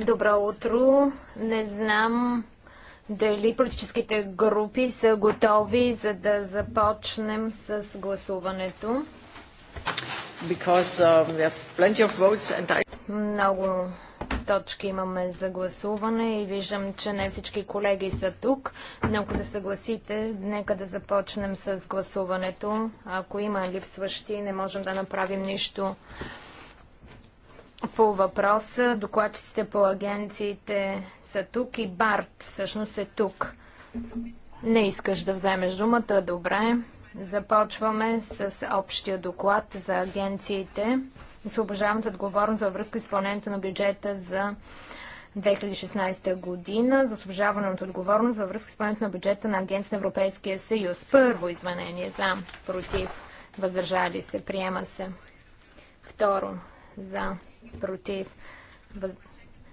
Добро утро. Не знам дали политическите групи са готови, за да започнем с гласуването. Um, and... Много точки имаме за гласуване и виждам, че не всички колеги са тук. Но ако се съгласите, нека да започнем с гласуването. Ако има липсващи, не можем да направим нищо по въпроса. Докладчиците по агенциите са тук и Барт всъщност е тук. Не искаш да вземеш думата? Добре. Започваме с общия доклад за агенциите. Освобождаването отговорност във връзка с изпълнението на бюджета за 2016 година за освобождаване от отговорност във връзка с изпълнението на бюджета на Агенция на Европейския съюз. Първо изменение за, против, въздържали се, приема се. Второ, за, против.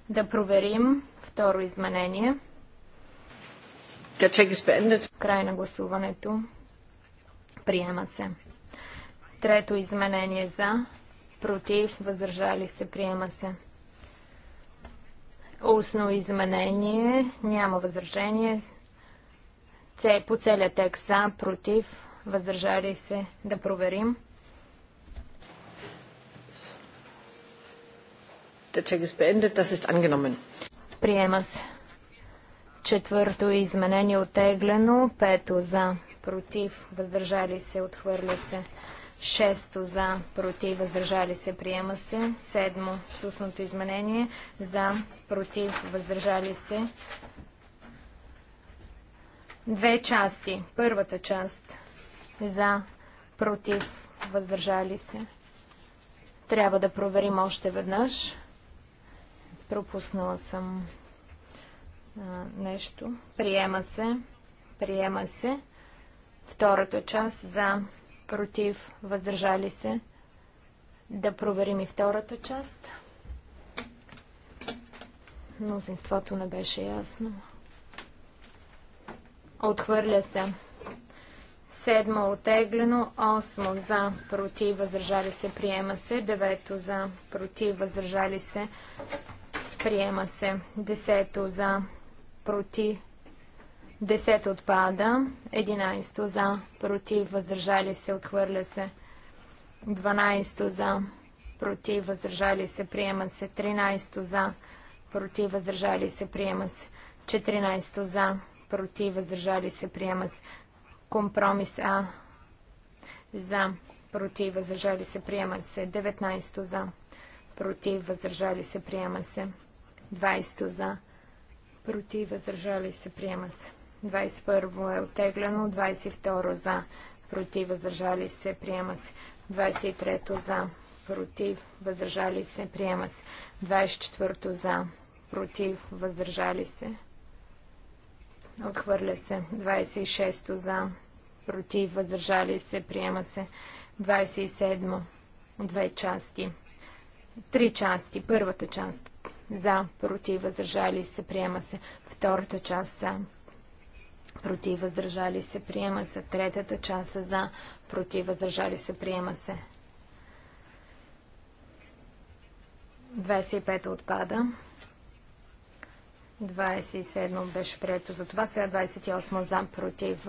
Да проверим второ изменение. Край на гласуването. Приема се. Трето изменение за. Против. Въздържали се. Приема се. Устно изменение. Няма възражение. По целия текст за. Против. Въздържали се. Да проверим. Der Check ist beendet. Das ist angenommen. Приема се. Четвърто изменение отеглено. Пето за. Против. Въздържали се. Отхвърля се. Шесто за. Против. Въздържали се. Приема се. Седмо. Сусното изменение. За. Против. Въздържали се. Две части. Първата част. За. Против. Въздържали се. Трябва да проверим още веднъж. Пропуснала съм а, нещо. Приема се. Приема се. Втората част за против, въздържали се. Да проверим и втората част. Мнозинството не беше ясно. Отхвърля се. Седмо отеглено, осмо за против, въздържали се, приема се, девето за против, въздържали се, Приема се. Десето за. Против. Десето отпада. Единайсто за. Против. Въздържали се. Отхвърля се. Дванайсто за. Против. Въздържали се. Приема се. Тринайсто за. Против. Въздържали се. Приема се. Четиринайсто за. Против. Въздържали се. Приема се. Компромис А. За. Против. Въздържали се. Приема се. Деветнайсто за против, въздържали се, приема се. 20 за, против, въздържали се, приема се. 21 е отеглено, 22 за, против, въздържали се, приема се. 23 за, против, въздържали се, приема се. 24 за, против, въздържали се. Отхвърля се. 26 за, против, въздържали се, приема се. 27 две части. Три части. Първата част за, против, въздържали се, приема се. Втората част за, против, въздържали се, приема се. Третата част за, против, въздържали се, приема се. 25 отпада. 27 беше прието за това. Сега 28 за, против.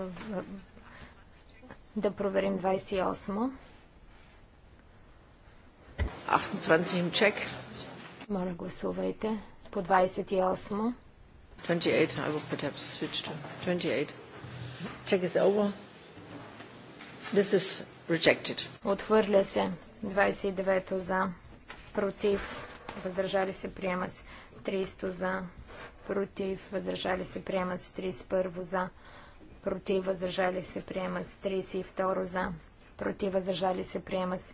Да проверим 28. 28 моля, гласувайте. По 28. 28. I will perhaps switch to 28. Check is over. This is rejected. Отхвърля се. 29 за. Против. Въздържали се. Приема се. 300 за. Против. Въздържали се. Приема се. 31 за. Против. Въздържали се. Приема се. 32 за. Против. Въздържали се. Приема се.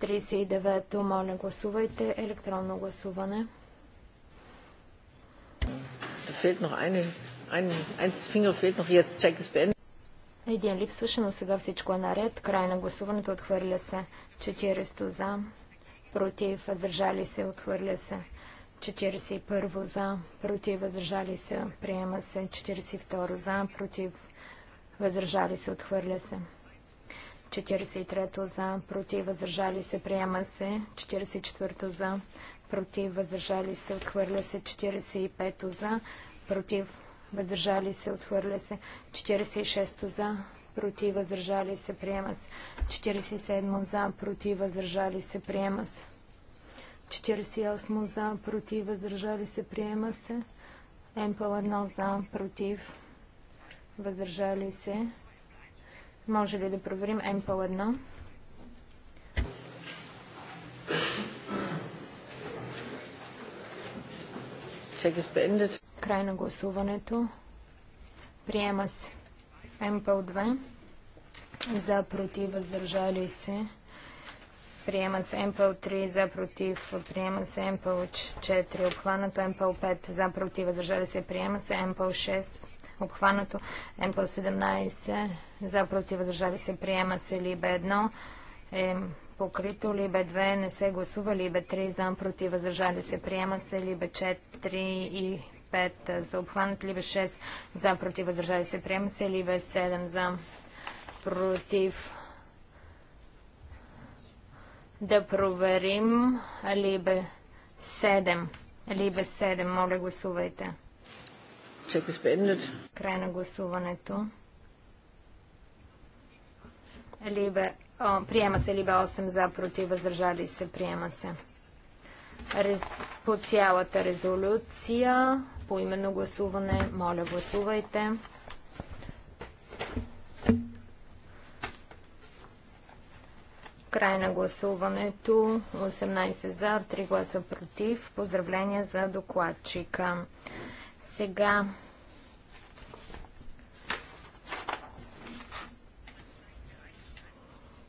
39-то, моля гласувайте. Електронно гласуване. Един липсваше, но сега всичко е наред. Край на гласуването отхвърля се. 40 за, против, въздържали се, отхвърля се. 41 за, против, въздържали се, приема се. 42 за, против, въздържали се, отхвърля се. 43-то за, против, въздържали се, приема се. 44-то за, против, въздържали се, отхвърля се. 45-то за, против, въздържали се, отхвърля се. 46-то за, против, въздържали се, приема се. 47-то за, против, въздържали се, приема се. 48 за, против, въздържали се, приема се. МПЛ 1 за, против, въздържали се, може ли да проверим МПЛ-1? Край на гласуването. Приема се МПЛ-2. За против въздържали се. Приема се МПЛ-3 за против. Приема се МПЛ-4. Обхванато МПЛ-5 за против. Въздържали се. Приема се МПЛ-6 обхванато. М 17 за против въздържали се приема се либе 1 е покрито, либе 2 не се гласува, либе 3 за против въздържали се приема се, либе 4 и 5 за обхванат, либе 6 за против въздържали се приема се, либе 7 за против да проверим либе 7. Либе 7, моля гласувайте. Чек Край на гласуването. Либе, о, приема се либе 8 за, против, въздържали се, приема се. Рез, по цялата резолюция, по именно гласуване, моля гласувайте. Край на гласуването 18 за, 3 гласа против. Поздравления за докладчика. Сега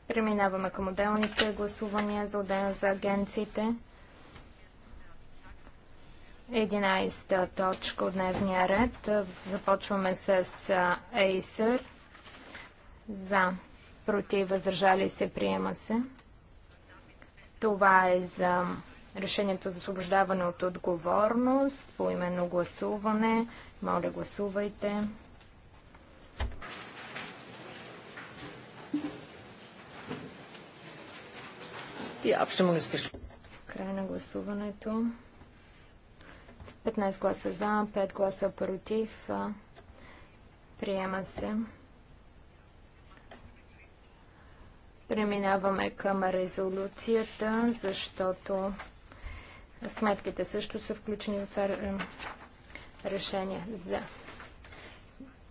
Преминаваме към отделните гласувания за отдел за агенциите. 11-та точка от дневния ред. Започваме с Acer. За, против, въздържали се, приема се. Това е за решението за освобождаване от отговорност по именно гласуване. Моля, гласувайте. Край на гласуването. 15 гласа за, 5 гласа против. Приема се. Преминаваме към резолюцията, защото Сметките също са включени в е, решение за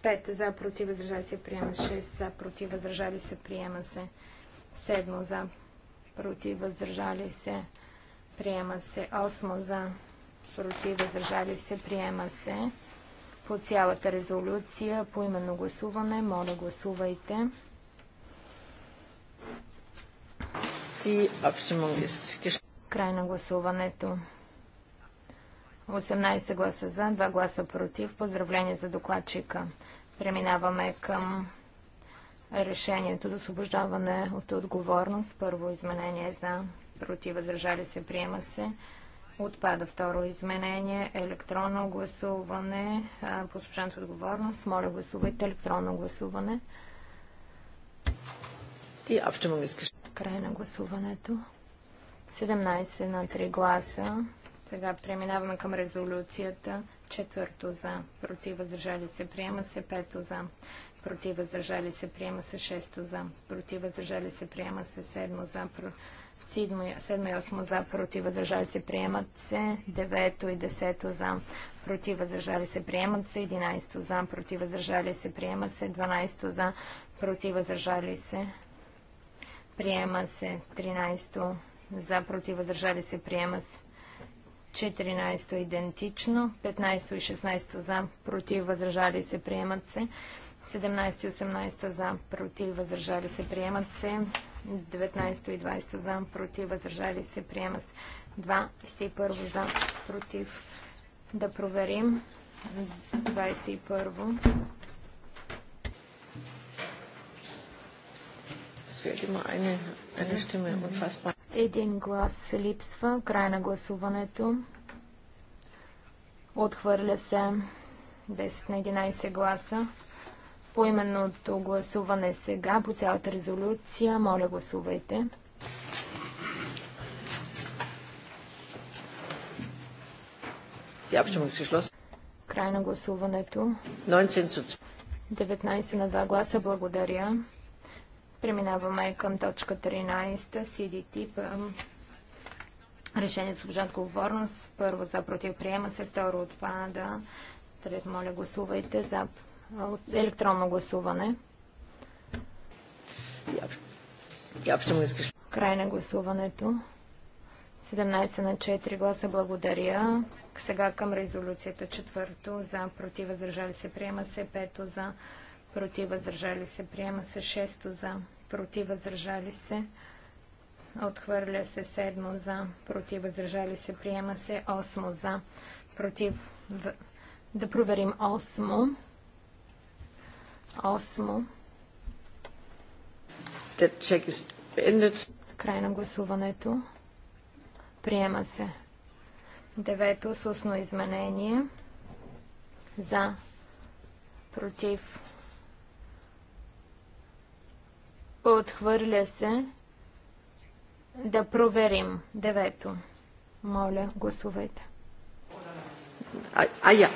5 за против въздържали се приема се 6 за против въздържали се приема се 7 за против въздържали се приема се 8 за против въздържали се приема се по цялата резолюция по именно гласуване моля гласувайте Ти Abstimmung Край на гласуването. 18 гласа за, 2 гласа против. Поздравление за докладчика. Преминаваме към решението за освобождаване от отговорност. Първо изменение за против, въздържали се, приема се. Отпада второ изменение. Електронно гласуване по отговорност. Моля гласувайте електронно гласуване. Край на гласуването. 17 на 3 гласа. Сега преминаваме към резолюцията. Четвърто за, против въздържали се, приема се. Пето за, против въздържали се, приема се. Шесто за, против въздържали се, приема се. Седмо за, седмо и осмо за, против въздържали се, приемат се. Девето и десето за, против въздържали се, приемат се. Единайсто за, против въздържали се, приема се. Дванайсто за, против въздържали се, приема се. Тринайсто за против, въздържали се, приема се. 14 идентично, 15 и 16 за, против, въздържали се, приемат се. 17 и 18 за, против, въздържали се, приемат се. 19 и 20 за, против, въздържали се, приема се. 21 за, против. Да проверим. 21. Es fehlt immer eine, eine Stimme, unfassbar. Един глас се липсва. Край на гласуването. Отхвърля се 10 на 11 гласа. По именното гласуване сега по цялата резолюция. Моля, гласувайте. Край на гласуването. 19 на 2 гласа. Благодаря. Преминаваме към точка 13. тип. Решение за служат отговорност. Първо за против приема се, второ отпада. Трето, моля, гласувайте за електронно гласуване. Край на гласуването. 17 на 4 гласа благодаря. Сега към резолюцията. Четвърто за против въздържали се приема се. Пето за против въздържали се, приема се 6 за, против въздържали се, отхвърля се 7 за, против въздържали се, приема се 8 за, против в... да проверим 8. 8. Край на гласуването. Приема се. Девето с устно изменение. За. Против. Отхвърля се. Да проверим. Девето. Моля, гласувайте. А, я.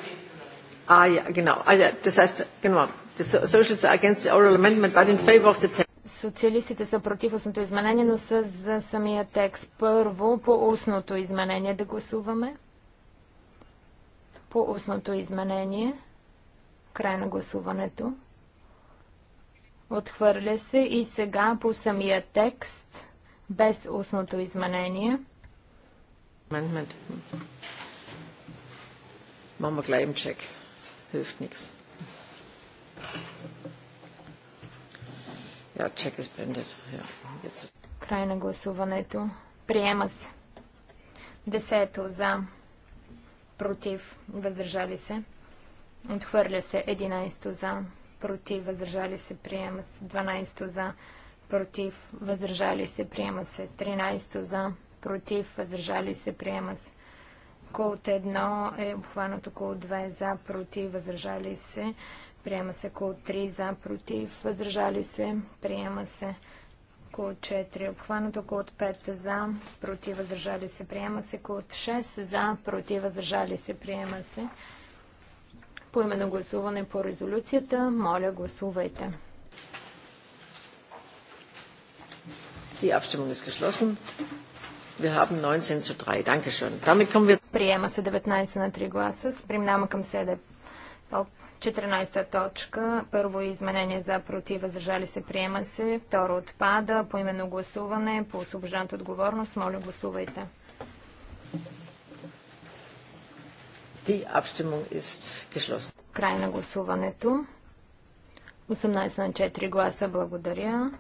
А, я, genau. А, я, das heißt, genau. Socialists are against the oral amendment, but in favor of the text. Социалистите са против устното изменение, но са за самия текст. Първо по устното изменение да гласуваме. По устното изменение. Край на гласуването. Отхвърля се и сега по самия текст, без устното изменение. Край на гласуването. Приема се. Десето за. Против. Въздържали се. Отхвърля се. Единайсто за против, въздържали се, приема се. 12 за, против, въздържали се, приема се. 13 за, против, въздържали се, приема се. Култ 1 е обхванато култ 2 е за, против, въздържали се, приема се. Култ 3 за, против, въздържали се, приема се. Култ 4 е обхванато, култ 5 за, против, въздържали се, приема се. Култ 6 за, против, въздържали се, приема се. По именно гласуване по резолюцията. Моля, гласувайте. Die Abstimmung ist geschlossen. Wir haben 19 zu 3. Dankeschön. Damit kommen wir... Приема се 19 на 3 гласа. Преминаваме към 7. 14 та точка. Първо изменение за против, въздържали се, приема се. Второ отпада. По именно гласуване по освобожданата отговорност. Моля, гласувайте. Die Abstimmung ist geschlossen. Край на гласуването. 18 на 4 гласа. Благодаря.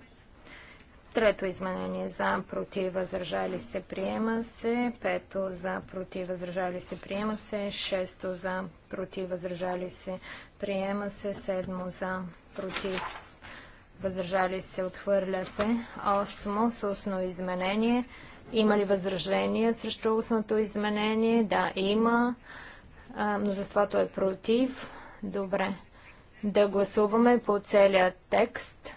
Трето изменение за против възражали се приема се. Пето за против възражали се приема се. Шесто за против възражали се приема се. Седмо за против възражали се отхвърля се. Осмо с устно изменение. Има ли възражение срещу устното изменение? Да, има. А, мнозинството е против. Добре. Да гласуваме по целия текст.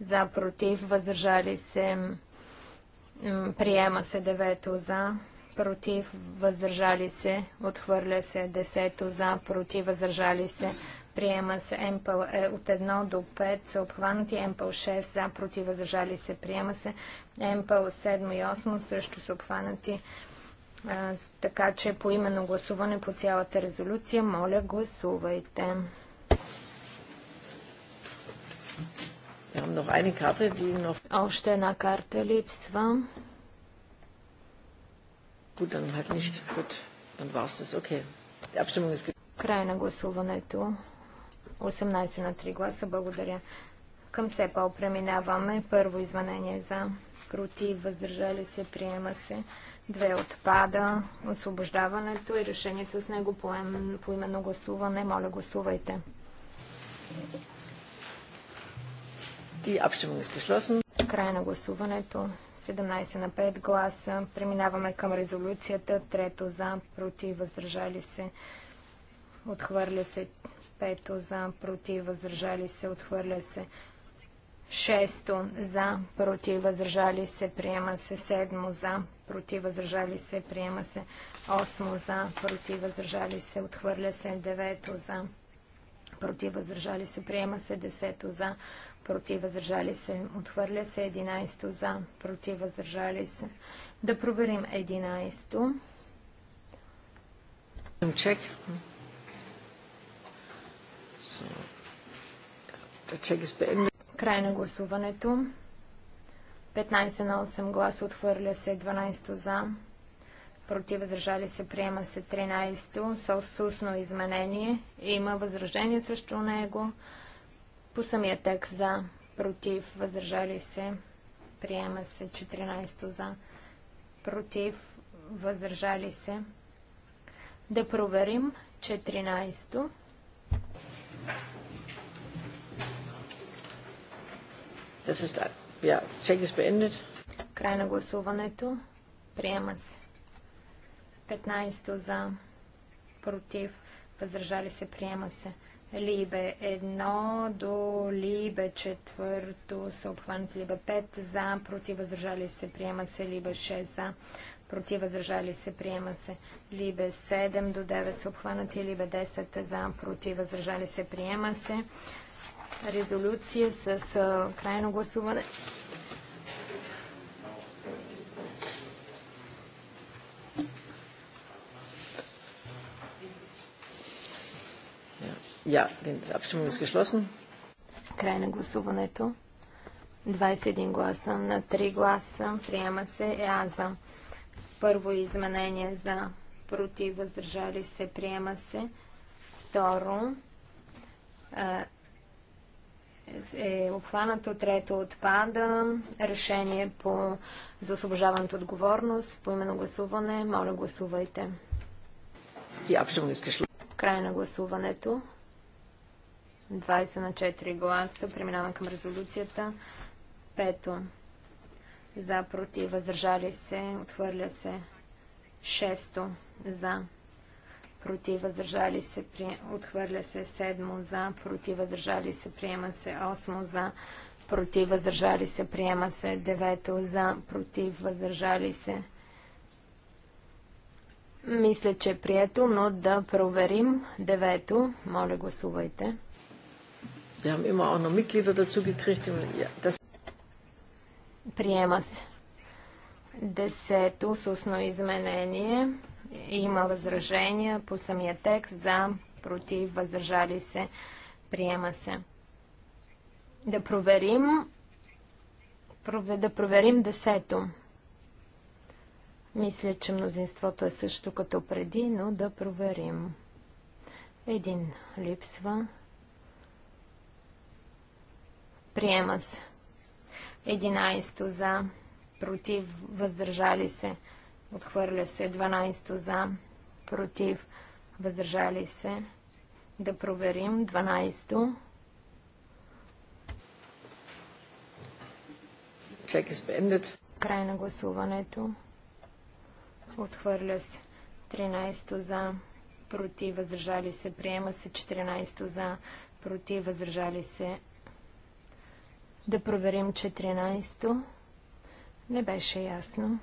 За, против, въздържали се. Приема се девето за, против, въздържали се. Отхвърля се десето за, против, въздържали се. Приема се МПЛ е, от 1 до 5 са обхванати, МПЛ 6 за, против, въздържали се. Приема се МПЛ 7 и 8 също са обхванати така че по именно гласуване по цялата резолюция, моля гласувайте. Още една карта липсва. Край на гласуването. 18 на 3 гласа. Благодаря. Към СЕПАЛ преминаваме. Първо изменение за против, въздържали се, приема се. Две отпада. Освобождаването и решението с него по, именно гласуване. Моля, гласувайте. Край на гласуването. 17 на 5 гласа. Преминаваме към резолюцията. Трето за, против, въздържали се. Отхвърля се. Пето за, против, въздържали се. Отхвърля се. Шесто за, против, въздържали се, приема се. Седмо за, против, въздържали се, приема се. Осмо за, против, въздържали се, отхвърля се. Девето за, против, въздържали се, приема се. Десето за, против, въздържали се, отхвърля се. Единайсто за, против, въздържали се. Да проверим единайсто. Чек. So, Край на гласуването. 15 на 8 гласа отхвърля се 12 за. Против въздържали се приема се 13 с устно изменение. Има възражение срещу него. По самия текст за. Против въздържали се приема се 14 за. Против въздържали се. Да проверим 14. Das ist, ja, check ist beendet. Край на гласуването. Приема се. 15 за, против, въздържали се, приема се. Либе 1 до Либе 4 са обхванати Либе 5 за, против, въздържали се, приема се. Либе 6 за, против, въздържали се, приема се. Либе 7 до 9 са обхванати. Либе 10 за, против, въздържали се, приема се резолюция с крайно гласуване. Ja, die Abstimmung ist geschlossen. Край на гласуването. 21 гласа на 3 гласа. Приема се ЕАЗа. Първо изменение за против, въздържали се, приема се. Второ, е обхванато, трето отпада. Решение по, за освобождаването отговорност, по именно гласуване. Моля, гласувайте. Край на гласуването. 20 на 4 гласа. Преминавам към резолюцията. Пето. За, против, въздържали се, отхвърля се. Шесто. За, против, въздържали се, при... отхвърля се 7 за, против, въздържали се, приема се 8 за, против, въздържали се, приема се 9 за, против, въздържали се. Мисля, че е прието, но да проверим. Девето, моля гласувайте. Приема се. Десето с устно изменение. Има възражения по самия текст за, против, въздържали се, приема се. Да проверим. Да проверим десето. Мисля, че мнозинството е също като преди, но да проверим. Един липсва. Приема се. Единайсто за, против, въздържали се. Отхвърля се 12 за, против, въздържали се. Да проверим 12. Чек is Край на гласуването. Отхвърля се 13 за, против, въздържали се. Приема се 14 за, против, въздържали се. Да проверим 14. Не беше ясно.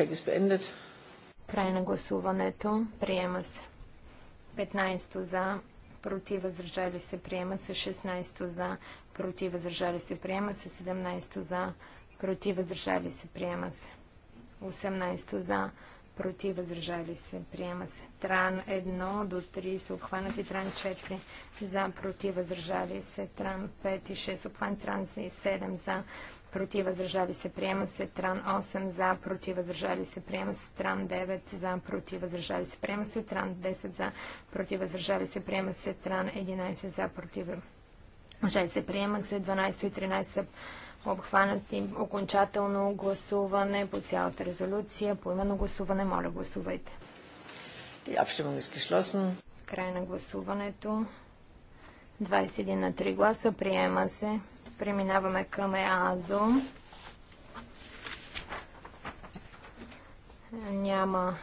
Check is beendet. Край на гласуването. Приема се. 15 за, против, въздържали се, приема се. 16 за, против, въздържали се, приема се. 17 за, против, въздържали се, приема се. 18 за, против, против, въздържали се, приема се. Тран 1 до 3 са обхванати, Тран 4 за, против, въздържали се, Тран 5 и 6 обхванати, Тран 7 за, против, въздържали се, приема се. Тран 8 за, против, въздържали се, приема се. Тран 9 за, против, въздържали се, приема се. Тран 10 за, против, въздържали се, приема се. Тран 11 за, против, въздържали се, приема се. 12 и 13 са обхванати окончателно гласуване по цялата резолюция. По именно гласуване, моля гласувайте. Край на гласуването. 21 на 3 гласа. Приема се. Преминаваме към ЕАЗО. Няма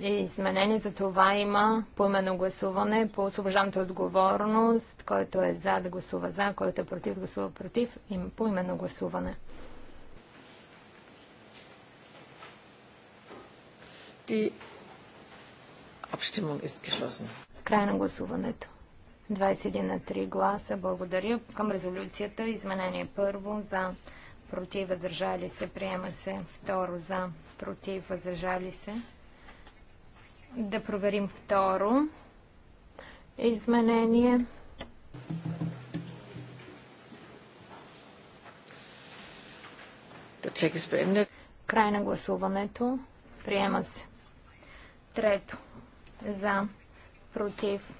е изменение. За това има поименно гласуване по освобожданата отговорност. Който е за да гласува за, който е против гласува против. Има поименно гласуване. Ти Abstimmung ist geschlossen. Край на гласуването. 21 на 3 гласа. Благодаря. Към резолюцията изменение първо за против, въздържали се, приема се. Второ за, против, въздържали се, да проверим второ изменение. Край на гласуването. Приема се. Трето. За. Против.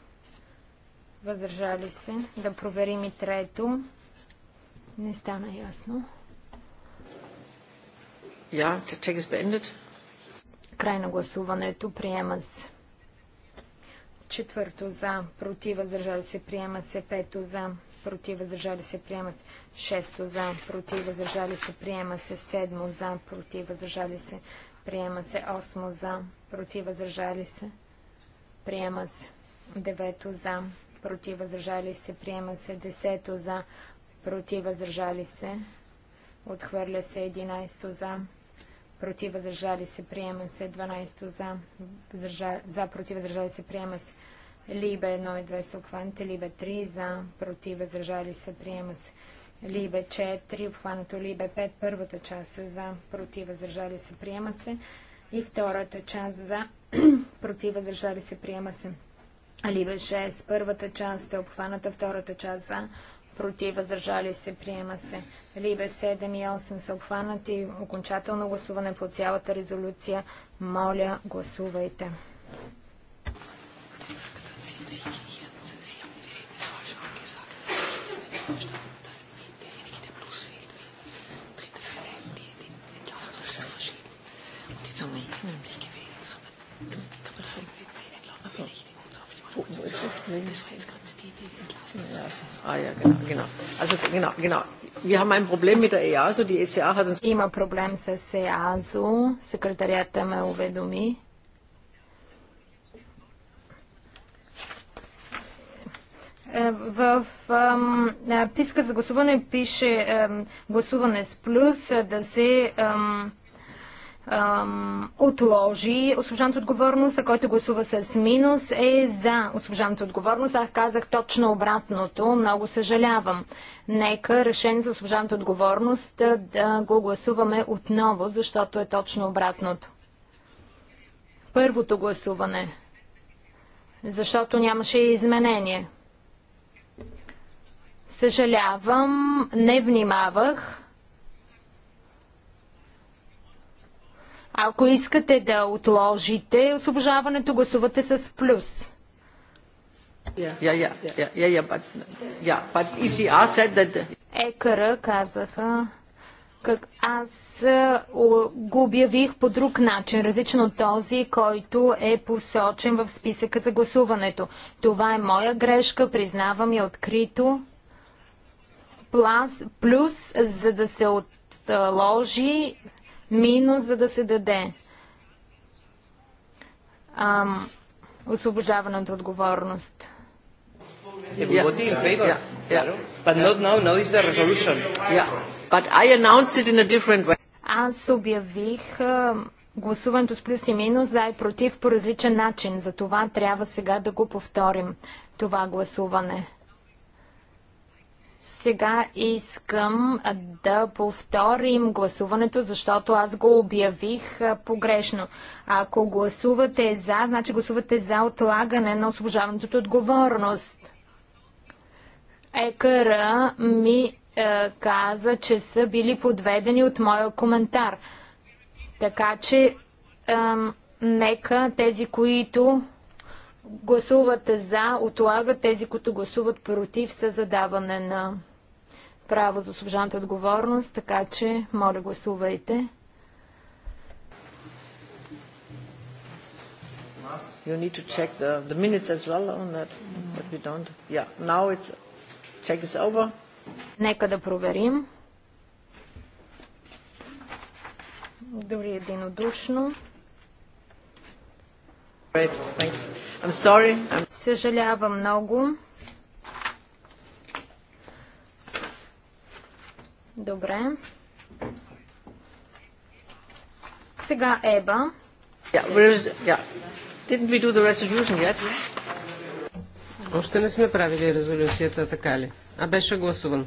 Въздържали се. Да проверим и трето. Не стана ясно. Ja, der Check ist beendet. Край на гласуването. Приема се. Четвърто за. Против. Въздържали се. Приема се. Пето за. Против. Въздържали се. Приема се. Шесто за. Против. Въздържали се. Приема се. Седмо за. Против. Въздържали се. Приема се. Осмо за. Против. Въздържали се. Приема се. Девето за. Против. Въздържали се. Приема се. Десето за. Против. Въздържали се. Отхвърля се. Единайсто за против, въздържали се, приема се. 12 за, въздържа, за, против, въздържали се, приема се. Либе 1 и 2 са обхванати, Либе 3 за, против, въздържали се, приема се. Либе 4, обхванато Либе 5, първата част за, против, въздържали се, приема се. И втората част за, против, въздържали се, приема се. Либе 6, първата част е обхваната, втората част за, против, въздържали се, приема се. Либе 7 и 8 са обхванати. Окончателно гласуване по цялата резолюция. Моля, гласувайте. Wo hm. ist es links? Das jetzt gerade има проблем с ЕАЗО. Секретарията ме уведоми. Е, в е, писка за гласуване пише гласуване с плюс е, да се отложи освобождането отговорност, а който гласува с минус е за освобождането отговорност. Аз казах точно обратното. Много съжалявам. Нека решение за освобождането отговорност да го гласуваме отново, защото е точно обратното. Първото гласуване. Защото нямаше изменение. Съжалявам, не внимавах Ако искате да отложите освобождаването, гласувате с плюс. Екара казаха, как аз е, го обявих по друг начин, различен от този, който е посочен в списъка за гласуването. Това е моя грешка, признавам я открито. плюс за да се отложи минус, за да се даде ам, освобождаване от отговорност. Аз обявих гласуването с плюс и минус за и против по различен начин. За това трябва сега да го повторим това гласуване. Сега искам да повторим гласуването, защото аз го обявих погрешно. Ако гласувате за, значи гласувате за отлагане на освобождаването от отговорност. Екара ми е, каза, че са били подведени от моя коментар. Така че е, нека тези, които гласуват за, отлагат тези, които гласуват против, са задаване на право за служаната отговорност, така че моля гласувайте. You need to check the, the minutes as well on that, but we don't. Yeah, now it's check is over. Нека да проверим. Дори единодушно. Great, thanks. I'm sorry. I'm... Съжалявам много. Добре. Сега Еба. Yeah, where is, yeah. Didn't we do the resolution yet? Още не сме правили резолюцията, така ли? А беше гласувано.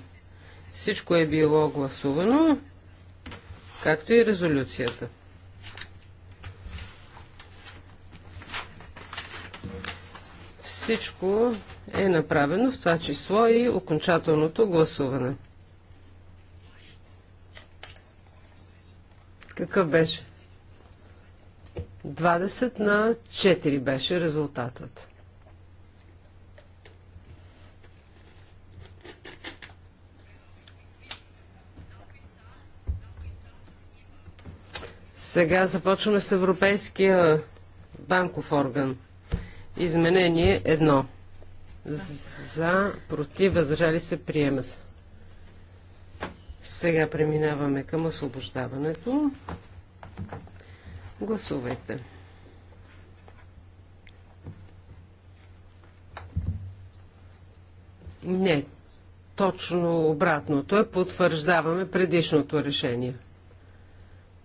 Всичко е било гласувано, както и резолюцията. Всичко е направено, в това число и окончателното гласуване. Какъв беше? 20 на 4 беше резултатът. Сега започваме с Европейския банков орган. Изменение едно. За, против, възражали се, приема се. Сега преминаваме към освобождаването. Гласувайте. Не, точно обратното е. Потвърждаваме предишното решение.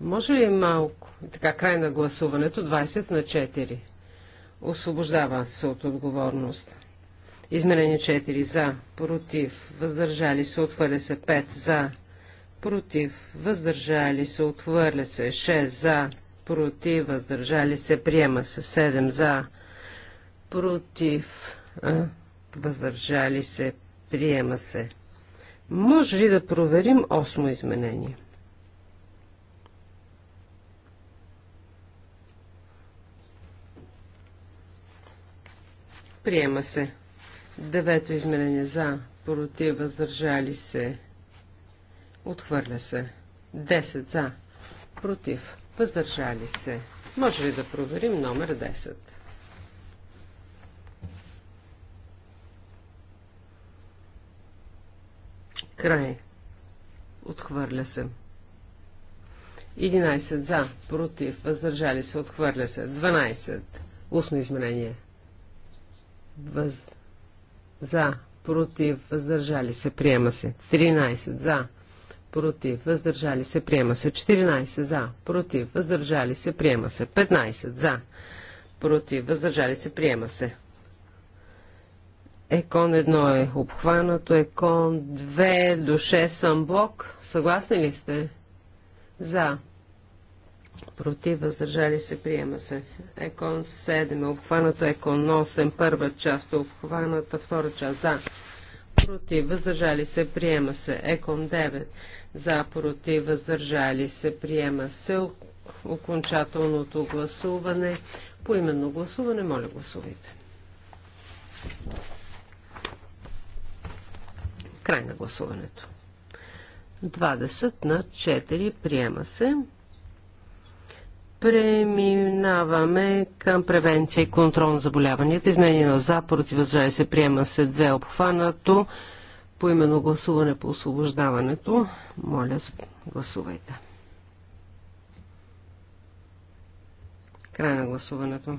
Може ли малко? Така, край на гласуването, 20 на 4. Освобождава се от отговорност. Изменение 4 за, против, въздържали се, отхвърля се 5 за, против, въздържали се, отвърля се, 6 за, против, въздържали се, приема се, 7 за, против, а, въздържали се, приема се. Може ли да проверим 8 изменение? Приема се. Девето изменение за, против, въздържали се, Отхвърля се. 10 за. Против. Въздържали се. Може ли да проверим номер 10? Край. Отхвърля се. 11 за, против, въздържали се, отхвърля се. 12. Устно изменение. Въз... За, против, въздържали се, приема се. 13 за, против, въздържали се, приема се. 14 за, против, въздържали се, приема се. 15 за, против, въздържали се, приема се. Екон 1 е обхванато, Екон 2 до 6 съм блок. Съгласни ли сте? За. Против, въздържали се, приема се. Екон 7 е обхванато, Екон 8 първа част е обхваната, втора част за. Против, въздържали се, приема се. Екон 9 за против въздържали се приема се окончателното гласуване. По именно гласуване, моля гласувайте. Край на гласуването. 20 на 4 приема се. Преминаваме към превенция и контрол на заболяванията. Изменение на за, въздържали се, приема се две обхванато. По именно гласуване по освобождаването. Моля, гласувайте. Край на гласуването.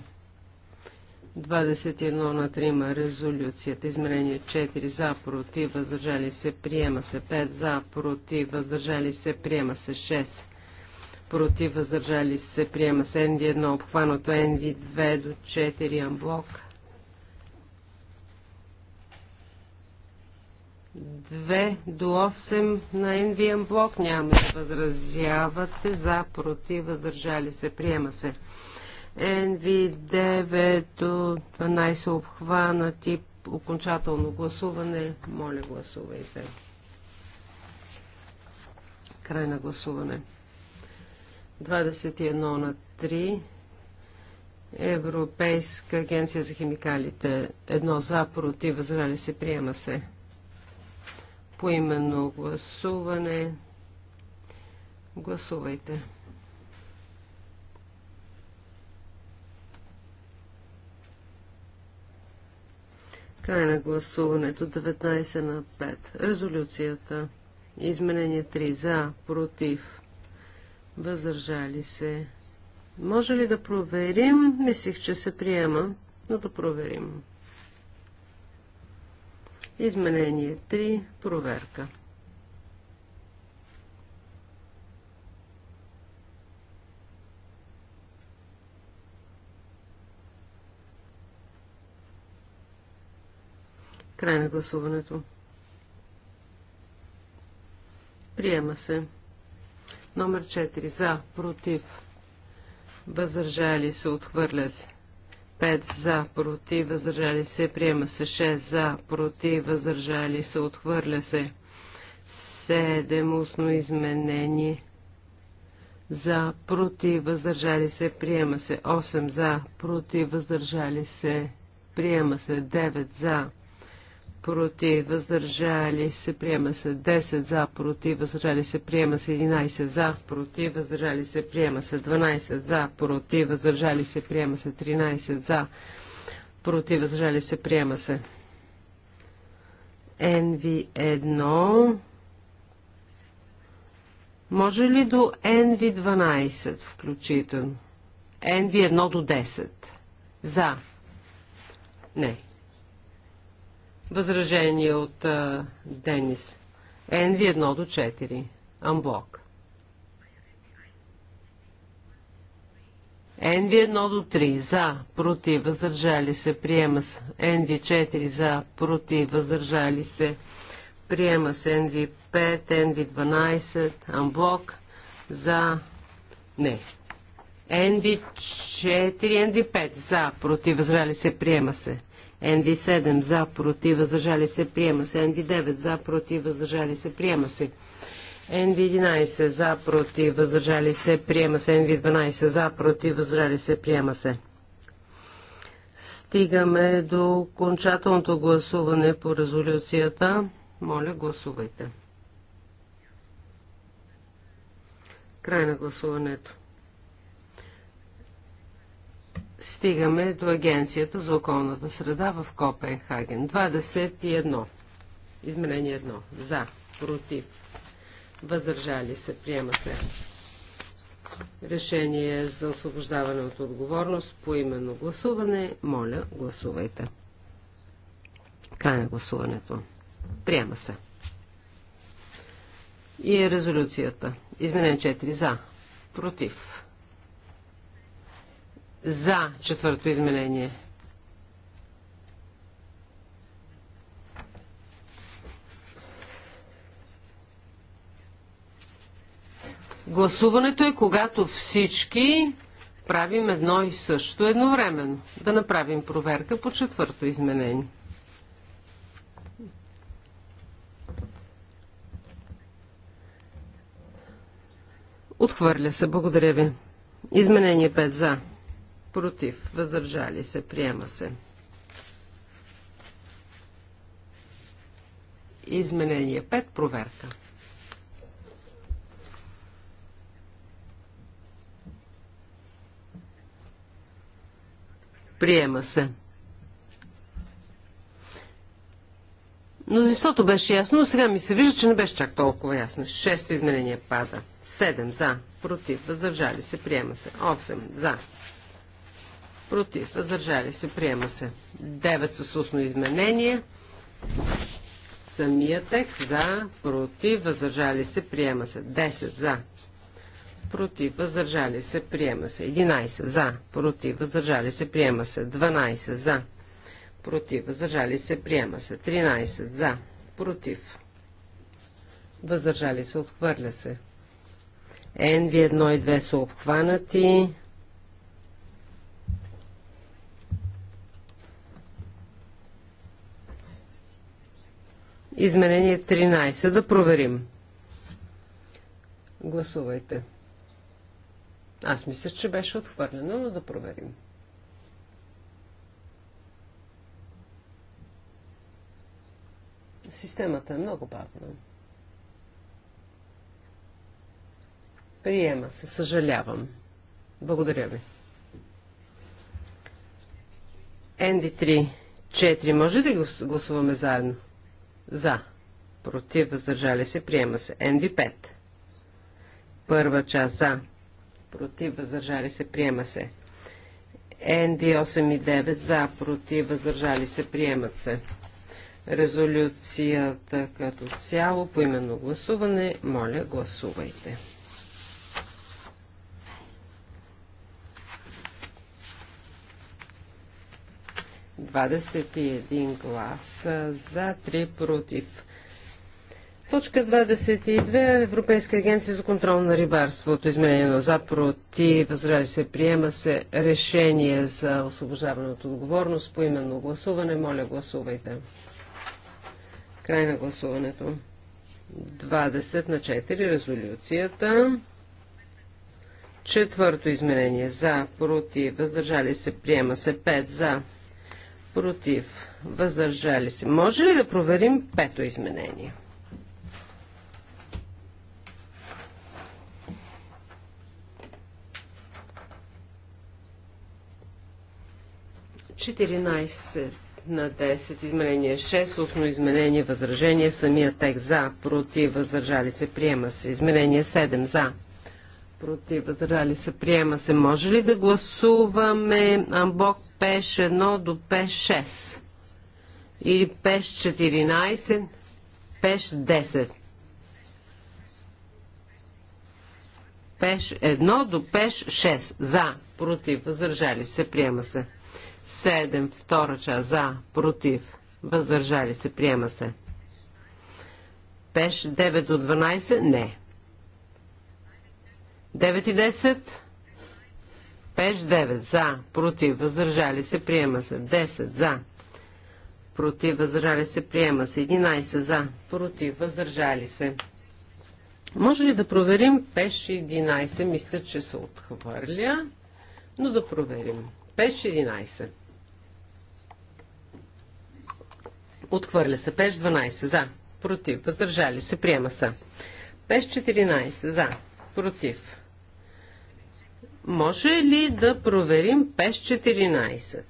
21 на 3 резолюцията. Измерение 4 за, против, въздържали се, приема се. 5 за, против, въздържали се, приема се. 6 против, въздържали се, приема се. NV1 обхванато, NV2 до 4 амблок 2 до 8 на NVM блок. Няма да възразявате. За, против, въздържали се. Приема се. NV9 до 12 тип Окончателно гласуване. Моля, гласувайте. Край на гласуване. 21 на 3. Европейска агенция за химикалите. Едно за, против, възрали се, приема се. По именно гласуване. Гласувайте. Край на гласуването 19 на 5. Резолюцията. Изменение 3. За. Против. Въздържали се. Може ли да проверим? Мислих, че се приема, но да проверим. Изменение 3. Проверка. Край на гласуването. Приема се. Номер 4. За. Против. Въздържали се. Отхвърля се. 5 за, против, въздържали се, приема се 6 за, против, въздържали се, отхвърля се 7 устно изменение за, против, въздържали се, приема се 8 за, против, въздържали се, приема се 9 за, против, въздържали се, приема се 10 за, против, въздържали се, приема се 11 за, против, въздържали се, приема се 12 за, против, въздържали се, приема се 13 за, против, въздържали се, приема се. NV1 може ли до NV12 включително? NV1 до 10. За. Не. Възражение от а, Денис. Енви 1 до 4. Амблок. Енви 1 до 3. За, против, въздържали се, приема се. Енви 4. За, против, въздържали се, приема се. Енви 5, Енви 12. Амблок. За, не. Енви 4, Енви 5. За, против, въздържали се, приема се. НВ 7 за, против, въздържали се, приема се. НВ 9 за, против, въздържали се, приема се. НВ 11 за, против, въздържали се, приема се. НВ 12 за, против, въздържали се, приема се. Стигаме до окончателното гласуване по резолюцията. Моля, гласувайте. Край на гласуването стигаме до Агенцията за околната среда в Копенхаген. 21. Изменение 1. За. Против. Въздържали се. Приема се. Решение за освобождаване от отговорност по именно гласуване. Моля, гласувайте. Край на гласуването. Приема се. И резолюцията. Изменен 4. За. Против за четвърто изменение. Гласуването е когато всички правим едно и също едновременно. Да направим проверка по четвърто изменение. Отхвърля се. Благодаря ви. Изменение 5 за против, въздържали се, приема се. Изменение 5, проверка. Приема се. Мнозинството беше ясно, но сега ми се вижда, че не беше чак толкова ясно. Шесто изменение пада. Седем за, против, въздържали се, приема се. 8 за, против, въздържали се, приема се. 9 с устно изменение. Самия текст за, против, въздържали се, приема се. 10 за, против, въздържали се, приема се. 11 за, против, въздържали се, приема се. 12 за, против, въздържали се, приема се. 13 за, против, въздържали се, отхвърля се. NV1 и 2 са обхванати. Изменение 13. Да проверим. Гласувайте. Аз мисля, че беше отхвърлено, но да проверим. Системата е много бавна. Приема се, съжалявам. Благодаря ви. ND3, 4. Може да гласуваме заедно? За. Против. Въздържали се. Приема се. НВ 5 Първа част. За. Против. Въздържали се. Приема се. НВ 8 и 9. За. Против. Въздържали се. Приемат се. Резолюцията като цяло по именно гласуване. Моля, гласувайте. 21 гласа за, 3 против. Точка 22. Европейска агенция за контрол на рибарството. Изменение на за, против, възражи се, приема се решение за освобождаване от отговорност по именно гласуване. Моля, гласувайте. Край на гласуването. 20 на 4. Резолюцията. Четвърто изменение за, против, въздържали се, приема се 5 за, против, въздържали се. Може ли да проверим пето изменение? Четиринайсет на 10 изменение 6, устно изменение, възражение, самия текст за, против, въздържали се, приема се. Изменение 7 за, против, въздържали се, приема се. Може ли да гласуваме Амбок ПЕШ 1 до ПЕШ 6? Или ПЕШ 14, ПЕШ 10? ПЕШ 1 до ПЕШ 6. За, против, въздържали се, приема се. 7, втора част, за, против, въздържали се, приема се. ПЕШ 9 до 12, не. 9 и 10. 5, 9 за, против, въздържали се, приема се. 10 за, против, въздържали се, приема се. 11 за, против, въздържали се. Може ли да проверим пеш 11? Мисля, че се отхвърля, но да проверим. 5 11. Отхвърля се. Пеш 12. За. Против. Въздържали се. Приема се. Пеш 14. За. Против. Може ли да проверим ПЕС 14.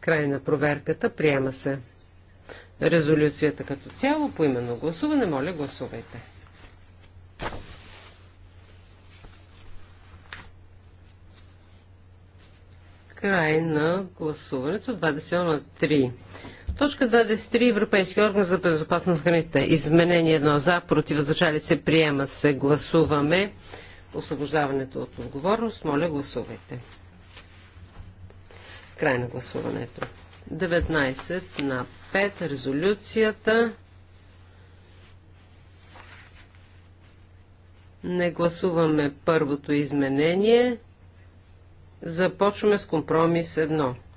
Край на проверката. Приема се. Резолюцията като цяло по именно гласуване. Моля, гласувайте. Край на гласуването. 21 на 3 Точка 23. Е Европейски орган за безопасност на храните. Изменение 1 за, против, въздържали се, приема се, гласуваме. Освобождаването от отговорност. Моля, гласувайте. Край на гласуването. 19 на 5. Резолюцията. Не гласуваме първото изменение. Започваме с компромис 1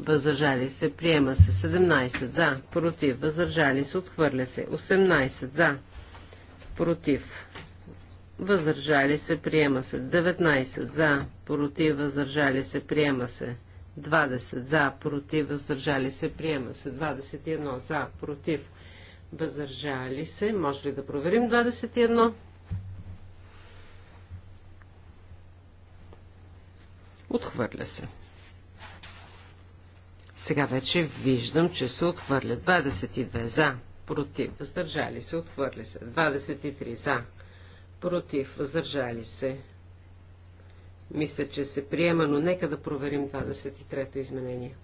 въздържали се, приема се 17 за, против, въздържали се, отхвърля се 18 за, против, въздържали се, приема се 19 за, против, въздържали се, приема се 20 за, против, въздържали се, приема се 21 за, против, въздържали се, може ли да проверим 21? Отхвърля се. Сега вече виждам, че се отхвърля 22 за, против, въздържали се, отхвърли се, 23 за, против, въздържали се. Мисля, че се приема, но нека да проверим 23-то изменение.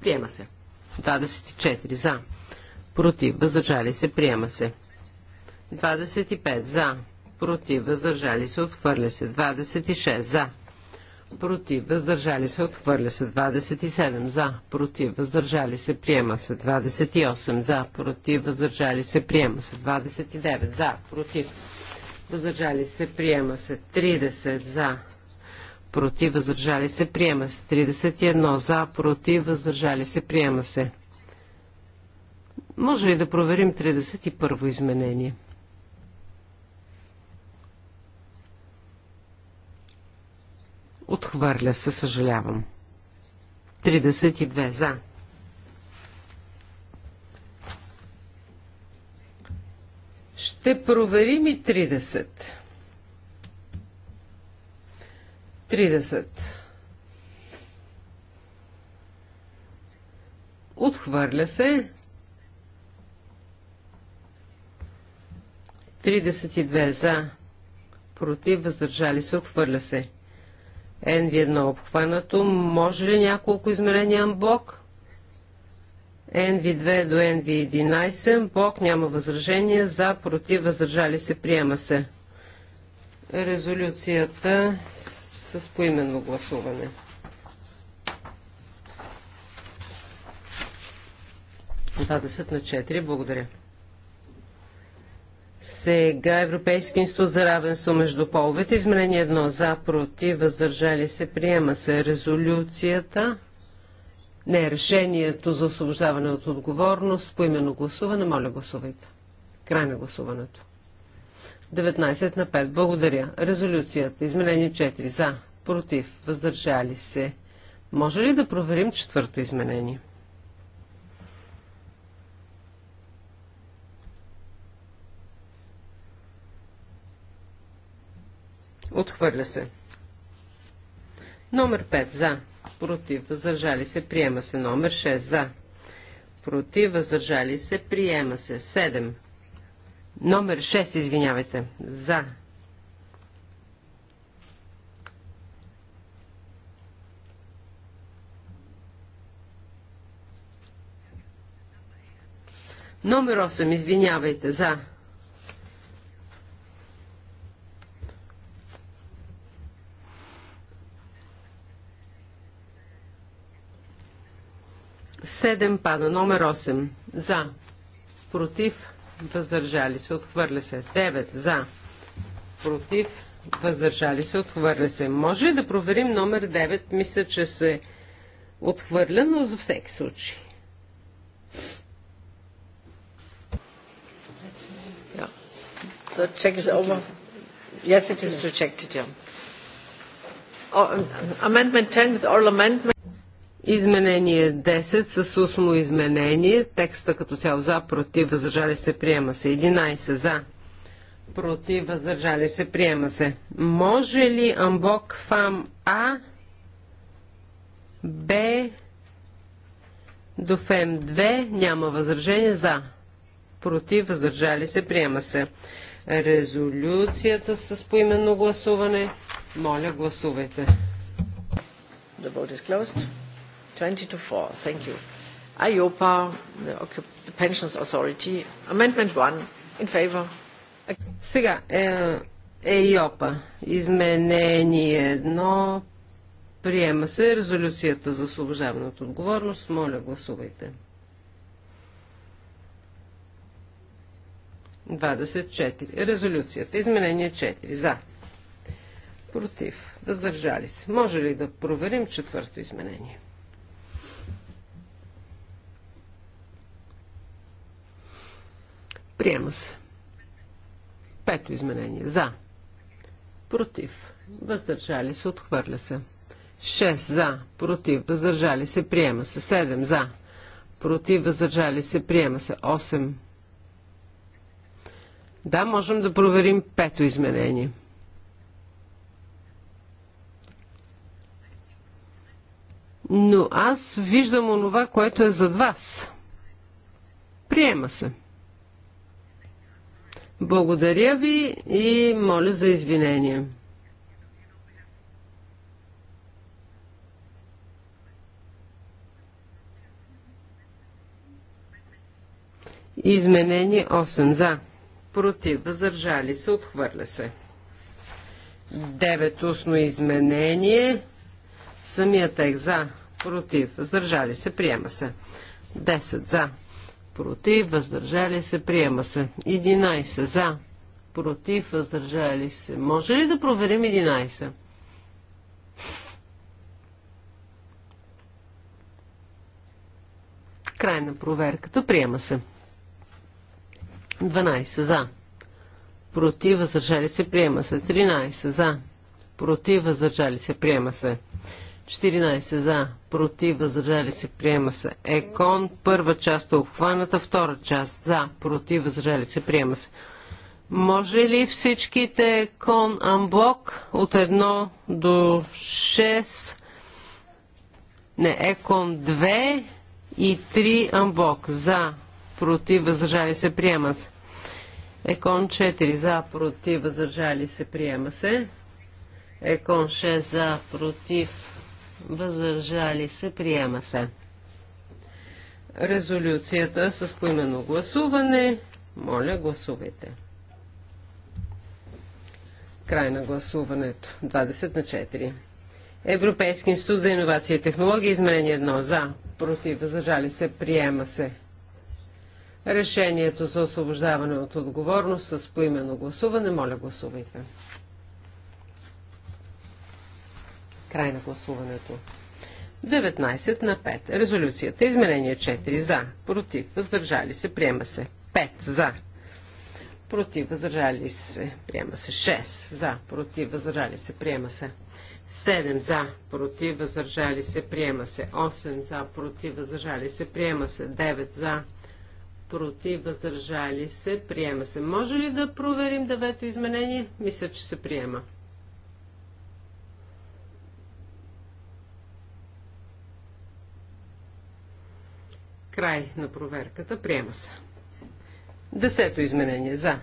Приема се. 24 за. Против. Въздържали се. Приема се. 25 за против, въздържали се, отхвърля се. 26 за, против, въздържали се, отхвърля се. 27 за, против, въздържали се, приема се. 28 за, против, въздържали се, приема се. 29 за, против, въздържали се, приема се. 30 за, против, въздържали се, приема се. 31 за, против, въздържали се, приема се. Може ли да проверим 31 изменение? Отхвърля се, съжалявам. 32 за. Ще проверим и 30. 30. Отхвърля се. 32 за. Против, въздържали се, отхвърля се nv едно обхванато. Може ли няколко измерения амблок? NV2 до NV11. блок няма възражение. За, против, възражали се, приема се. Резолюцията с, с поименно гласуване. Двадесет на 4. Благодаря. Сега Европейски институт за равенство между половете. Изменение едно за, против, въздържали се, приема се резолюцията. Не, решението за освобождаване от отговорност по именно гласуване. Моля, гласувайте. Край на гласуването. 19 на 5. Благодаря. Резолюцията. Изменение 4. За. Против. Въздържали се. Може ли да проверим четвърто изменение? Отхвърля се. Номер 5. За. Против. Въздържали се. Приема се. Номер 6. За. Против. Въздържали се. Приема се. 7. Номер 6. Извинявайте. За. Номер 8. Извинявайте. За. 7 пада. Номер 8. За. Против. Въздържали се. Отхвърля се. 9. За. Против. Въздържали се. Отхвърля се. Може ли да проверим номер 9? Мисля, че се отхвърля, но за всеки случай. The check is over. Yes, it is rejected, yeah. Oh, um, amendment 10 with oral amendment. Изменение 10 с устно изменение. Текста като цял за, против, въздържали се, приема се. 11 за, против, въздържали се, приема се. Може ли амбок фам А, Б, до фем 2, няма възражение за, против, въздържали се, приема се. Резолюцията с поименно гласуване. Моля, гласувайте. The vote is closed. Twenty to four. Thank you. IOPA, the Pensions Authority, Amendment 1, in favor. Сега, е, ЕИОПА, e изменение едно, приема се резолюцията за освобождаване отговорност. Моля, гласувайте. 24. Резолюцията. Изменение 4. За. Против. Въздържали се. Може ли да проверим четвърто изменение? Приема се. Пето изменение. За. Против. Въздържали се. Отхвърля се. 6 за, против, въздържали се, приема се. 7 за, против, въздържали се, приема се. 8. Да, можем да проверим пето изменение. Но аз виждам онова, което е зад вас. Приема се. Благодаря ви и моля за извинение. Изменение 8 за. Против. Въздържали се. Отхвърля се. 9 устно изменение. Самия текст за. Против. Въздържали се. Приема се. 10 за против, въздържали се, приема се. 11 за, против, въздържали се. Може ли да проверим 11? Край на проверката, приема се. 12 за, против, въздържали се, приема се. 13 за, против, въздържали се, приема се. 14 за, против, въздържали се, приема се. Екон, първа част е обхваната, втора част за, против, въздържали се, приема се. Може ли всичките кон амблок от 1 до 6? Не, екон 2 и 3 амблок за, против, въздържали се, приема се. Екон 4 за, против, въздържали се, приема се. Екон 6 за, против, въздържали се, приема се. Резолюцията с поименно гласуване. Моля, гласувайте. Край на гласуването. 20 на 4. Европейски институт за иновация и технологии. Изменение 1. За. Против. Въздържали се. Приема се. Решението за освобождаване от отговорност с поименно гласуване. Моля, гласувайте. Край на гласуването. 19 на 5. Резолюцията. Изменение 4. За. Против. Въздържали се. Приема се. 5. За. Против. Въздържали се. Приема се. 6. За. Против. Въздържали се. Приема се. 7 за, против, въздържали се, приема се. 8 за, против, въздържали се, приема се. 9 за, против, въздържали се, приема се. Може ли да проверим девето изменение? Мисля, че се приема. Край на проверката. Приема се. Десето изменение. За.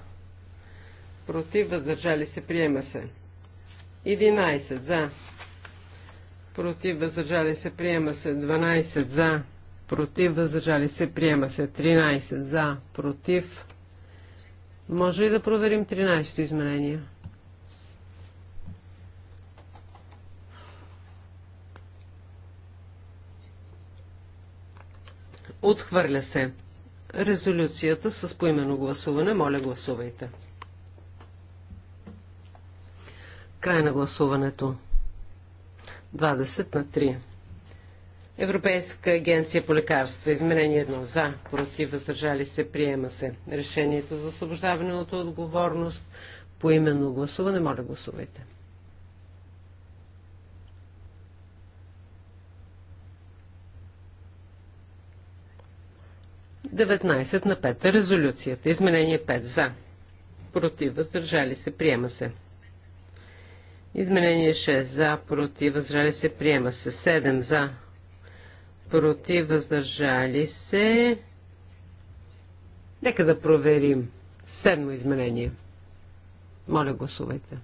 Против. Въздържали се. Приема се. 11. За. Против. Въздържали се. Приема се. 12. За. Против. Въздържали се. Приема се. 13. За. Против. Може ли да проверим 13 изменение? Да. Отхвърля се. Резолюцията с поименно гласуване. Моля, гласувайте. Край на гласуването. 20 на 3. Европейска агенция по лекарства. Изменение едно За. Против. Въздържали се. Приема се. Решението за освобождаване от отговорност. По именно гласуване. Моля, гласувайте. 19 на 5. Резолюцията. Изменение 5. За. Против. Въздържали се. Приема се. Изменение 6. За. Против. Въздържали се. Приема се. 7. За. Против. Въздържали се. Нека да проверим. Седмо изменение. Моля, гласувайте. 7.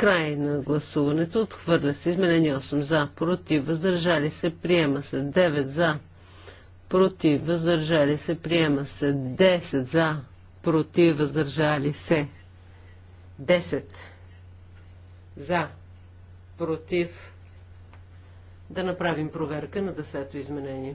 Край на гласуването. Отхвърля се. Изменение 8 за. Против. Въздържали се. Приема се. 9 за. Против. Въздържали се. Приема се. 10 за. Против. Въздържали се. 10 за. Против. Да направим проверка на 10 изменение.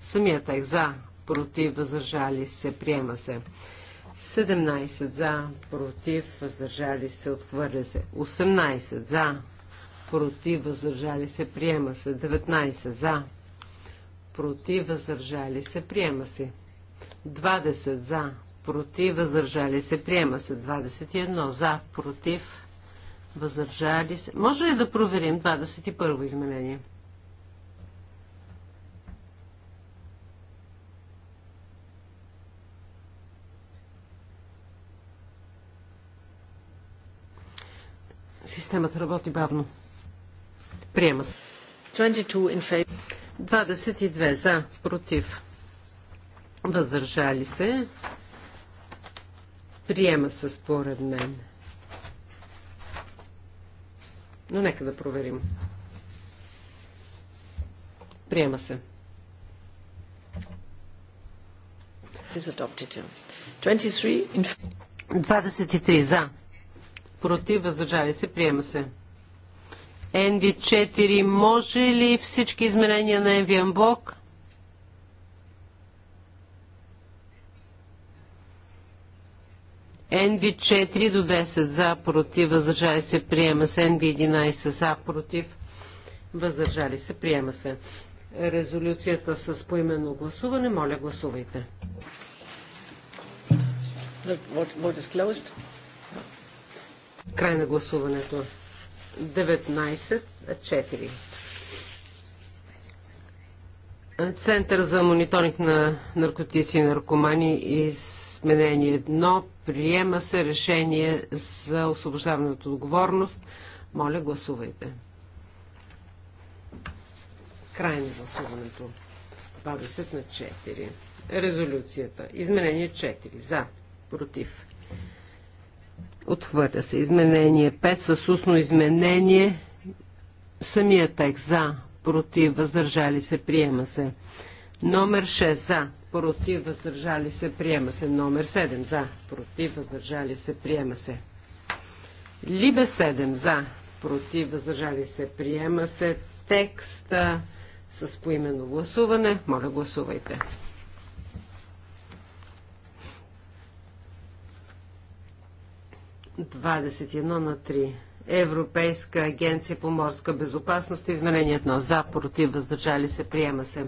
Самия текст за, против, въздържали се, приема се. 17 за, против, въздържали се, отхвърля се. 18 за, против, въздържали се, приема се. 19 за, против, въздържали се, приема се. 20 за, против, въздържали се, приема се. 21 за, против, въздържали се. Може ли да проверим 21 изменение? Системата работи бавно. Приема се. 22, за, против, въздържали се. Приема се според мен. Но нека да проверим. Приема се. Is 23 in... 23 за против, въздържали се, приема се. NV4, може ли всички изменения на NVM блок? NV4 до 10 за, против, въздържали се, приема се. NV11 за, против, въздържали се, приема се. Резолюцията с поименно гласуване, моля гласувайте. The vote is closed. Край на гласуването. 19, 4. Център за мониторинг на наркотици и наркомани изменение 1. Приема се решение за освобождаване от отговорност. Моля, гласувайте. Край на гласуването. 20 на 4. Резолюцията. Изменение 4. За. Против. Отхвърля се изменение 5 с устно изменение. Самия текст за, против, въздържали се, приема се. Номер 6 за, против, въздържали се, приема се. Номер 7 за, против, въздържали се, приема се. Либе 7 за, против, въздържали се, приема се. Текста с поименно гласуване. Моля, гласувайте. 21 на 3. Европейска агенция по морска безопасност. Изменението на за, против, въздържали се, приема се.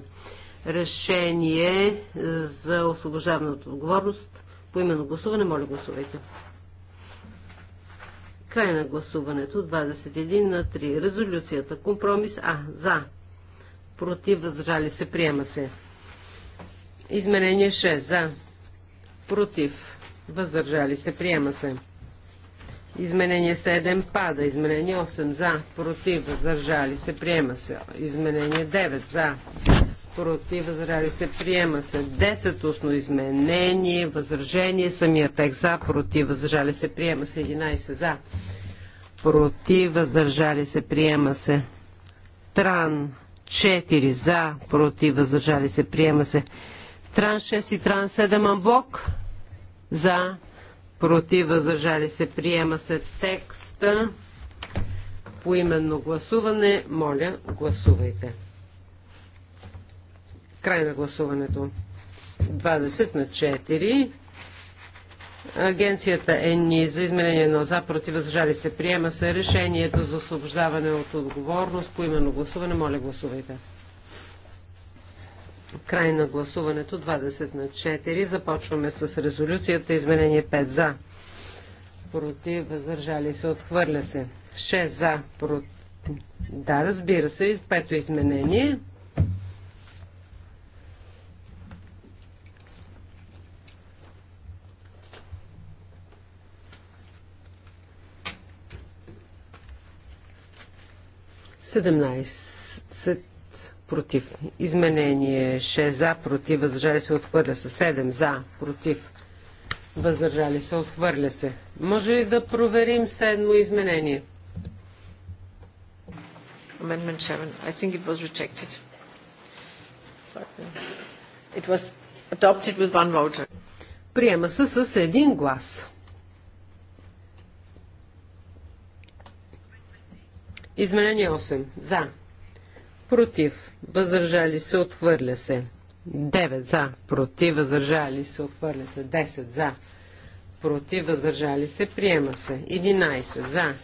Решение за освобождаване от отговорност. По именно гласуване, моля гласувайте. Край на гласуването. 21 на 3. Резолюцията. Компромис А. За. Против, въздържали се, приема се. Изменение 6. За. Против. Въздържали се, приема се. Изменение 7 пада. Изменение 8 за. Против. Въздържали се. Приема се. Изменение 9 за. Против. Въздържали се. Приема се. 10 устно изменение. Възражение. Самия текст за. Против. Въздържали се. Приема се. 11 за. Против. Въздържали се. Приема се. Тран 4 за. Против. Въздържали се. Приема се. Тран 6 и Тран 7 амблок. За против, въздържали се, приема се текста по именно гласуване. Моля, гласувайте. Край на гласуването. 20 на 4. Агенцията е ни за изменение на за против въздържали се приема се решението за освобождаване от отговорност по именно гласуване. Моля гласувайте. Край на гласуването 20 на 4. Започваме с резолюцията. Изменение 5 за. Против, въздържали се, отхвърля се. 6 за. Против. Да, разбира се. Пето изменение. Седемнайсет против. Изменение 6 за, против, въздържали се, отхвърля се. 7 за, против, въздържали се, отхвърля се. Може ли да проверим седмо изменение? Amendment 7. I think it was rejected. It was adopted with one voter. Приема се с един глас. Изменение 8. За против, въздържали се, отхвърля се. 9 за, против, въздържали се, отвърля се. 10 за, против, въздържали се, приема се. 11 за,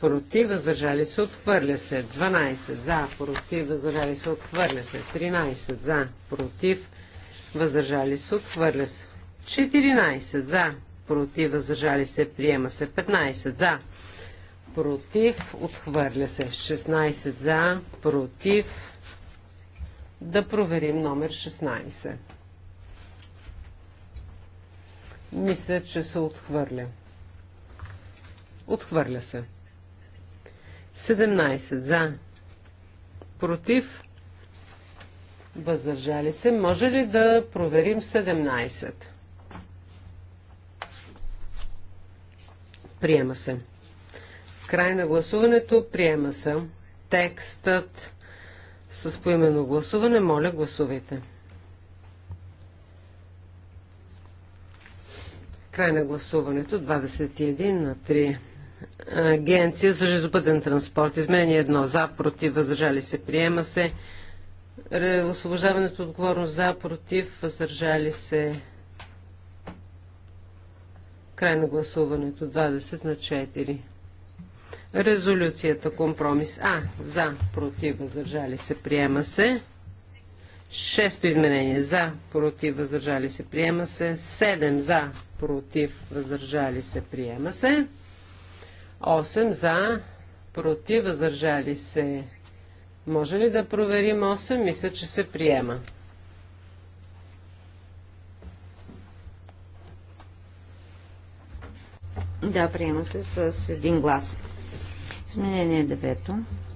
против, въздържали се, отхвърля се. 12 за, против, въздържали се, отхвърля се. 13 за, против, въздържали се, отхвърля се. 14 за, против, въздържали се, приема се. 15 за, против, отхвърля се. 16 за, против. Да проверим номер 16. Мисля, че се отхвърля. Отхвърля се. 17 за, против, въздържали се. Може ли да проверим 17? Приема се. Край на гласуването. Приема се. Текстът с поименно гласуване. Моля, гласувайте. Край на гласуването. 21 на 3. Агенция за железопътен транспорт. Изменение едно. За, против, въздържали се. Приема се. Освобождаването отговорност за, против, въздържали се. Край на гласуването. 20 на 4. Резолюцията компромис А. За, против, въздържали се, приема се. Шесто изменение. За, против, въздържали се, приема се. Седем. За, против, въздържали се, приема се. Осем. За, против, въздържали се. Може ли да проверим 8? Мисля, че се приема. Да, приема се с един глас. Изменение 9.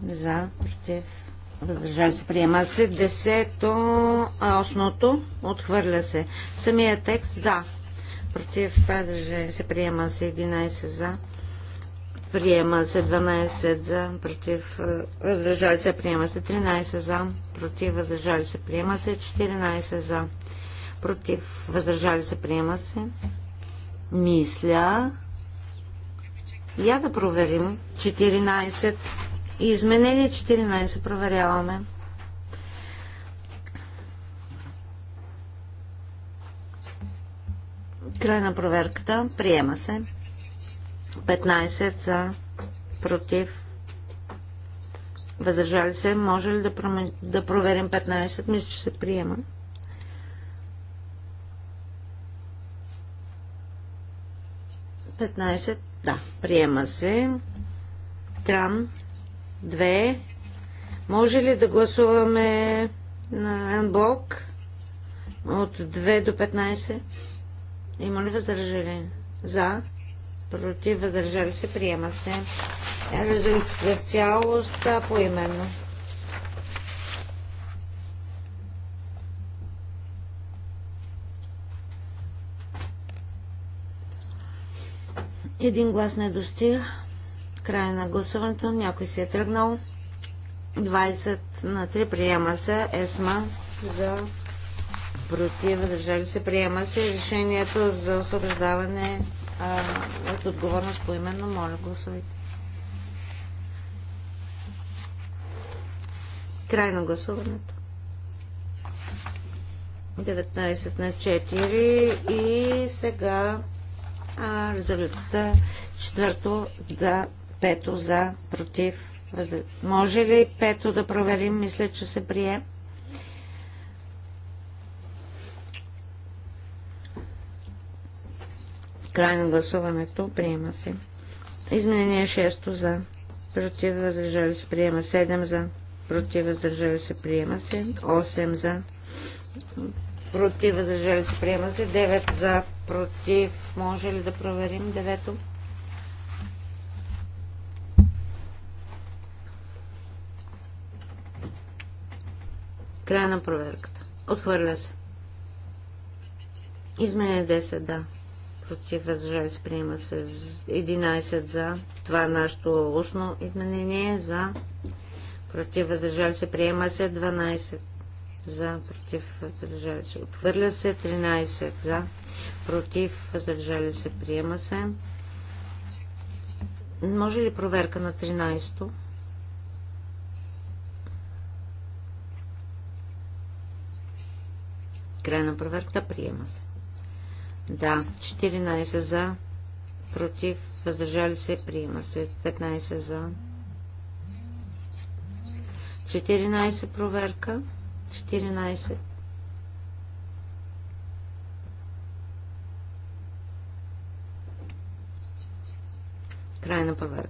За, против, въздържали се, приема се. Десето, осното, отхвърля се. Самия текст, да. Против, въздържали се, приема се. 11 за. Приема се 12 за, против, въздържали се, приема се 13 за, против, въздържали се, приема се 14 за, против, въздържали се, приема се. Мисля, я да проверим. 14. Изменение 14 проверяваме. Край на проверката. Приема се. 15 за против. Въздържали се. Може ли да, да проверим 15? Мисля, че се приема. Петнайсет. Да, приема се. Тран 2. Може ли да гласуваме на блок от 2 до 15? Има ли възражение? За. Против. Въздържали се. Приема се. Резолюцията в цялост по именно. Един глас не достига. Край на гласуването. Някой се е тръгнал. 20 на 3 приема се. ЕСМА за против. Държали се. Приема се решението за освобождаване а, от отговорност по именно. Моля, гласувайте. Край на гласуването. 19 на 4 и сега а резолюцията е четвърто да пето за против. Може ли пето да проверим? Мисля, че се прие. Край на гласуването. Приема се. Изменение 6 за. Против въздържали се. Приема 7 за. Против въздържали се. Приема се. 8 за против, въздържали се, приема се. 9 за, против, може ли да проверим девето? Край на проверката. Отхвърля се. Измене 10, да. Против, въздържали се, приема се 11 за. Това е нашето устно изменение за. Против, въздържали се, приема се 12 за, против, въздържали се, Отвърля се, 13 за, против, въздържали се, приема се. Може ли проверка на 13-то? Край на проверката, приема се. Да, 14 за, против, въздържали се, приема се, 15 за. 14 проверка. 14. Край на проверката.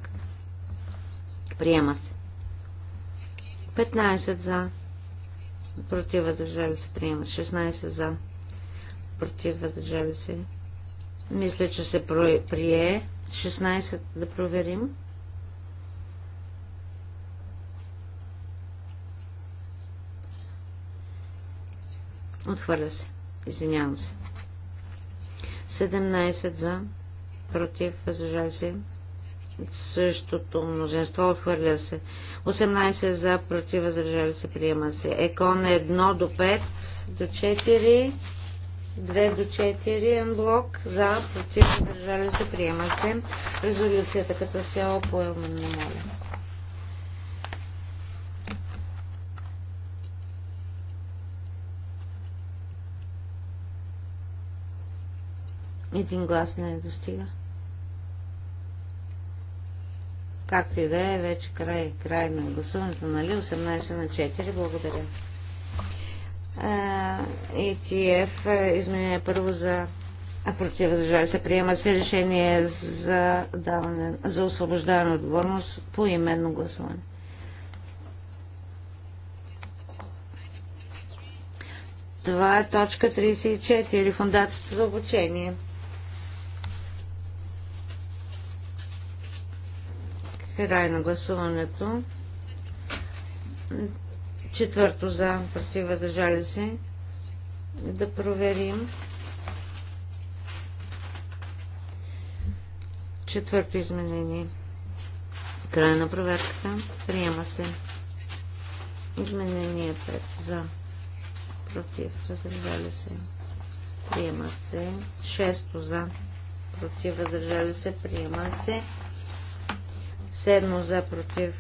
Приема се. 15 за. Против въздържали се. Приема се. 16 за. Против въздържали се. Мисля, че се прие. 16 да проверим. Отхвърля се. Извинявам се. 17 за. Против. Въздържали се. Същото множество. Отхвърля се. 18 за. Против. Въздържали се. Приема се. Екон 1 до 5 до 4. 2 до 4 блок за, против, въздържали се, приема се. Резолюцията като цяло по моля. Един глас не е достига. Както и да е, вече край, край на гласуването, нали? 18 на 4, благодаря. ETF е е, изменение първо за а против въздържали се приема се решение за, даване, за освобождаване от отговорност по именно гласуване. Това е точка 34, фундацията за обучение. Край на гласуването. Четвърто за, против, въздържали се. Да проверим. Четвърто изменение. Край на проверката. Приема се. Изменение 5 за. Против. Въздържали се. Приема се. Шесто за. Против. Въздържали се. Приема се. Седмо за против.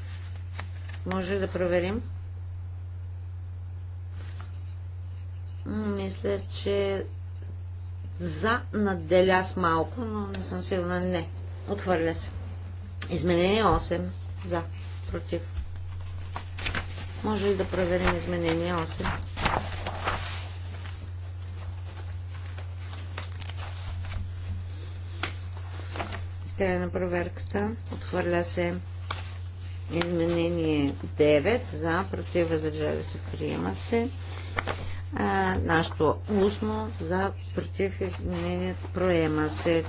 Може да проверим. Мисля, че за надделя с малко, но не съм сигурна. Не. Отхвърля се. Изменение 8. За. Против. Може ли да проверим изменение 8? края на проверката. Отхвърля се изменение 9 за, против, въздържали се, приема се. А, нашето устно за, против, изменение, проема се.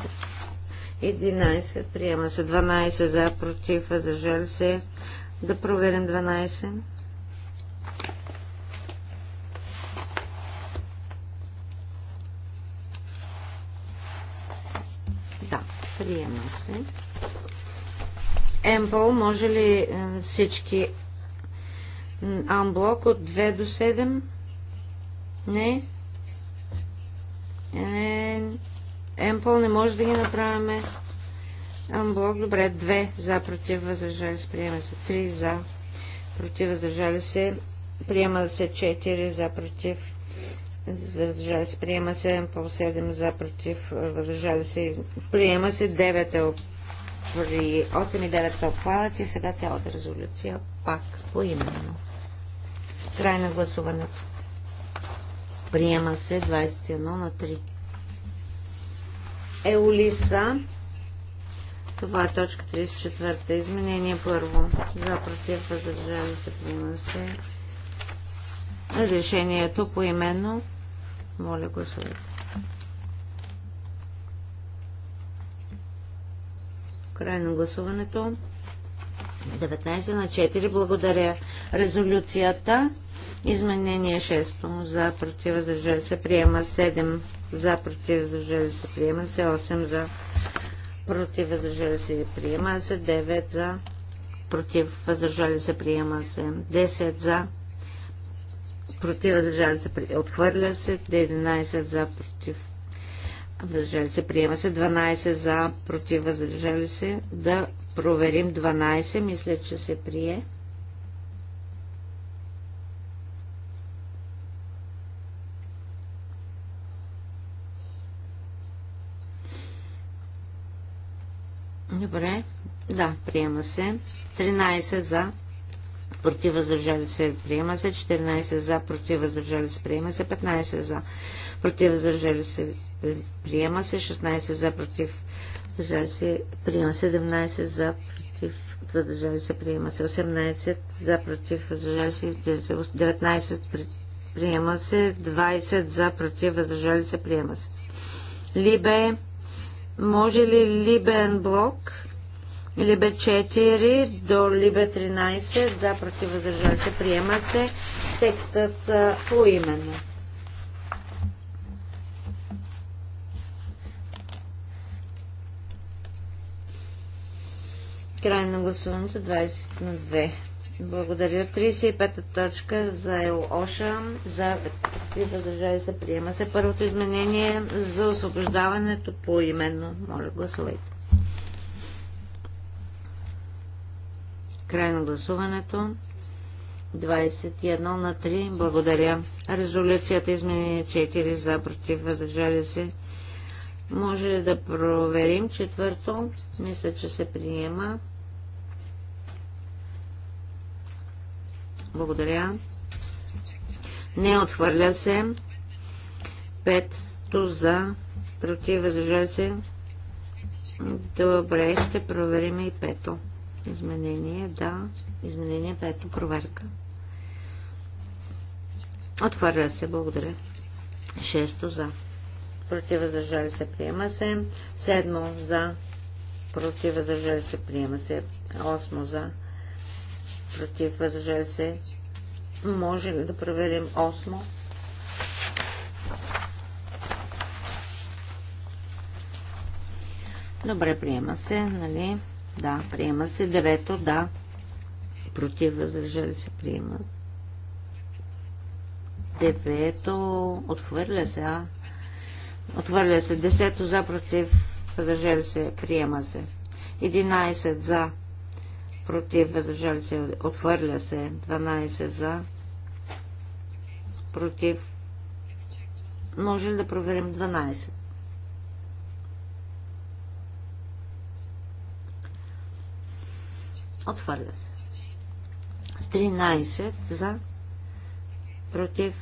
11, приема се 12 за, против, въздържали се. Да проверим 12. Приема се. Емпъл, може ли е, всички амблок от 2 до 7? Не. Е, Емпъл не може да ги направим. Амблок, добре, 2 за, против, въздържали се, приема се. 3 за, против, въздържали се, приема се. 4 за, против, въздържали се, приема се, по 7 за, против, въздържали се, приема се, 9 е при 8 и 9 са обхванати, и сега цялата резолюция пак поименно. Край на гласуването. Приема се 21 на 3. Еулиса. Това е точка 34. Изменение първо. За против въздържали се приема се решението по именно. Моля, гласувайте. Край на гласуването. 19 на 4. Благодаря. Резолюцията. Изменение 6. За против въздържали се приема 7. За против въздържали се приема се 8. За против въздържали се приема се 9. За против въздържали се приема се 10. За против, въздържали се, отхвърля се, 11 за, против, въздържали се, приема се, 12 за, против, въздържали се, да проверим 12, мисля, че се прие. Добре, да, приема се. 13 за, против въздържали се, приема се, 14 за, против въздържали се, приема се, 15 за, против въздържали се, приема се, 16 за, против въздържали се, приема се, 17 за, против въздържали се, приема се, 18 за, против въздържали се, 19 приема се, 20 за, против въздържали се, приема се. Либе, може ли либен блок? Либе 4 до Либе 13 за против въздържали се. Приема се текстът поименно. Край на гласуването 20 на 2. Благодаря. 35-та точка за ОША За против въздържали се приема се първото изменение за освобождаването по именно. Моля, гласувайте. Край на гласуването. 21 на 3. Благодаря. Резолюцията измени 4 за, против, въздържали се. Може да проверим четвърто. Мисля, че се приема. Благодаря. Не отхвърля се. Петто за, против, въздържали се. Добре, ще проверим и пето. Изменение, да. Изменение, пето, проверка. Отхвърля се, благодаря. Шесто за. Против въздържали се, приема се. Седмо за. Против въздържали се, приема се. Осмо за. Против въздържали се. Може ли да проверим осмо? Добре, приема се, нали? Да, приема се. Девето, да. Против, възражали се, приема. Девето, отхвърля се, а. Отхвърля се. Десето за, против, възражали се, приема се. Единайсет за, против, възражали се, отхвърля се. Дванайсет за, против. Може ли да проверим 12? отхвърлят. се. 13 за. Против.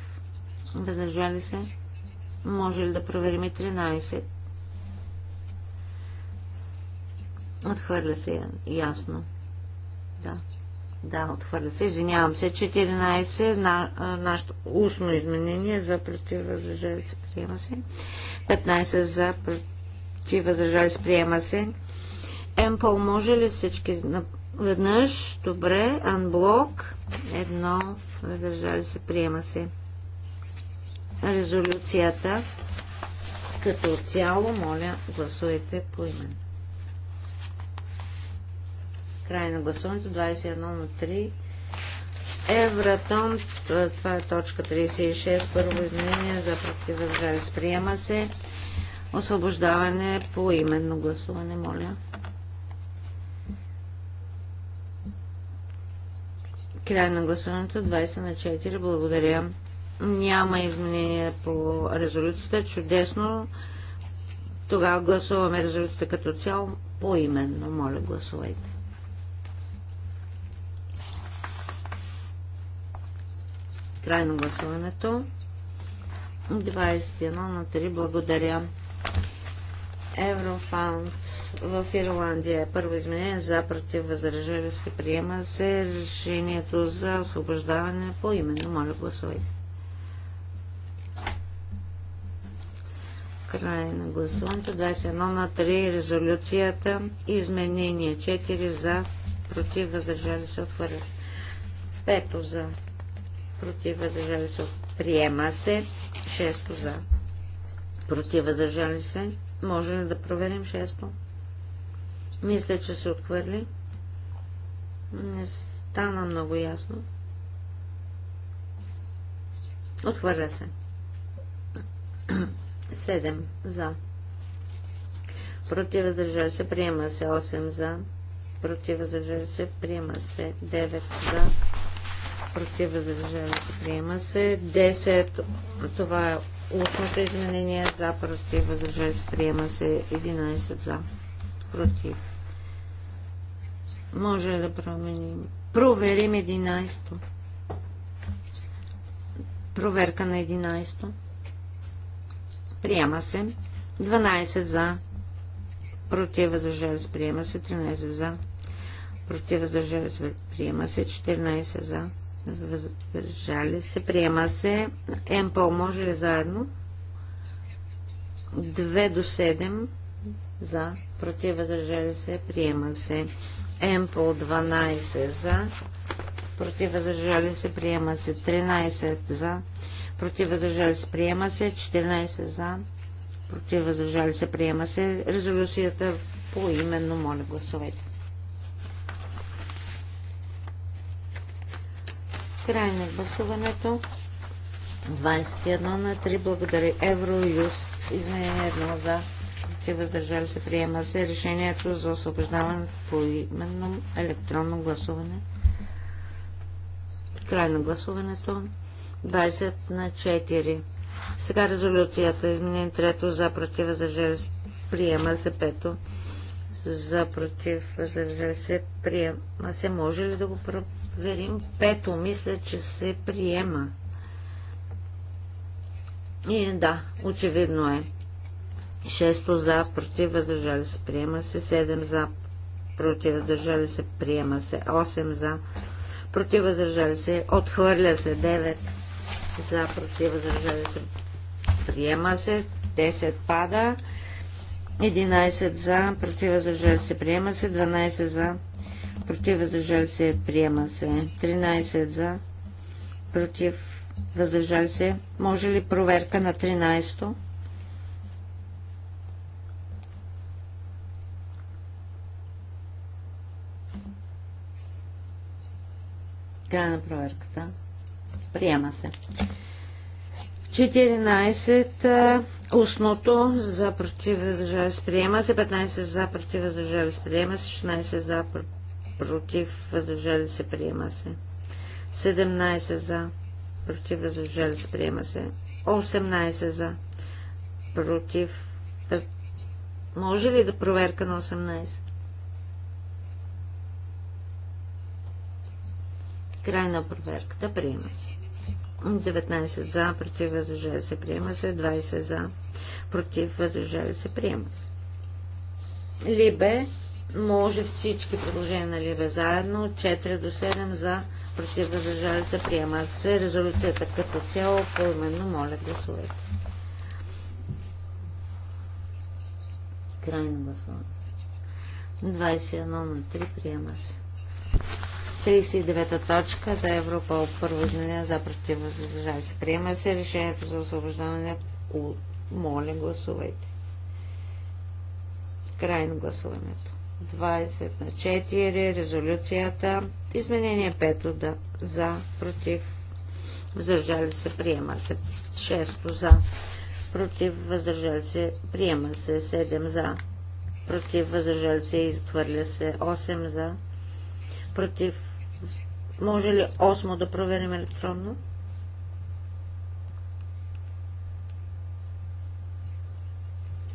Въздържали се. Може ли да проверим 13? Отхвърля се ясно. Да. Да, отхвърля се. Извинявам се. 14. На, нашето устно изменение за против въздържали се приема се. 15 за против въздържали се приема се. Емпъл може ли всички Веднъж, добре, анблок, едно, въздържали се, приема се. Резолюцията като цяло, моля, гласувайте по имен. Край на гласуването, 21 на 3. Евратон, това е точка 36, първо изменение за противъздържали се, приема се. Освобождаване по именно гласуване, моля. Край на гласуването 20 на 4. Благодаря. Няма изменения по резолюцията. Чудесно. Тогава гласуваме резолюцията като цяло поименно. Моля, гласувайте. Край на гласуването. 21 на 3. Благодаря. Еврофаунд в Ирландия. Първо изменение за против въздържали се приема се решението за освобождаване по именно. Моля гласувайте. Край на гласуването. 21 на 3 резолюцията. Изменение 4 за против въздържали се отхвърля се. Пето за против въздържали се приема се. Шесто за против въздържали се може ли да проверим шесто? Мисля, че се отхвърли. Не стана много ясно. Отхвърля се. 7 за. Против въздържали се, приема се 8 за. Против въздържали се, приема се 9 за против, въздържали се, приема се. 10, това е устното изменение, за, против, въздържали се, приема се. 11 за, против. Може да променим. Проверим 11-то. Проверка на 11-то. Приема се. 12 за. Против въздържали се. Приема се. 13 за. Против въздържали се. Приема се. 14 за въздържали се, приема се. МПО може ли заедно? 2 до 7 за, против, въздържали се, приема се. МПО 12 за, против, въздържали се, приема се. 13 за, против, въздържали се, приема се. 14 за, против, въздържали се, приема се. Резолюцията по именно, моля, гласовете. Край на гласуването. 21 на 3. Благодаря. Евроюст. Извинение едно за. Те въздържали се. Приема се решението за освобождаване по именно електронно гласуване. Край на гласуването. 20 на 4. Сега резолюцията. Изменение трето за. Против въздържали се. Приема се пето за против въздържали се приема. Се може ли да го проверим? Пето, мисля, че се приема. И да, очевидно е. Шесто за против въздържали се приема се. Седем за против въздържали се приема се. Осем за против въздържали се отхвърля се. Девет за против въздържали се приема се. Десет пада. 11 за, против въздържали се, приема се. 12 за, против въздържали се, приема се. 13 за, против въздържали се. Може ли проверка на 13-то? Край на проверката. Приема се. 14 устното за против въздържали се приема се, 15 за против въздържали се приема се, 16 за против въздържали се приема се, 17 за против въздържали се приема се, 18 за против може ли да проверка на 18? Край на проверката приема се. 19 за, против, въздържали се, приема се. 20 за, против, въздържали се, приема се. Либе, може всички предложения на Либе заедно, 4 до 7 за, против, въздържали се, приема се. Резолюцията като цяло, поименно, моля гласувайте. Крайно гласуване. 21 на 3 приема се. 39-та точка за Европол. Първо изменение за против въздържали се. Приема се решението за освобождаване. Моля, гласувайте. Край на гласуването. 20 на 4. Резолюцията. Изменение 5 да, за против въздържали се. Приема се. 6 за против въздържали се. Приема се. 7 за против въздържали се. Изхвърля се. 8 за против може ли осмо да проверим електронно?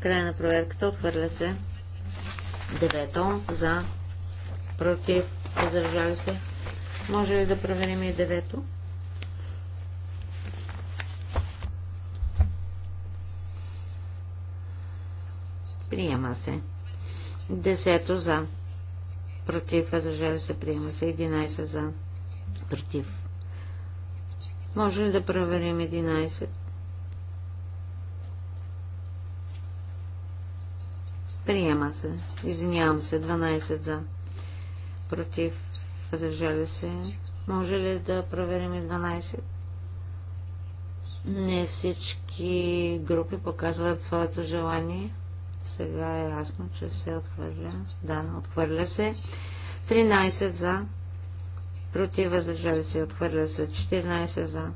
Край на проверката. Отхвърля се. Девето. За. Против. Въздържали се. Може ли да проверим и девето? Приема се. Десето за. Против. Въздържали се. Приема се. Единайсет за Против. Може ли да проверим 11? Приема се. Извинявам се. 12 за. Против. Въздържали се. Може ли да проверим 12? Не всички групи показват своето желание. Сега е ясно, че се отхвърля. Да, отхвърля се. 13 за против въздържали се, отхвърля се 14 за,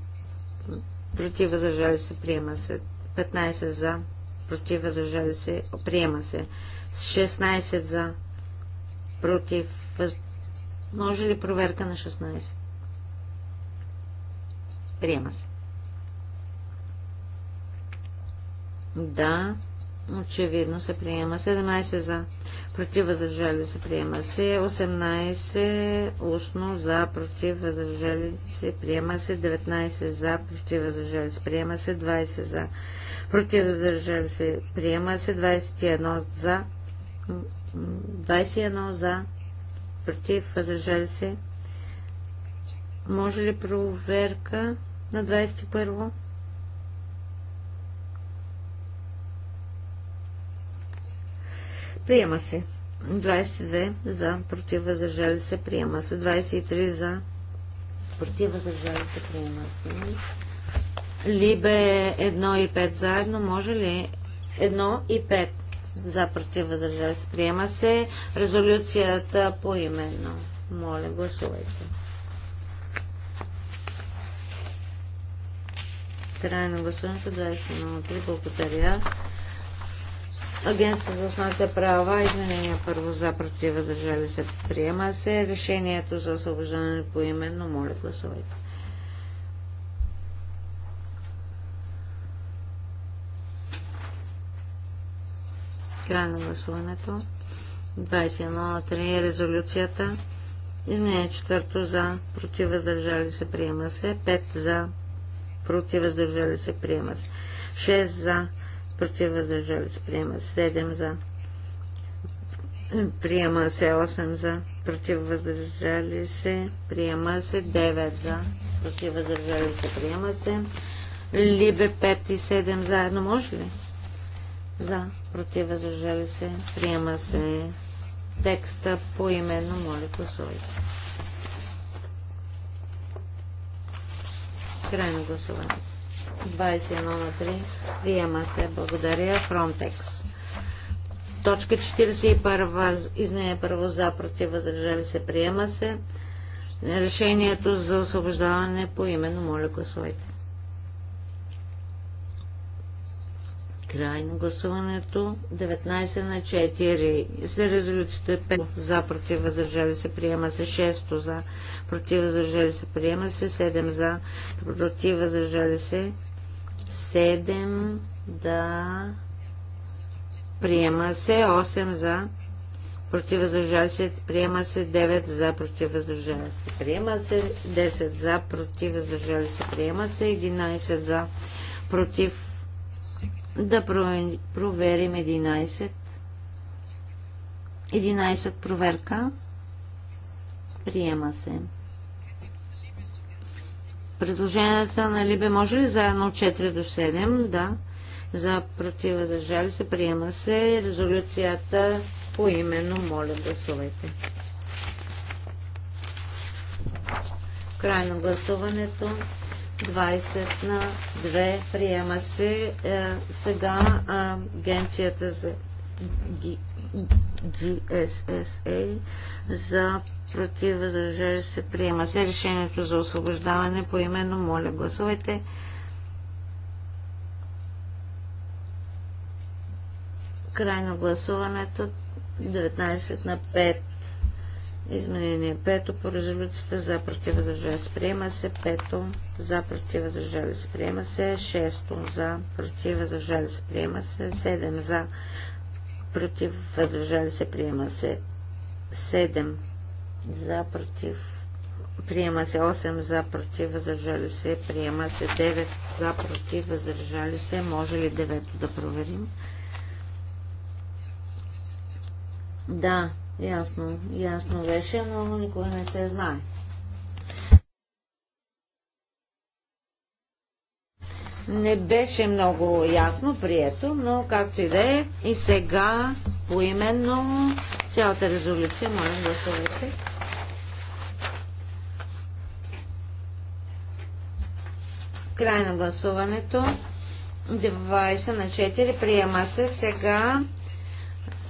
против въздържали се, приема се 15 за, против въздържали се, приема се 16 за, против въз... Може ли проверка на 16? Приема се. Да, Очевидно се приема. 17 за. Против въздържали се приема се. 18 устно за. Против въздържали се приема се. 19 за. Против въздържали се приема се. 20 за. Против въздържали се приема се. 21 за. 21 за. Против въздържали се. Може ли проверка на 21? Приема се. 22 за, против, въздържали се, приема се. 23 за, против, въздържали се, приема се. Либе 1 и 5 заедно, може ли? 1 и 5 за, против, въздържали се, приема се. Резолюцията по именно. Моля, гласувайте. Край на гласуването 21 на 3. Благодаря. Агенцията за основните права, изменения първо за против, въздържали се, приема се. Решението за освобождане по именно, моля гласувайте. Край на гласуването. 21 3 резолюцията. Изменение четвърто за против, въздържали се, приема се. 5 за против, въздържали се, приема се. 6 за против въздържали се приема 7 за приема се 8 за против въздържали се приема се 9 за против въздържали се приема се либе 5 и 7 заедно може ли? за против въздържали се приема се текста по именно моля гласувайте край на гласуването 21 на 3. Приема се. Благодаря. Фронтекс. Точка 41. Изменя първо за, против, въздържали се. Приема се. Решението за освобождаване по именно. Моля, гласовете. Край на гласуването. 19 на 4. За резолюцията 5 за, против, въздържали се, приема се 6 за, против, въздържали се, приема се 7 за, против, въздържали се, 7 да приема се, 8 за против въздържали се, приема се, 9 за против се, приема се, 10 за против се, приема се, 11 за против да проверим 11 11 проверка приема се Предложенията на Либе може ли заедно от 4 до 7? Да. За против държали се приема се резолюцията по именно. Моля гласувайте. Край на гласуването. 20 на 2 приема се е, сега е, агенцията за GSFA е за против, въздържали се, приема се. Решението за освобождаване по именно, моля гласувайте. Край на гласуването 19 на 5. Изменение 5 по резолюцията за против, въздържали се, приема се. 5 за против, въздържали се, приема се. 6 за против, въздържали се, приема се. 7 за против, въздържали се, приема се. 7 за против. Приема се 8 за против, въздържали се. Приема се 9 за против, въздържали се. Може ли 9 да проверим? Да, ясно, ясно беше, но никога не се знае. не беше много ясно прието, но както и да е. И сега поименно цялата резолюция, да гласувайте. Да Край на гласуването. 20 на 4. Приема се. Сега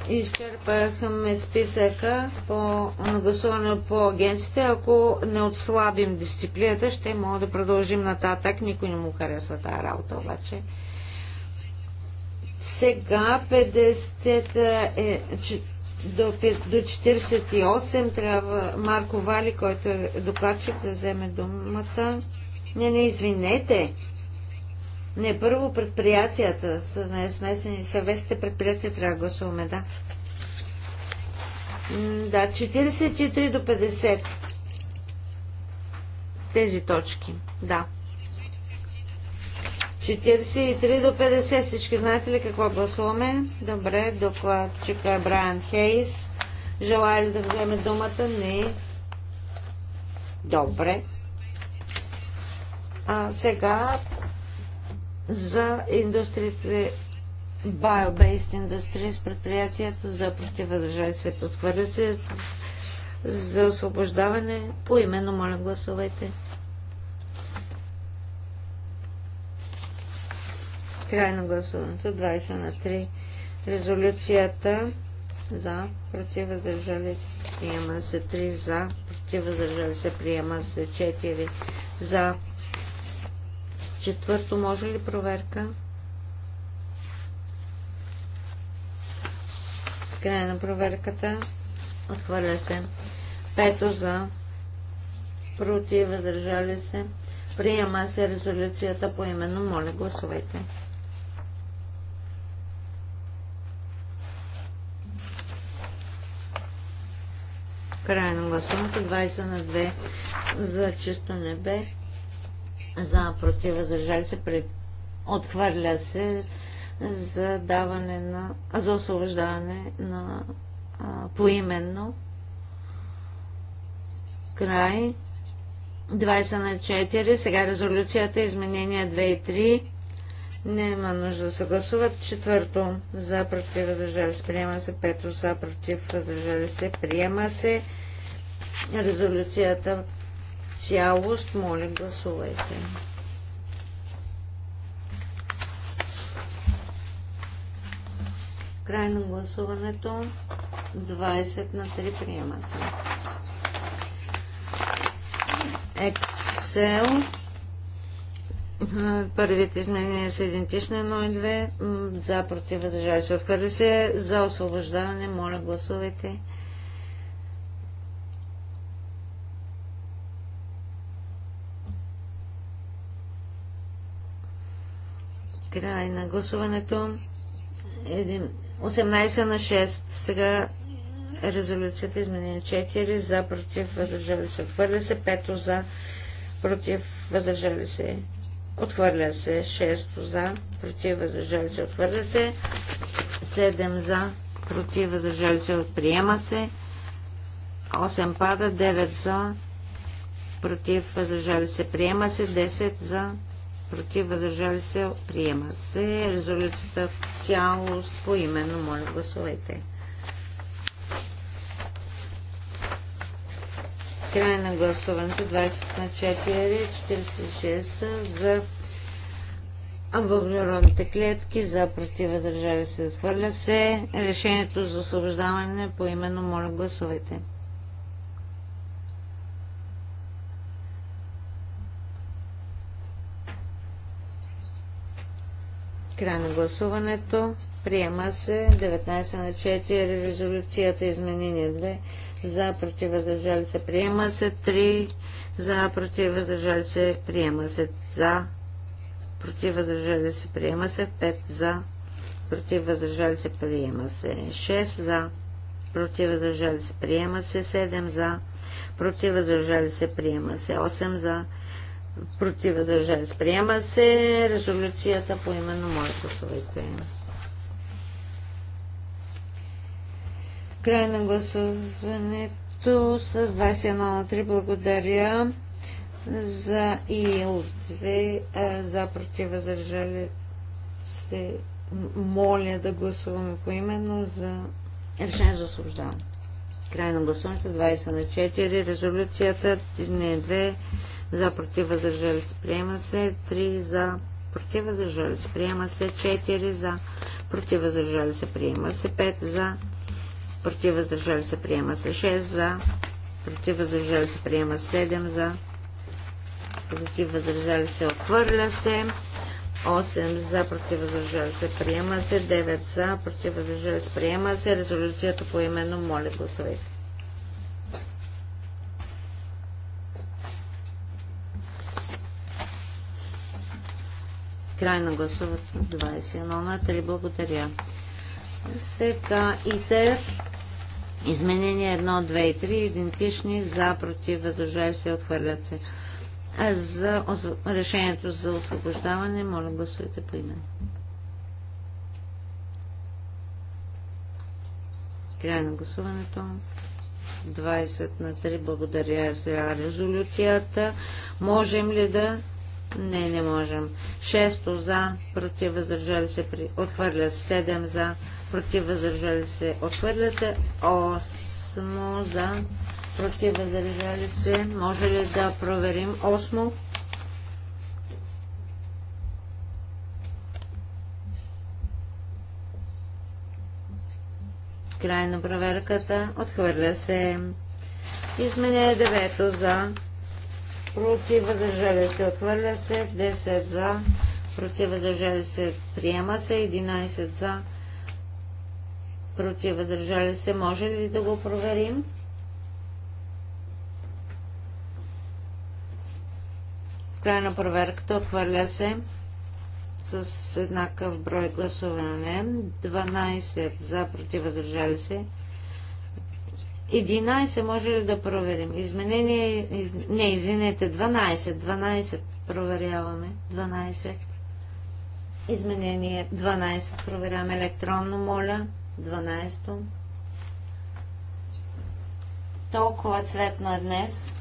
изчерпахме списъка по, на гласуване по агенците. Ако не отслабим дисциплината, ще мога да продължим нататък. Никой не му харесва тази работа обаче. Сега 50 е, до, до 48 трябва Марко Вали, който е докладчик, да вземе думата. Не, не, извинете. Не, първо предприятията, смесени съвестите предприятия трябва да гласуваме, да. Да, 43 до 50. Тези точки, да. 43 до 50. Всички знаете ли какво гласуваме? Добре, докладчика Брайан Хейс. Желая ли да вземе думата? Не. Добре. А сега за индустриите Bio-Based Industries, предприятието за противодържави се подхвърля се за освобождаване. По имено моля, гласувайте. Край на гласуването. 20 на 3. Резолюцията за противодържали приема се 3 за противодържали се приема се 4 за Четвърто, може ли проверка? Край на проверката. Отхвърля се. Пето за. Против, въздържали се. Приема се резолюцията по именно. Моля, гласувайте. Край на гласуването. 20 на 2 за чисто небе за против въздържали се при... отхвърля се за даване на за освобождаване на а, поименно край 20 на 4 сега резолюцията изменения 2 и 3 няма нужда да се гласуват. Четвърто, за против, въздържали се, приема се. Пето, за против, въздържали се, приема се. Резолюцията цялост. Моля, гласувайте. Край на гласуването. 20 на 3 приема се. Excel. Първите изменения са идентични 1 и 2. За против въздържали се отхвърли се. За освобождаване, моля гласувайте. Край на гласуването. 18 на 6. Сега резолюцията изменена. 4 за против въздържали се. Отхвърля се 5 за против въздържали се. Отхвърля се 6 за против въздържали се. Отхвърля се 7 за против въздържали се. отприема се 8 пада 9 за против въздържали се. Приема се 10 за против, въздържали се, приема се. Резолюцията в цялост по именно, моля гласувайте. Край на гласуването 20 на 4, 46 за въглеродните клетки, за против, въздържали се, отхвърля се. Решението за освобождаване по именно, моля гласувайте. Край на гласуването. Приема се 19 на 4. Резолюцията изменение 2. За против въздържали се. Приема се 3. За против въздържали се. Приема се. За против въздържали се. Приема се 5. За против въздържали се. Приема се 6. За против въздържали се. Приема се 7. За против въздържали се. Приема се 8. За против въздържали се. Приема се резолюцията по именно моето гласувайте. Край на гласуването с 21 на 3 благодаря за ИЛ 2 за против въздържали се. Моля да гласуваме по именно за решение за освобождаване. Край на гласуването 20 на 4. Резолюцията изменение 2 за против въздържали се приема се 3 за против въздържали се приема се 4 за против въздържали се приема се 5 за против въздържали се приема се 6 за против въздържали се приема 7 за против въздържали се отхвърля се 8 за против въздържали се приема се 9 за против въздържали се приема се резолюцията по именно моля гласувайте Край на гласуването. 21 на 3. Благодаря. Сега ИТЕР. Изменения 1, 2 и 3 идентични за, против, въздържали се, отхвърлят се. А за решението за освобождаване, моля гласувате по име. Край на гласуването. 20 на 3. Благодаря за резолюцията. Можем ли да не, не можем. 6 за, против, въздържали се, отхвърля се. 7 за, против, въздържали се, отхвърля се. 8 за, против, въздържали се. Може ли да проверим 8? Край на проверката. Отхвърля се. е 9 за, против, въздържали се, отхвърля се, 10 за, против, въздържали се, приема се, 11 за, против, въздържали се, може ли да го проверим? В края на проверката отхвърля се с еднакъв брой гласуване. 12 за, против, въздържали се, 11 може ли да проверим? Изменение... Не, извинете, 12. 12 проверяваме. 12. Изменение 12. Проверяваме електронно, моля. 12. Толкова цветно е днес.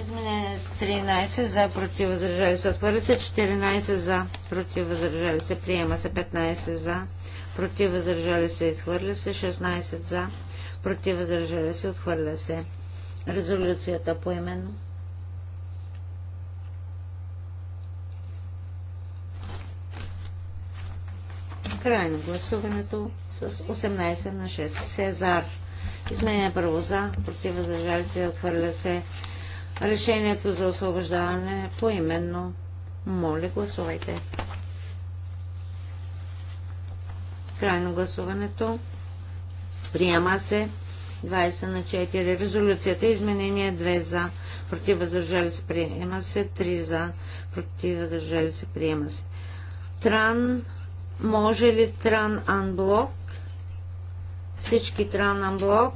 Изменение 13 за против въздържали се. Отвърли се 14 за против въздържали се. Приема се 15 за против въздържали се, изхвърля се, 16 за, против въздържали се, отхвърля се. Резолюцията по именно. Край на гласуването с 18 на 6. Сезар. Изменение първо за, против въздържали се, отхвърля се. Решението за освобождаване по именно. Моля, гласувайте. Край гласуването. Приема се 20 на 4. Резолюцията. Изменение 2 за. Против въздържали се. Приема се 3 за. Против въздържали се. Приема се. Тран. Може ли Тран Анблок? Всички Тран Анблок.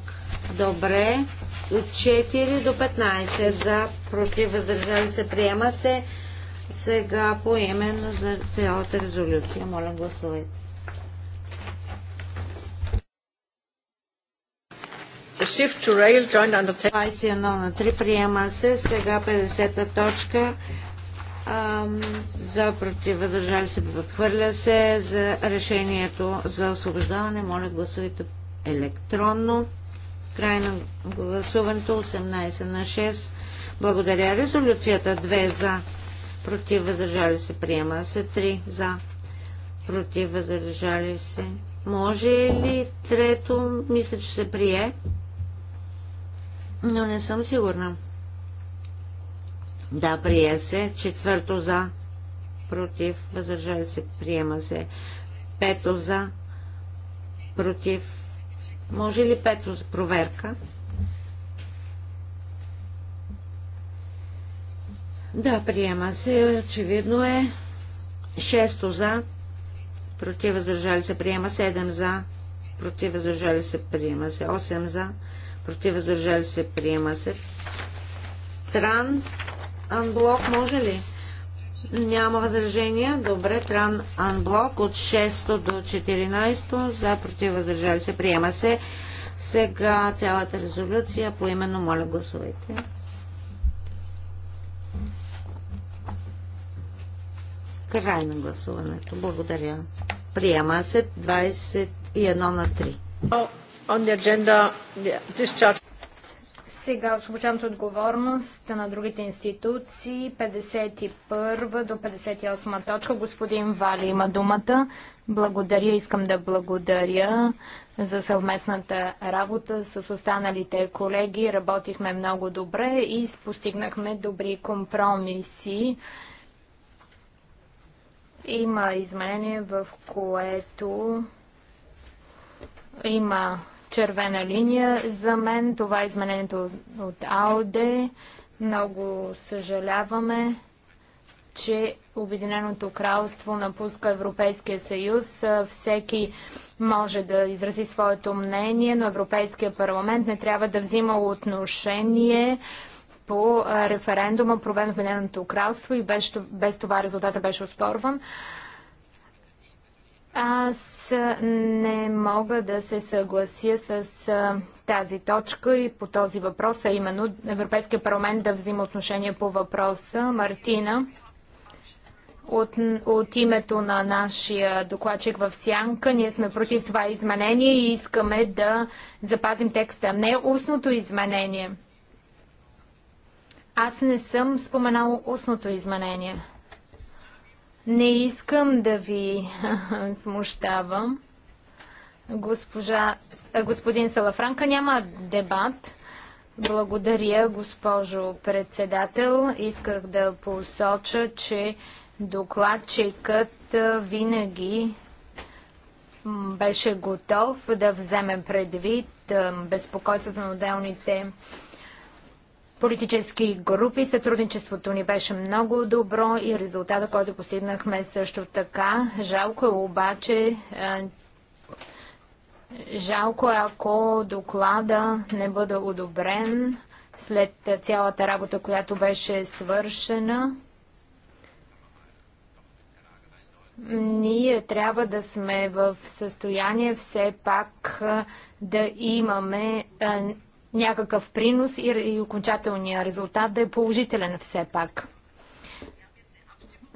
Добре. От 4 до 15 за. Против въздържали се. Приема се. Сега поименно за цялата резолюция. Моля, гласувайте. shift to rail joint undertaking. 21 на 3 приема се. Сега 50-та точка за против въздържали се подхвърля се за решението за освобождаване. Моля гласувайте електронно. Край на гласуването 18 на 6. Благодаря. Резолюцията 2 за против въздържали се приема се 3 за против въздържали се. Може ли трето? Мисля, че се прие но не съм сигурна. Да, прие се. Четвърто за. Против. Въздържали се. Приема се. Пето за. Против. Може ли пето за проверка? Да, приема се. Очевидно е. Шесто за. Против. Въздържали се. Приема. Седем за. Против. Въздържали се. Приема се. Осем за против, въздържали се, приема се. Тран анблок може ли? Няма възражения. Добре, тран анблок от 6 до 14 за против, въздържали се, приема се. Сега цялата резолюция по именно моля гласувайте. Край на гласуването. Благодаря. Приема се 21 на 3. Agenda, yeah, Сега освобождаваме отговорност на другите институции. 51 до 58 точка. Господин Вали има думата. Благодаря, искам да благодаря за съвместната работа с останалите колеги. Работихме много добре и постигнахме добри компромиси. Има изменение, в което има червена линия за мен. Това е изменението от АОД. Много съжаляваме, че Обединеното кралство напуска Европейския съюз. Всеки може да изрази своето мнение, но Европейския парламент не трябва да взима отношение по референдума, проведен в Обединеното кралство и без, без това резултата беше оспорван. Аз не мога да се съглася с тази точка и по този въпрос, а именно Европейския парламент да взима отношение по въпроса. Мартина, от, от името на нашия докладчик в Сянка, ние сме против това изменение и искаме да запазим текста. Не устното изменение. Аз не съм споменал устното изменение. Не искам да ви смущавам. Госпожа, господин Салафранка, няма дебат. Благодаря, госпожо председател. Исках да посоча, че докладчикът винаги беше готов да вземе предвид безпокойството на отделните политически групи. Сътрудничеството ни беше много добро и резултата, който постигнахме е също така. Жалко е обаче, е, жалко е ако доклада не бъде одобрен след цялата работа, която беше свършена. Ние трябва да сме в състояние все пак е, да имаме някакъв принос и, и окончателният резултат да е положителен все пак.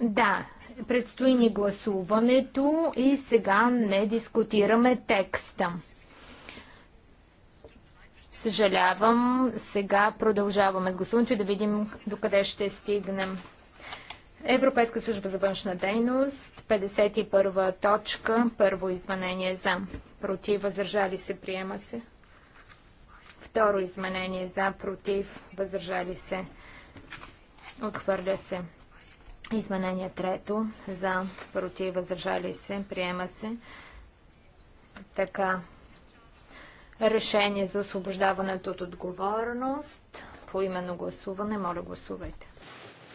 Да, предстои ни гласуването и сега не дискутираме текста. Съжалявам, сега продължаваме с гласуването и да видим докъде ще стигнем. Европейска служба за външна дейност, 51 точка, първо изменение за. Против, въздържали се, приема се. Второ изменение за, против, въздържали се, отхвърля се. Изменение трето за, против, въздържали се, приема се. Така, решение за освобождаването от отговорност по именно гласуване. Моля, гласувайте.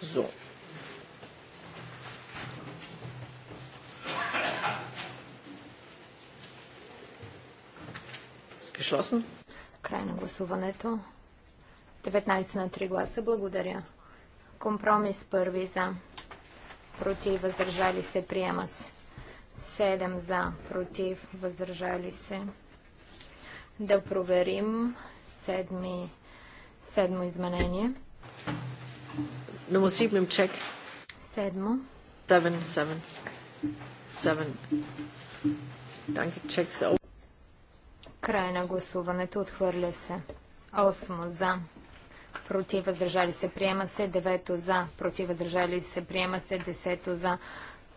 Зо. Geschlossen. Край на гласуването. 19 на 3 гласа. Благодаря. Компромис първи за. Против. Въздържали се. Приема се. 7 за. Против. Въздържали се. Да проверим седми, седмо изменение. Номер 7 чек. Седмо. 7, 7. Danke, check's out. Край на гласуването. Отхвърля се. 8 за. Против въздържали се. Приема се. 9 за. Против въздържали се. Приема се. 10 за.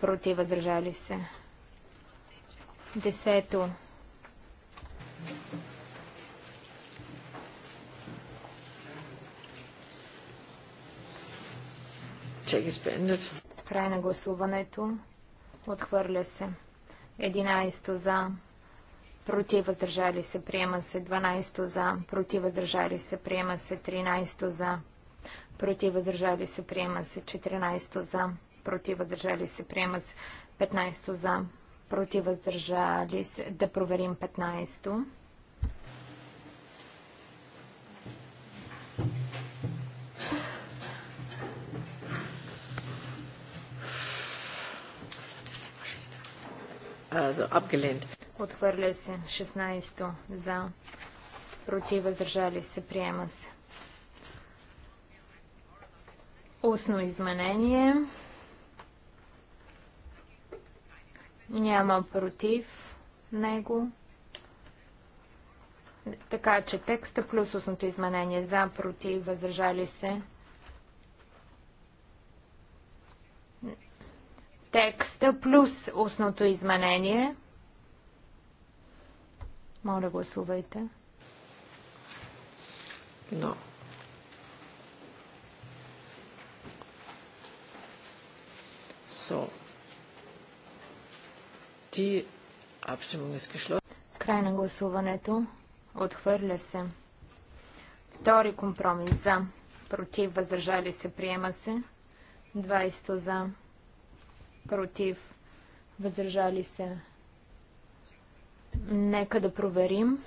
Против въздържали се. 10. Край на гласуването. Отхвърля се. 11 за против въздържали се, приема се 12 за, против въздържали се, приема се 13 за, против въздържали се, приема се 14 за, против въздържали се, приема се 15 за, против въздържали се, да проверим 15 Also abgelehnt. Отхвърля се. 16 за. Против. Въздържали се. Приема се. Устно изменение. Няма против него. Така че текста плюс устното изменение за, против, въздържали се. Текста плюс устното изменение. Моля, гласувайте. No. So. Die Abstimmung ist geschlossen. Край на гласуването. Отхвърля се. Втори компромис за. Против. Въздържали се. Приема се. 20 за. Против. Въздържали се. Нека да проверим.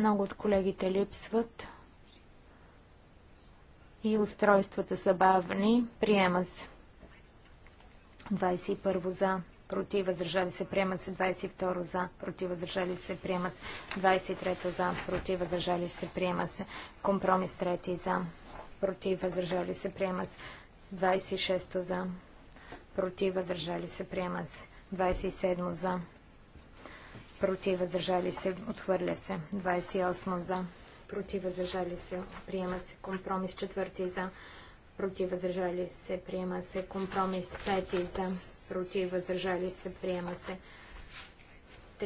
Много от колегите липсват и устройствата са бавни. Приема с 21 за против, въздържали се, приема се 22 за, против, въздържали се, приема се 23 за, против, въздържали се, приема се компромис 3 за, против, въздържали се, приема се 26 за, против, въздържали се, приема се 27 за, против, въздържали се, отхвърля се 28 за, против, въздържали се, приема се компромис 4 за, против, въздържали се, приема се компромис 5 за, против, въздържали се, приема се.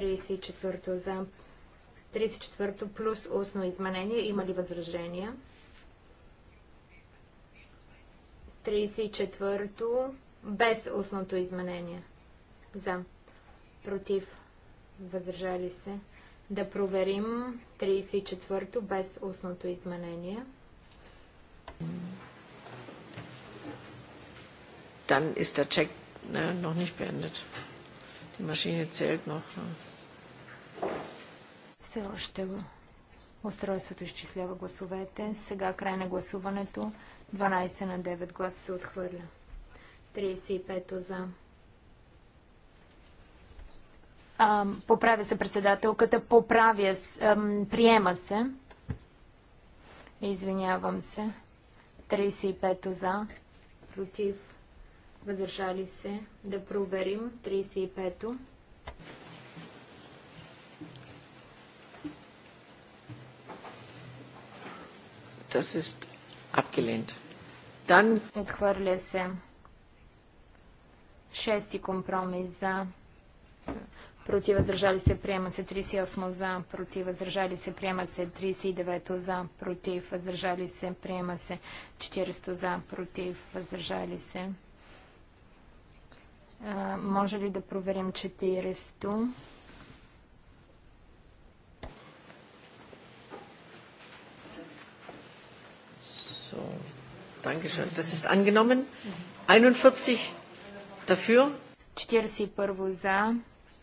34 за 34 плюс устно изменение. Има ли възражения? 34-то без устното изменение. За. Против. Въздържали се. Да проверим 34-то без устното изменение. Dann ist der Check Nein, noch nicht beendet. Die Maschine zählt noch. Все още устройството изчислява гласовете. Сега край на гласуването. 12 на 9 гласа се отхвърля. 35 за. А, поправя се председателката. Поправя, а, приема се. Извинявам се. 35 за. Против въздържали се, да проверим 35-то. Das ist abgelehnt. Dann Отхвърля се. Шести компромис за против държали се приема се 38 за, против въздържали се приема се 39 за, против въздържали се приема се 400 за, против въздържали се може ли да проверим 40-то? So, Dankeschön. Das ist angenommen. 41 dafür. 41 за,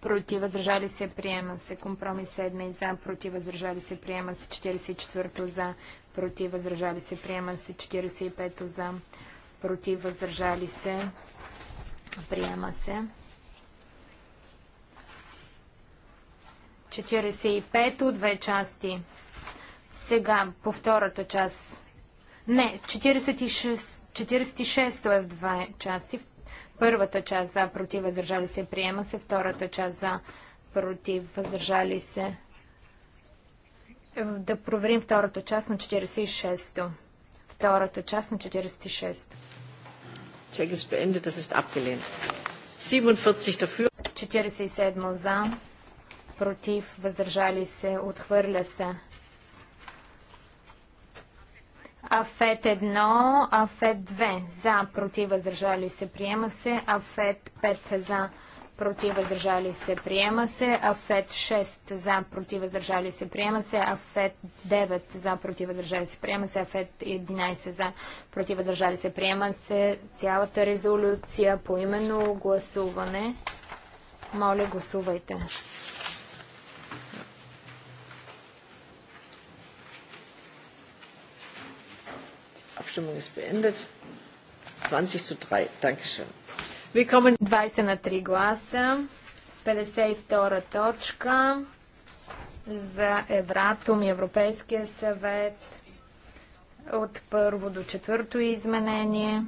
против въздържали се, приема се. Компромис 7 за, против въздържали се, приема се. 44 за, против въздържали се, приема се. 45 за, против въздържали се, Приема се. 45-то, две части. Сега, по втората част. Не, 46, 46-то е в две части. Първата част за против, въздържали се, приема се. Втората част за против, въздържали се. Да проверим втората част на 46-то. Втората част на 46-то. Check ist beendet, das ist abgelehnt. 47 dafür. 47 за, против, въздържали се, отхвърля се. Афет 1, Афет 2 за, против, въздържали се, приема се. Афет 5 за, против въздържали се, приема се. Афет 6 за, против въздържали се, приема се. Афет 9 за, против въздържали се, приема се. Афет 11 за, против въздържали се, приема се. Цялата резолюция по именно гласуване. Моля, гласувайте. Abstimmung ist beendet. 20 zu 3. Dankeschön. 20 на 3 гласа. 52 точка за Евратом и Европейския съвет от първо до четвърто изменение.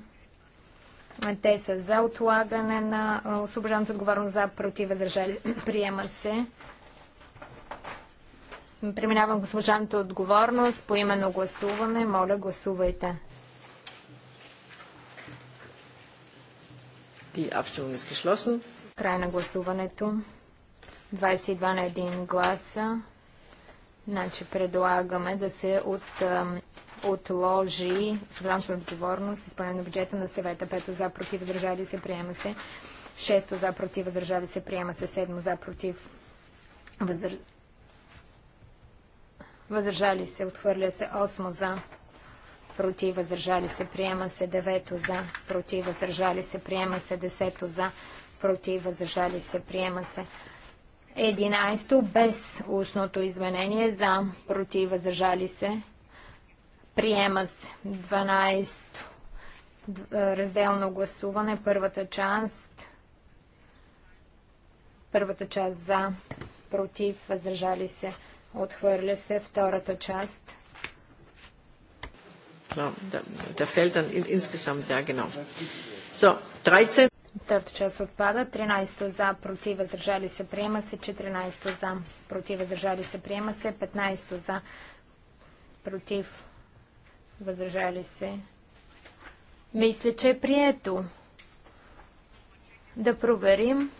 Те са за отлагане на освобожданото отговорност за против възражали. Приема се. Преминавам към отговорност по именно гласуване. Моля, гласувайте. Край на гласуването. 22 на 1 гласа. Значи предлагаме да се от, отложи финансова отговорност, изпълнение на бюджета на съвета. Пето за против, държави се, приема се. Шесто за против, държави се, приема се. Седмо за против, въздър... въздържали се, отхвърля се. Осмо за против, въздържали се, приема се. Девето за, против, въздържали се, приема се. Десето за, против, въздържали се, приема се. 11 без устното изменение за против въздържали се. Приема се 12 разделно гласуване. Първата част първата част за против въздържали се. Отхвърля се втората част Ja, da, da fällt dann in, 13. Втората част отпада. 13 за, против, въздържали се, приема се. 14 за, против, въздържали се, приема се. 15 за, против, въздържали се. Мисля, че е прието. Да проверим.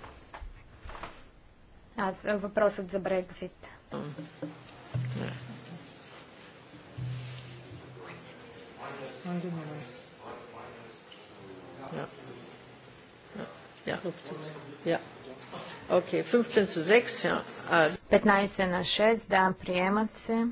Аз, въпросът за Брекзит. Не. Ja. Ja. Ja. Okay, 15 zu 6, ja. 15 na 6, да, приемат се.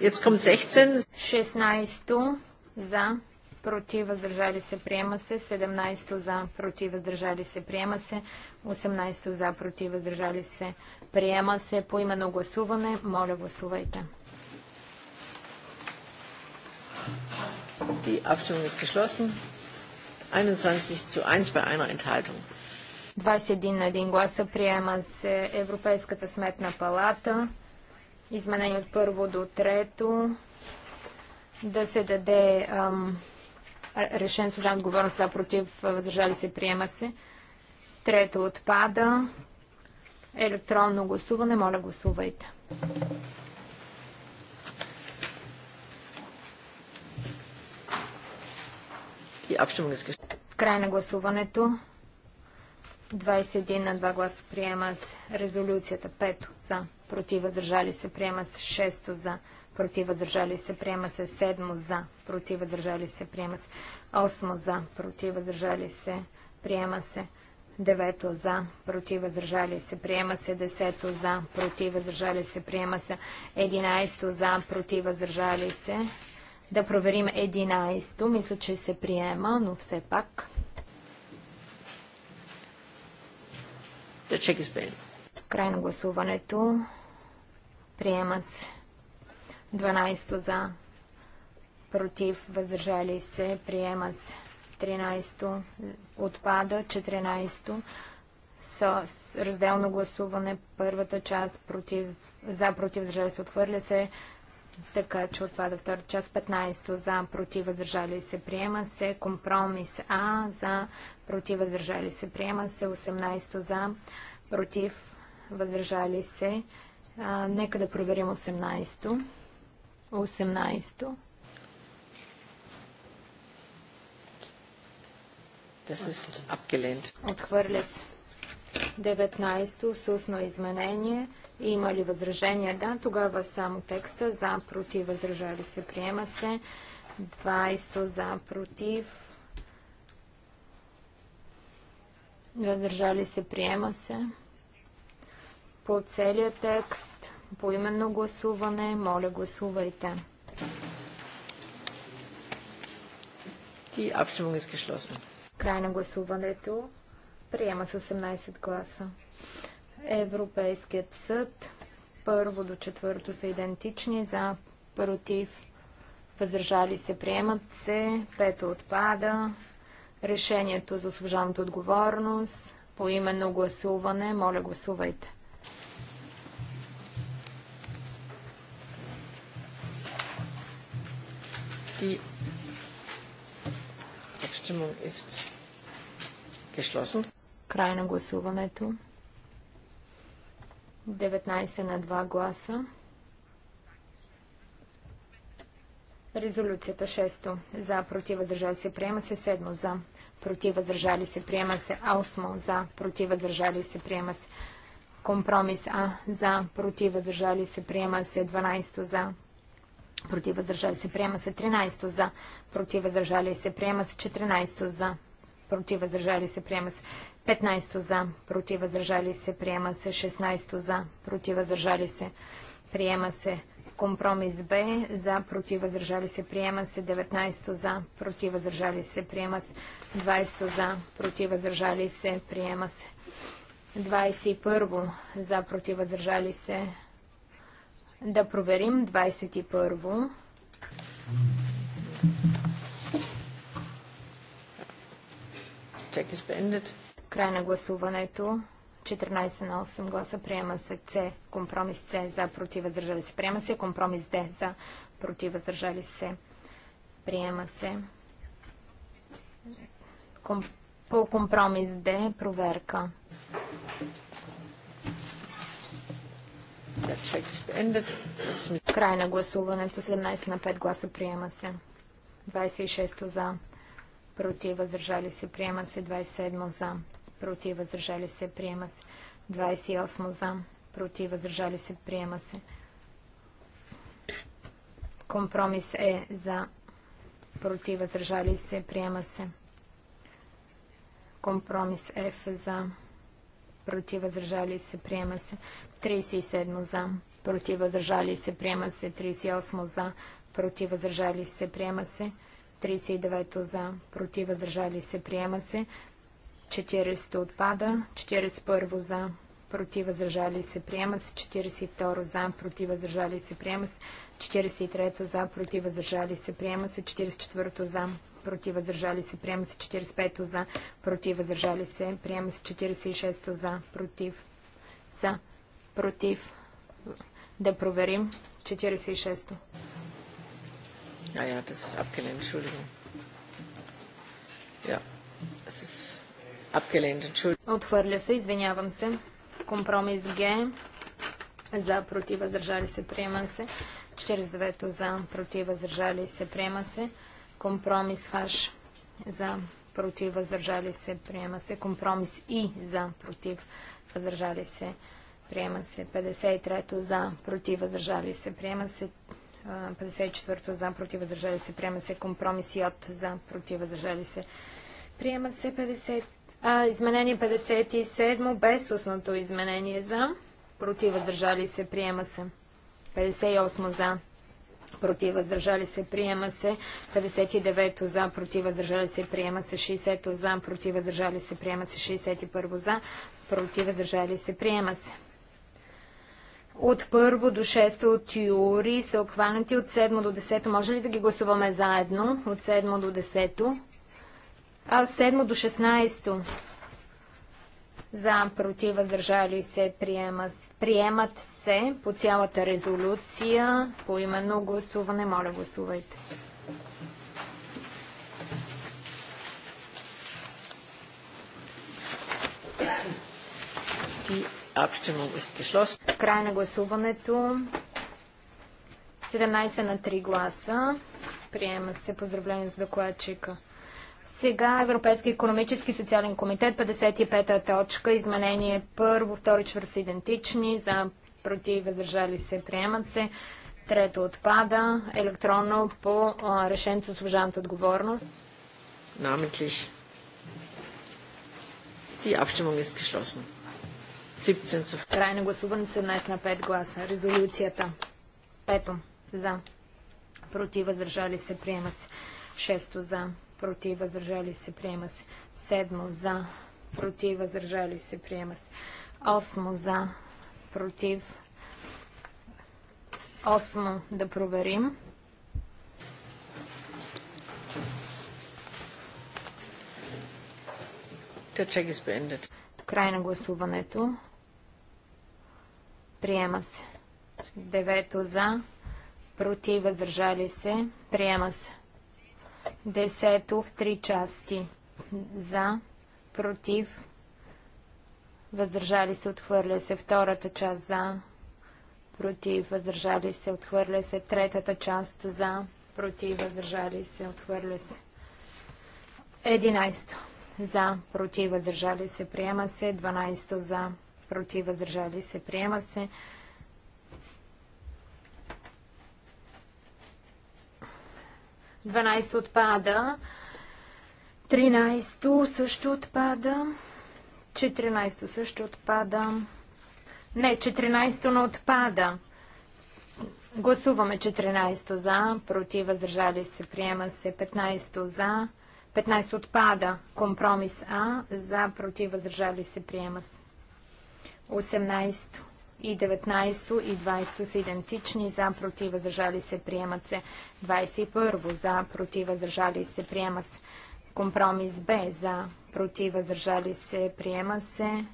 Jetzt kommt 16. 16. за против, въздържали се, приема се. 17 за, против, въздържали се, приема се. 18 за, против, въздържали се, приема се. По именно гласуване, моля гласувайте. Die Abstimmung ist geschlossen. 21 zu 1 bei einer Enthaltung. 21 на 1 гласа приема се Европейската сметна палата. Изменение от първо до трето. Да се даде ам, решен служебно отговорност за против, въздържали се, приема се. Трето отпада. Електронно гласуване. Моля, гласувайте. Край на гласуването. 21 на 2 гласа приема с резолюцията. 5 за. Против, въздържали се, приема с 6 за против, въздържали се, приема се. Седмо за, против, въздържали се, приема се. Осмо за, против, въздържали се, приема се. Девето за, против, въздържали се, приема се. Десето за, против, въздържали се, приема се. 11 за, против, въздържали се. Да проверим 11. Мисля, че се приема, но все пак. Да чеки Край на гласуването. Приема се. 12 за, против, въздържали се, приема се. 13 отпада, 14 с разделно гласуване, първата част против, за, против, въздържали се, отхвърля се, така че отпада втора част, 15 за, против, въздържали се, приема се, компромис А, за, против, въздържали се, приема се, 18 за, против, въздържали се. А, нека да проверим 18 -то. 18-то. Отхвърля се. 19-то с устно изменение. Има ли възражения? Да, тогава само текста. За, против, възражали се, приема се. 20 за, против. Въздържали се, приема се. По целия текст по именно гласуване. Моля, гласувайте. Край на гласуването. Приема с 18 гласа. Европейският съд. Първо до четвърто са идентични. За, против, въздържали се, приемат се. Пето отпада. Решението за служебната отговорност. По именно гласуване. Моля, гласувайте. Die Abstimmung ist geschlossen. Край на гласуването. 19 на 2 гласа. Резолюцията 6. За, против, въздържали се, приема се 7. За, против, въздържали се, приема се 8. За, против, въздържали се, приема се компромис А. За, против, въздържали се, приема се 12. За, против въздържали се, приема се 13 за, против въздържали се, приема се 14 за, против въздържали се, приема се 15 за, против въздържали се, приема се 16 за, против въздържали се, приема се компромис Б, за, против въздържали се, приема се 19 за, против въздържали се, приема се 20 за, против въздържали се, приема се 21 за, против въздържали се, да проверим 21-во. Край на гласуването. 14 на 8 гласа приема се С. Компромис С за против въздържали се. Приема се компромис Д за против въздържали се. Приема се. Ком... По компромис Д проверка. Край на гласуването. 17 на 5 гласа приема се. 26 за. Против. Въздържали се. Приема се. 27 за. Против. Въздържали се. Приема се. 28 за. Против. Въздържали се. Приема се. Компромис е за. Против. Въздържали се. Приема се. Компромис F за против въздържали се, приема се. 37 за, против въздържали се, приема се 38 за, против въздържали се, приема се 39 за, против въздържали се, приема се 40 отпада, 41 за, против въздържали се, приема се 42 за, против въздържали се, приема се 43 за, против въздържали се, приема се 44 за, против въздържали се, приема се 45 за, против въздържали се, приема се 46 за, против за против. Да проверим. 46-то. А, я, das ist abgelehnt, Entschuldigung. Ja, es ist abgelehnt, Отхвърля се, извинявам се. Компромис Г. За, против, въздържали се, приема се. 49-то за, против, въздържали се, приема се. Компромис Х. За, против, въздържали се, приема се. Компромис И. За, против, въздържали се, приема се Приема се 53-то за, против, въздържали се. Приема се 54-то за, против, въздържали се. Приема се компромиси от за, против, въздържали се. Приема се 50... А, изменение 57 без устното изменение за, против, въздържали се. Приема се 58 за, против въздържали се, приема се 59 то за, против въздържали се, приема се 60 за, против въздържали се, приема се 61 за, против въздържали се, приема се от първо до шесто от Юри са обхванати от седмо до десето. Може ли да ги гласуваме заедно? От седмо до десето. А седмо до шестнайсто. За, против, въздържали се, приема, приемат се по цялата резолюция. По именно гласуване, моля гласувайте. И Край на гласуването. 17 на 3 гласа. Приема се. Поздравление за докладчика. Сега Европейски економически и социален комитет, 55-та точка, изменение първо, втори чвърт са идентични, за против въздържали се, приемат се. Трето отпада, електронно по решението за служаната отговорност. Namentlich. Die Abstimmung е geschlossen. 17. Край на гласуване 17 на 5 гласа. Резолюцията. Пето. За. Против. Въздържали се. Приема се. Шесто. За. Против. Въздържали се. Приема се. Седмо. За. Против. Въздържали се. Приема се. Осмо. За. Против. Осмо. Да проверим. Край на гласуването. Приема се. Девето за. Против. Въздържали се. Приема се. Десето в три части. За. Против. Въздържали се. Отхвърля се. Втората част за. Против. Въздържали се. Отхвърля се. Третата част за. Против. Въздържали се. Отхвърля се. Единайсто. За. Против. Въздържали се. Приема се. Дванайсто за против, въздържали се, приема се. Дванайсто отпада. Тринайсто също отпада. Четиринайсто също отпада. Не, 14-то не отпада. Гласуваме 14-то за, против, въздържали се, приема се 15-то за, 15 отпада, компромис А, за, против, въздържали се, приема се. 18 и 19 и 20 са идентични. За, против, въздържали се, приемат се. 21. За, против, въздържали се, приема се. Компромис Б. За, против, въздържали се, приема се.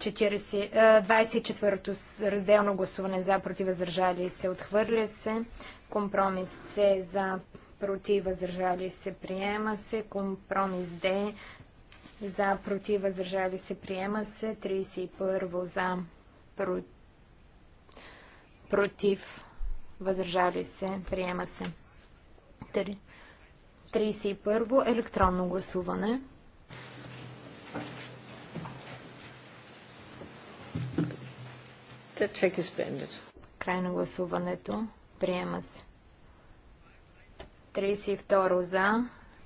24-то е, разделно гласуване за против въздържали се отхвърля се. Компромис С за против въздържали се приема се. Компромис Д за против въздържали се приема се 31 за про... против въздържали се приема се 31 електронно гласуване The check is Край на гласуването. Приема се. 32 за,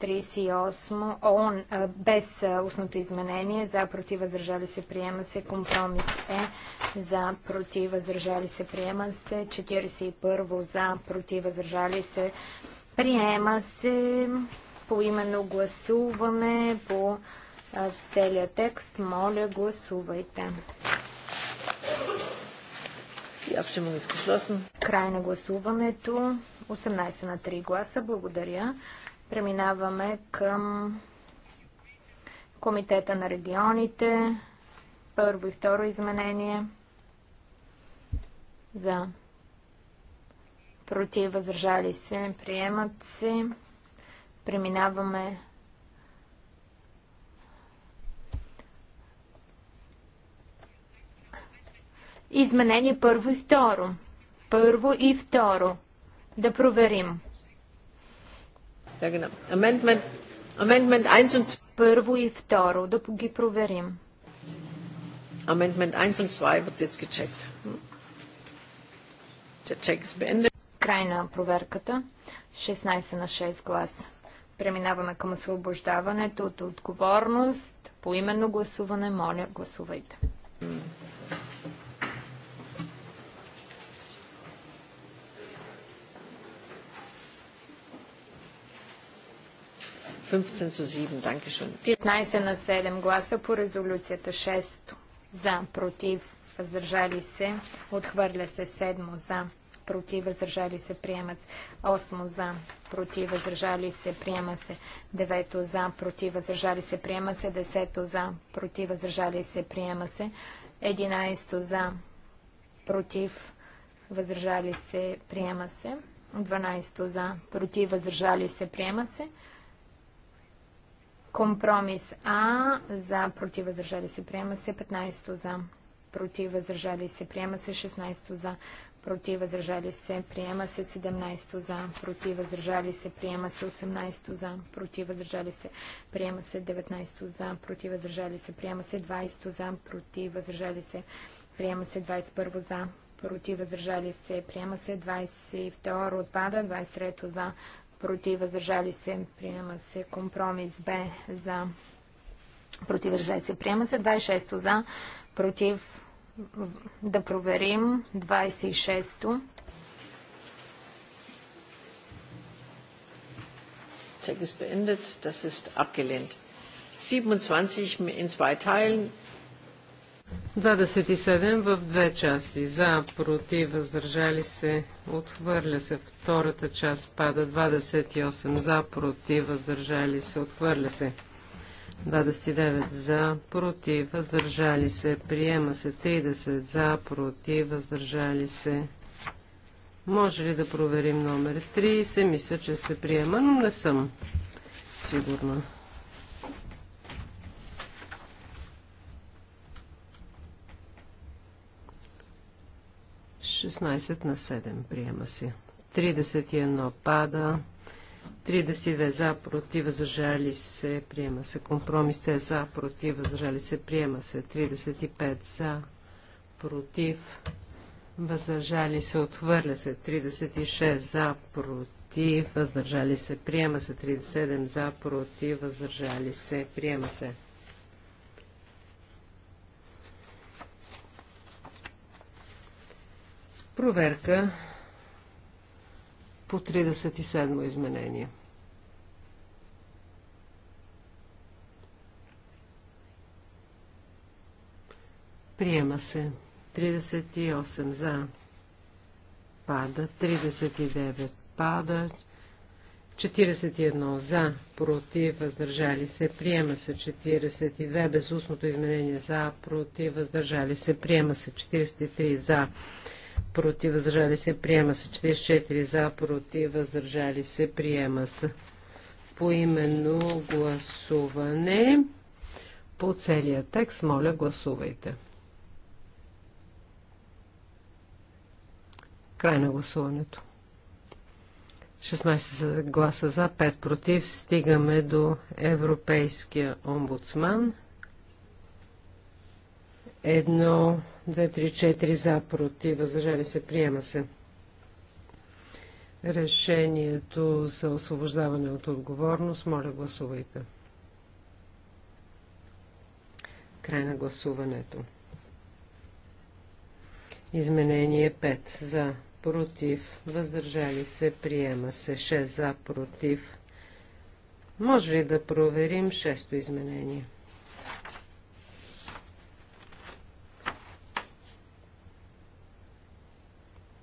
38 ООН, без устното изменение за против въздържали се приема се компромис Е за против въздържали се приема се 41 за против въздържали се приема се по именно гласуване по целият текст. Моля, гласувайте. Край на гласуването. 18 на 3 гласа. Благодаря. Преминаваме към Комитета на регионите. Първо и второ изменение. За. Против, възражали се, приемат се. Преминаваме Изменение първо и второ. Първо и второ. Да проверим. Amendment, 1 und 2. Първо и второ, да ги проверим. Amendment 1 und 2 wird jetzt gecheckt. Der check ist beendet. Край на проверката. 16 на 6 гласа. Преминаваме към освобождаването от отговорност. По именно гласуване, моля, гласувайте. 15 zu 7, danke 15 на 7 гласа по резолюцията 6 за, против, въздържали се, отхвърля се 7 за, против, въздържали се, приема се 8 за, против, въздържали се, приема се 9 за, против, въздържали се, приема се 10 за, против, въздържали се, приема се 11 за, против, въздържали се, приема се 12 за, против, въздържали се, приема се Компромис А за против въздържали се приема се 15 за против въздържали се приема се 16 за против въздържали се приема се 17 за против въздържали се приема се 18 за против въздържали се приема се 19 за против въздържали се приема се 20 за против въздържали се приема се 21 за против въздържали се приема се 22 отпада 23 за против, въздържали се, приема се. Компромис Б за, против, въздържали се, приема се. 26 то за, против, да проверим. 26-то. Check is beendet. Das ist abgelehnt. 27 in zwei Teilen. 27 в две части. За, против, въздържали се, отхвърля се. Втората част пада 28. За, против, въздържали се, отхвърля се. 29 за, против, въздържали се, приема се 30 за, против, въздържали се. Може ли да проверим номер 30? Мисля, че се приема, но не съм сигурна. 16 на 7. Приема се. 31 пада. 32 за, против, въздържали се, приема се. Компромис С за, против, въздържали се, приема се. 35 за, против, въздържали се, отхвърля се. 36 за, против, въздържали се, приема се. 37 за, против, въздържали се, приема се. Проверка по 37 изменение. Приема се. 38 за. Пада. 39 пада. 41 за. Против. Въздържали се. Приема се. 42 безусното изменение за. Против. Въздържали се. Приема се. 43 за против, въздържали се, приема се. 44 за, против, въздържали се, приема се. Поименно гласуване по целия текст. Моля, гласувайте. Край на гласуването. 16 гласа за, 5 против. Стигаме до Европейския омбудсман. Едно, 2, 3, 4 за, против, възражали се, приема се. Решението за освобождаване от отговорност, моля гласувайте. Край на гласуването. Изменение 5 за, против, въздържали се, приема се, 6 за, против. Може ли да проверим 6 изменение?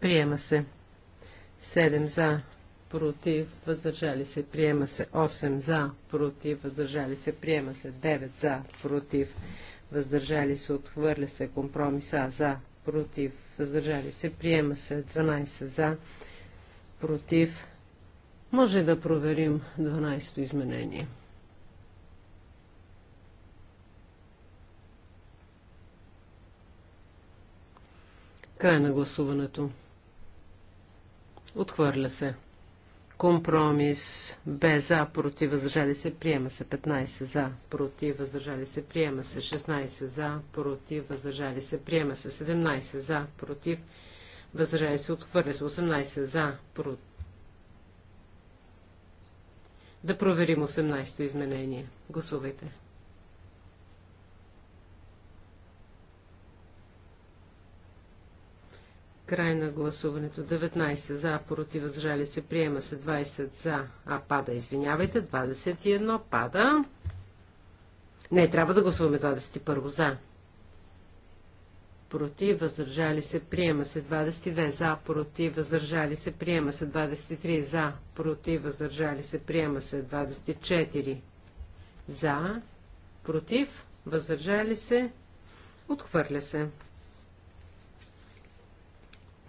Приема се. 7 за, против, въздържали се, приема се. 8 за, против, въздържали се, приема се. 9 за, против, въздържали се, отхвърля се. Компромиса за, против, въздържали се, приема се. 12 за, против. Може да проверим 12-то изменение. Край на гласуването. Отхвърля се. Компромис Б за, против, въздържали се, приема се. 15 за, против, въздържали се, приема се. 16 за, против, въздържали се, приема се. 17 за, против, въздържали се, отхвърля се. 18 за, против. Да проверим 18-то изменение. Гласувайте. Край на гласуването. 19 за, против, въздържали се, приема се 20 за, а пада, извинявайте, 21 пада. Не, трябва да гласуваме 21 за. Против, въздържали се, приема се 22 за, против, въздържали се, приема се 23 за, против, въздържали се, приема се 24 за, против, въздържали се, отхвърля се.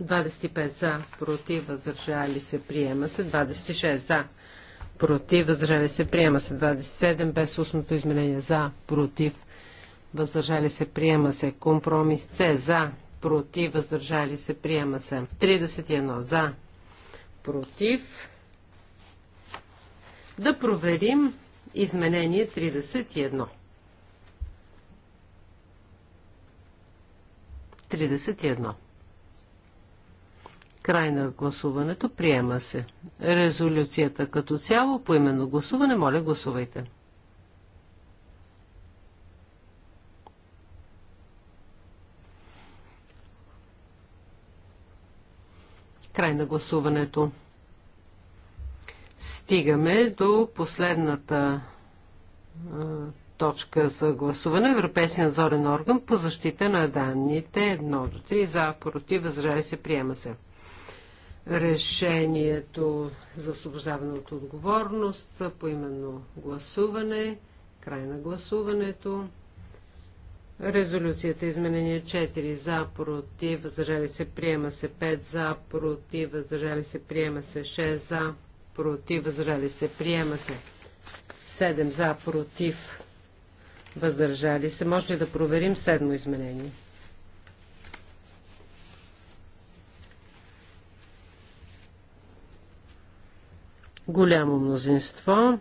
25 за, против, въздържали се, приема се. 26 за, против, въздържали се, приема се. 27 без устното изменение за, против, въздържали се, приема се. Компромис С за, против, въздържали се, приема се. 31 за, против. Да проверим изменение 31. 31. Край на гласуването. Приема се. Резолюцията като цяло по именно гласуване. Моля, гласувайте. Край на гласуването. Стигаме до последната точка за гласуване. Европейски надзорен орган по защита на данните 1 до 3 за, против, възражали се, приема се решението за освобождаване от отговорност, по именно гласуване, край на гласуването. Резолюцията е изменение 4 за, против, въздържали се, приема се 5 за, против, въздържали се, приема се 6 за, против, въздържали се, приема се 7 за, против, въздържали се. Може ли да проверим седмо изменение? голямо мнозинство.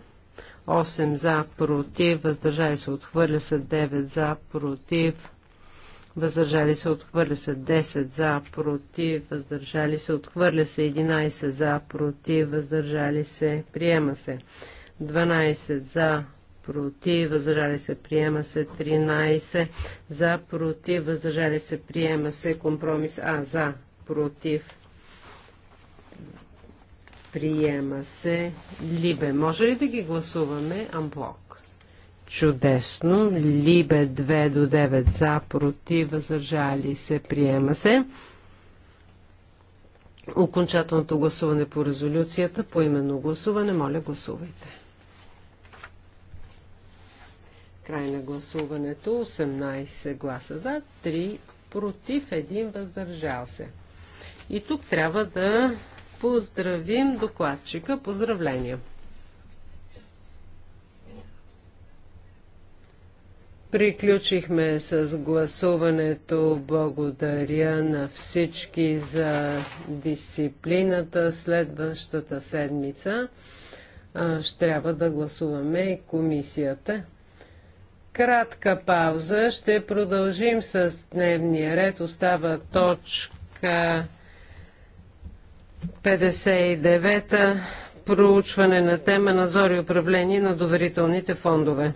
8 за, против, въздържали се, отхвърля се 9 за, против, въздържали се, отхвърля се 10 за, против, въздържали се, отхвърля се 11 за, против, въздържали се, приема се 12 за, против, въздържали се, приема се 13 за, против, въздържали се, приема се компромис А за, против, Приема се. Либе, може ли да ги гласуваме амблок? Чудесно. Либе 2 до 9 за, против, въздържали се. Приема се. Окончателното гласуване по резолюцията, по именно гласуване, моля гласувайте. Край на гласуването 18 гласа за, 3 против, 1 въздържал се. И тук трябва да поздравим докладчика. Поздравления! Приключихме с гласуването. Благодаря на всички за дисциплината. Следващата седмица ще трябва да гласуваме и комисията. Кратка пауза. Ще продължим с дневния ред. Остава точка 59 проучване на тема Назор и управление на доверителните фондове.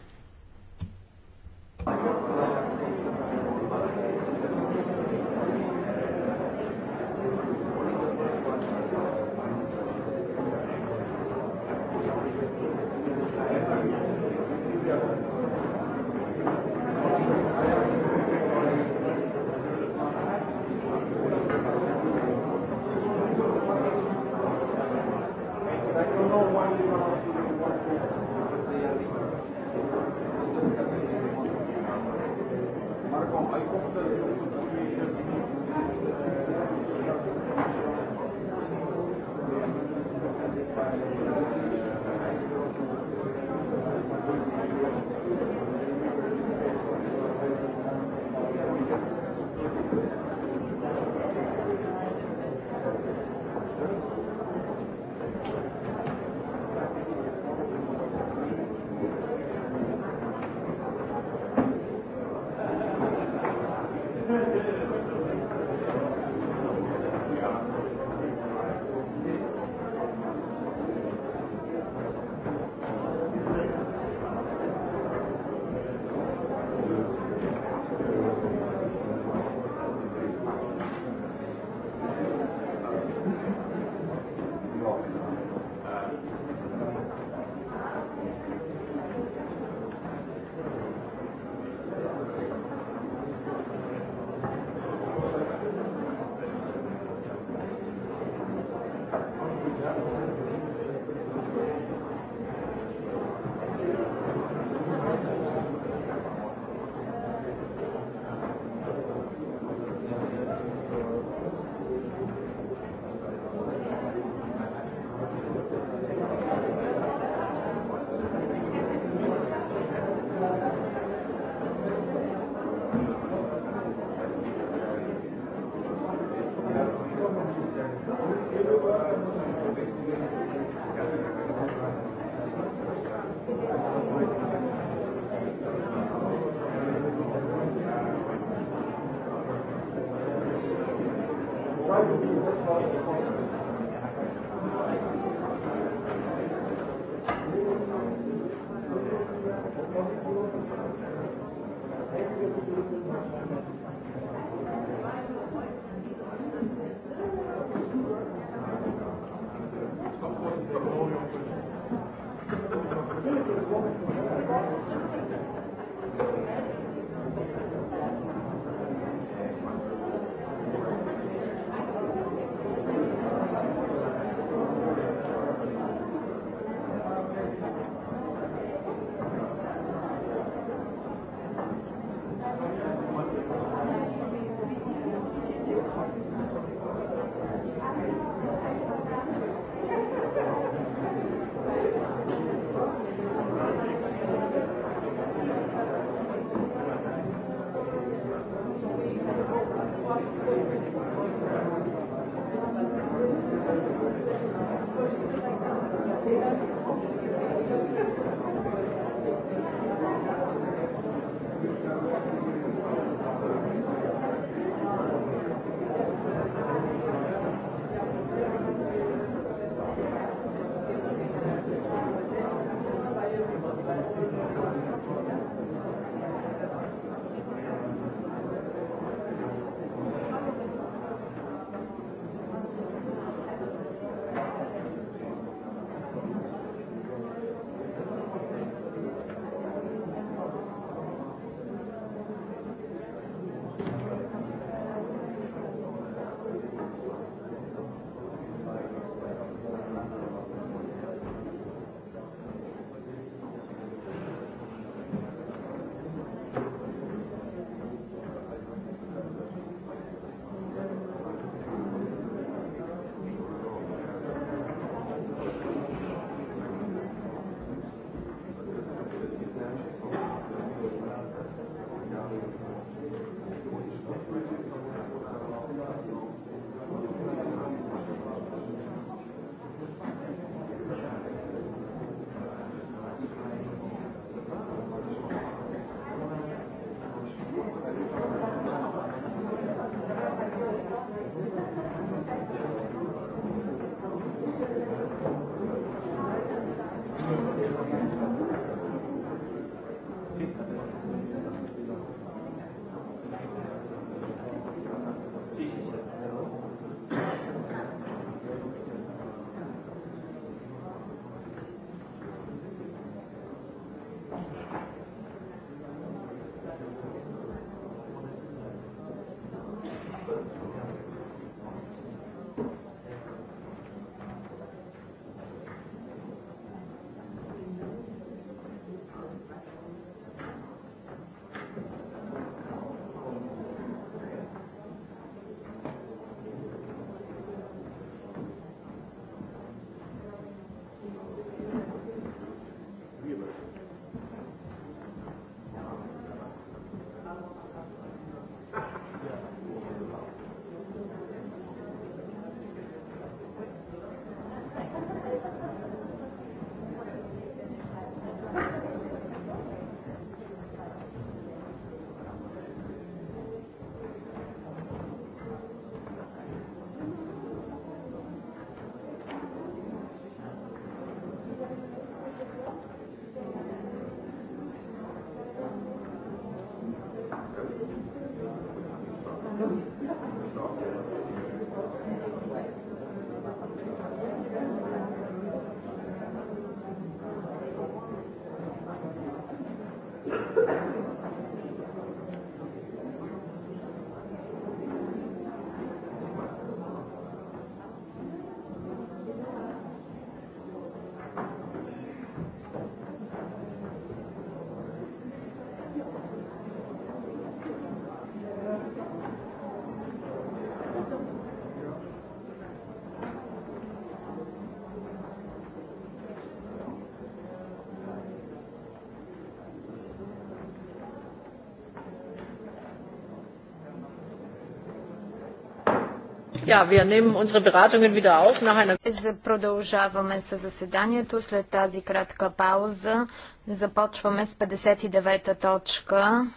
Ja, wir nehmen unsere Beratungen wieder auf nach einer... Продължаваме с заседанието след тази кратка пауза. Започваме с 59-та точка.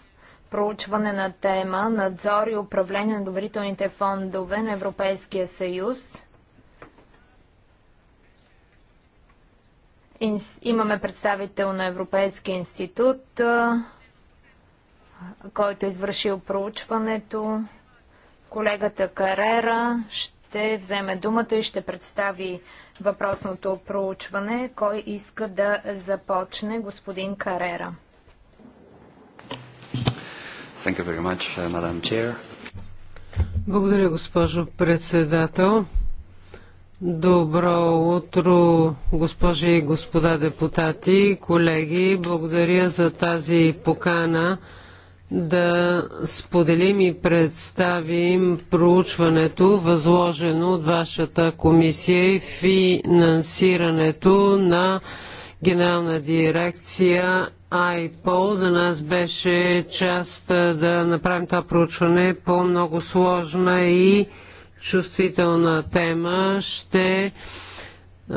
Проучване на тема надзор и управление на доверителните фондове на Европейския съюз. Имаме представител на Европейския институт, който е извършил проучването. Колегата Карера ще вземе думата и ще представи въпросното проучване. Кой иска да започне? Господин Карера. Much, uh, Благодаря, госпожо председател. Добро утро, госпожи и господа депутати, колеги. Благодаря за тази покана да споделим и представим проучването, възложено от вашата комисия и финансирането на генерална дирекция АйПОЛ. За нас беше част да направим това проучване по много сложна и чувствителна тема. Ще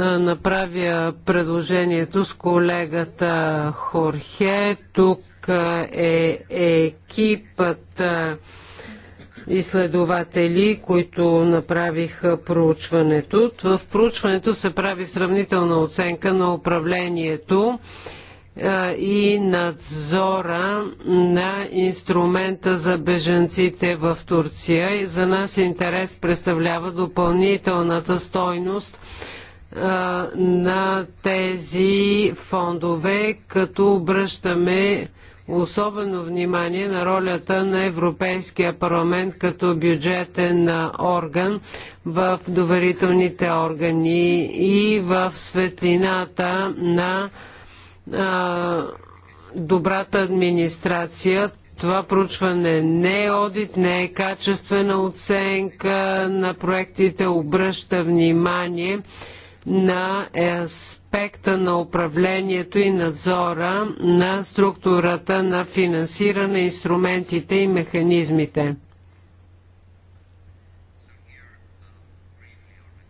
направя предложението с колегата Хорхе. Тук е екипът изследователи, които направиха проучването. В проучването се прави сравнителна оценка на управлението и надзора на инструмента за беженците в Турция. За нас интерес представлява допълнителната стойност на тези фондове, като обръщаме особено внимание на ролята на Европейския парламент като бюджетен орган в доверителните органи и в светлината на а, добрата администрация. Това проучване не е одит, не е качествена оценка на проектите, обръща внимание на ЕС аспекта на управлението и надзора на структурата на финансиране, инструментите и механизмите.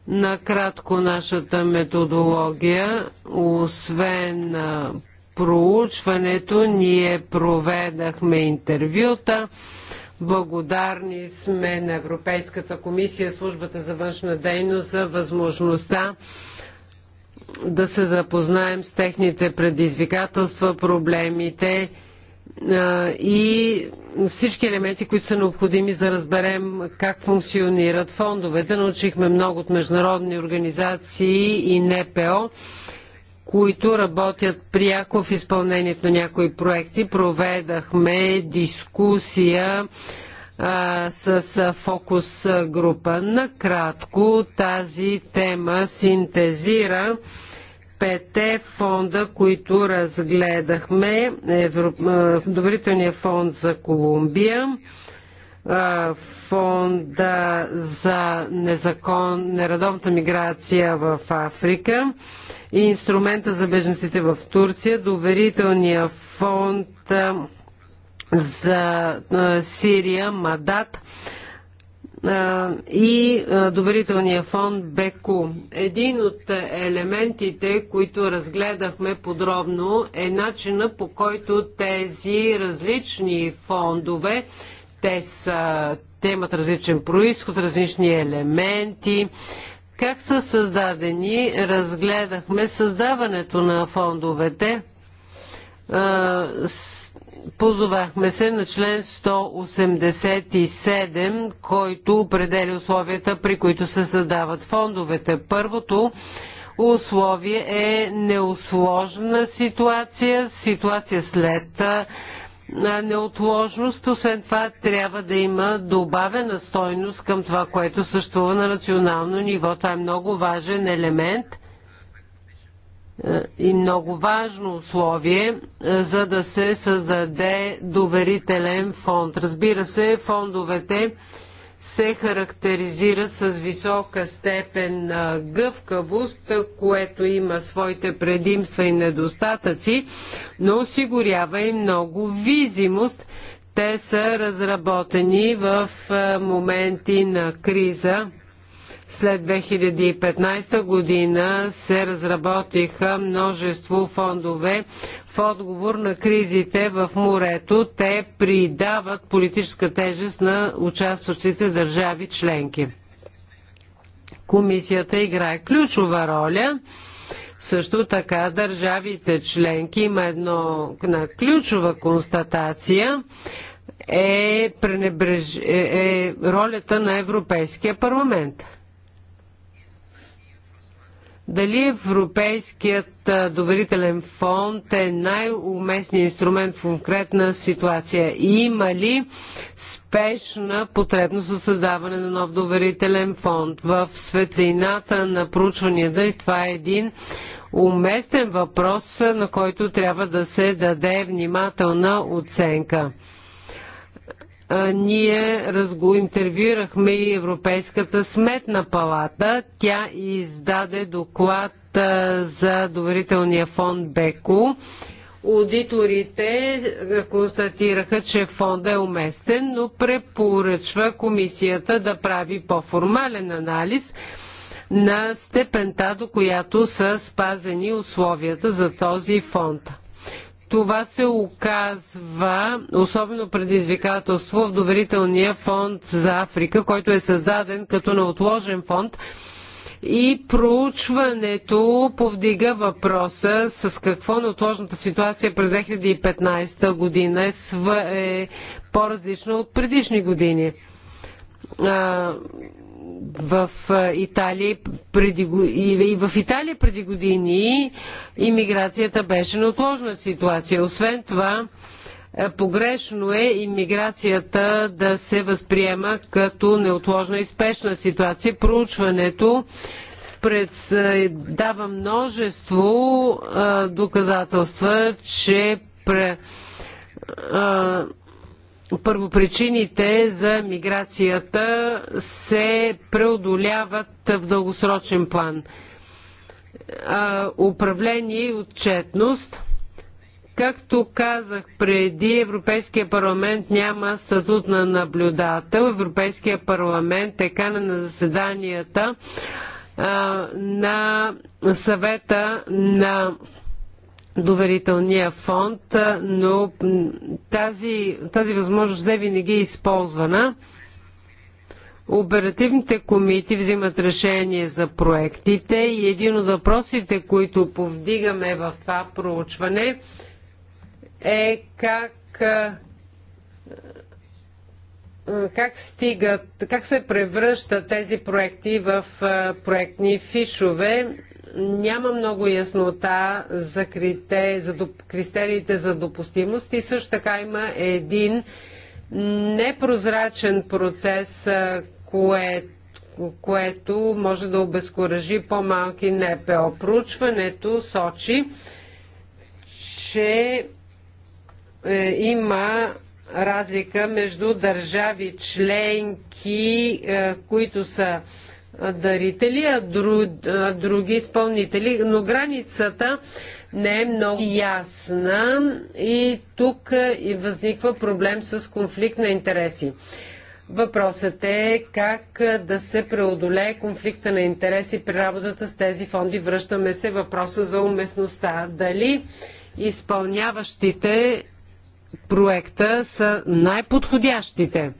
Накратко нашата методология, освен проучването, ние проведахме интервюта. Благодарни сме на Европейската комисия, службата за външна дейност за възможността да се запознаем с техните предизвикателства, проблемите и всички елементи, които са необходими за да разберем как функционират фондовете. Научихме много от международни организации и НПО, които работят пряко в изпълнението на някои проекти. Проведахме дискусия а, с фокус група. Накратко тази тема синтезира пете фонда, които разгледахме. Евро... Доверителният фонд за Колумбия, фонда за незакон... нерадовната миграция в Африка, инструмента за беженците в Турция, доверителния фонд за Сирия, Мадат и доверителния фонд БЕКУ. Един от елементите, които разгледахме подробно, е начина по който тези различни фондове, те, са, те имат различен происход, различни елементи, как са създадени, разгледахме създаването на фондовете, с Позовахме се на член 187, който определя условията, при които се създават фондовете. Първото условие е неосложна ситуация, ситуация след неотложност. Освен това, трябва да има добавена стойност към това, което съществува на национално ниво. Това е много важен елемент е, и много важно условие, е, за да се създаде доверителен фонд. Разбира се, фондовете се характеризират с висока степен на гъвкавост, което има своите предимства и недостатъци, но осигурява и много визимост. Те са разработени в е, моменти на криза след 2015 година се разработиха множество фондове в отговор на кризите в морето. Те придават политическа тежест на участващите държави членки. Комисията играе ключова роля. Също така държавите членки има едно на ключова констатация е, пренебреж... е, е ролята на Европейския парламент. Дали Европейският доверителен фонд е най-уместният инструмент в конкретна ситуация? Има ли спешна потребност за създаване на нов доверителен фонд? В светлината на проучванията и това е един уместен въпрос, на който трябва да се даде внимателна оценка ние разго... интервюирахме и Европейската сметна палата. Тя издаде доклад за доверителния фонд БЕКО. Аудиторите констатираха, че фонда е уместен, но препоръчва комисията да прави по-формален анализ на степента, до която са спазени условията за този фонд. Това се оказва особено предизвикателство в доверителния фонд за Африка, който е създаден като неотложен фонд. И проучването повдига въпроса с какво неотложната ситуация през 2015 година е, е по-различна от предишни години в Италия преди, и в Италия преди години иммиграцията беше неотложна ситуация. Освен това, погрешно е иммиграцията да се възприема като неотложна и спешна ситуация. Проучването пред, дава множество а, доказателства, че пре, а, първопричините за миграцията се преодоляват в дългосрочен план. Управление и отчетност. Както казах преди, Европейския парламент няма статут на наблюдател. Европейския парламент е канен на заседанията на съвета на доверителния фонд, но тази, тази възможност не винаги е използвана. Оперативните комити взимат решение за проектите и един от въпросите, които повдигаме в това проучване е как как стигат, как се превръщат тези проекти в проектни фишове няма много яснота за, крите, за доп, критериите за допустимост и също така има един непрозрачен процес, което може да обезкуражи по-малки НПО. Проучването сочи, че е, има разлика между държави членки, е, които са дарители, а, други изпълнители, но границата не е много ясна и тук и възниква проблем с конфликт на интереси. Въпросът е как да се преодолее конфликта на интереси при работата с тези фонди. Връщаме се въпроса за уместността. Дали изпълняващите проекта са най-подходящите?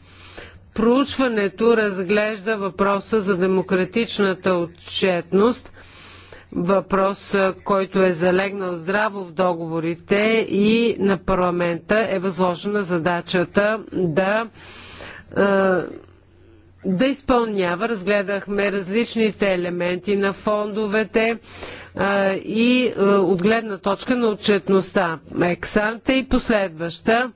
Проучването разглежда въпроса за демократичната отчетност, въпрос, който е залегнал здраво в договорите и на парламента е възложена задачата да да изпълнява. Разгледахме различните елементи на фондовете а, и а, от гледна точка на отчетността. Ексанта и последваща.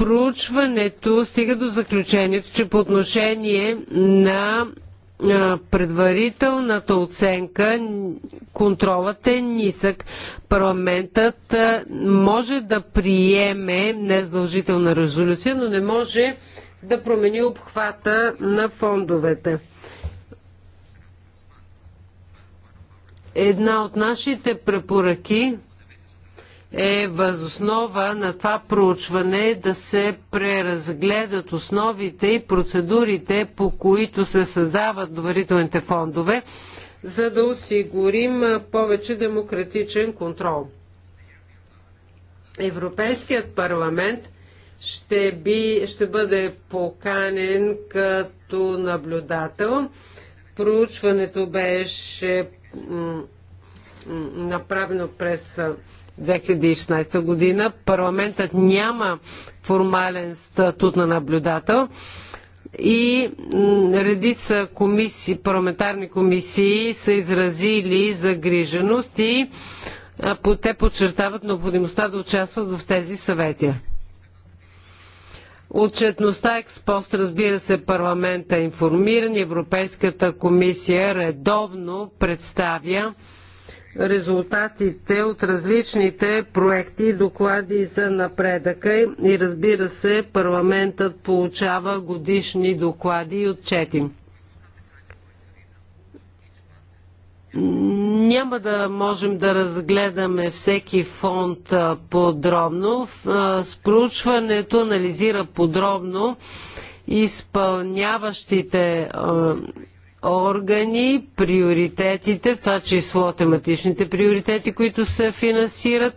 Проучването стига до заключението, че по отношение на предварителната оценка контролът е нисък. Парламентът може да приеме незадължителна резолюция, но не може да промени обхвата на фондовете. Една от нашите препоръки е възоснова на това проучване да се преразгледат основите и процедурите, по които се създават доверителните фондове, за да осигурим повече демократичен контрол. Европейският парламент ще, би, ще бъде поканен като наблюдател. Проучването беше направено през 2016 година. Парламентът няма формален статут на наблюдател и редица комисии, парламентарни комисии са изразили загриженост и те подчертават необходимостта да участват в тези съвети. Отчетността експост, разбира се, парламента е информиран, Европейската комисия редовно представя резултатите от различните проекти и доклади за напредъка и разбира се парламентът получава годишни доклади и отчети. Няма да можем да разгледаме всеки фонд подробно. Спроучването анализира подробно изпълняващите органи, приоритетите, в това число тематичните приоритети, които се финансират.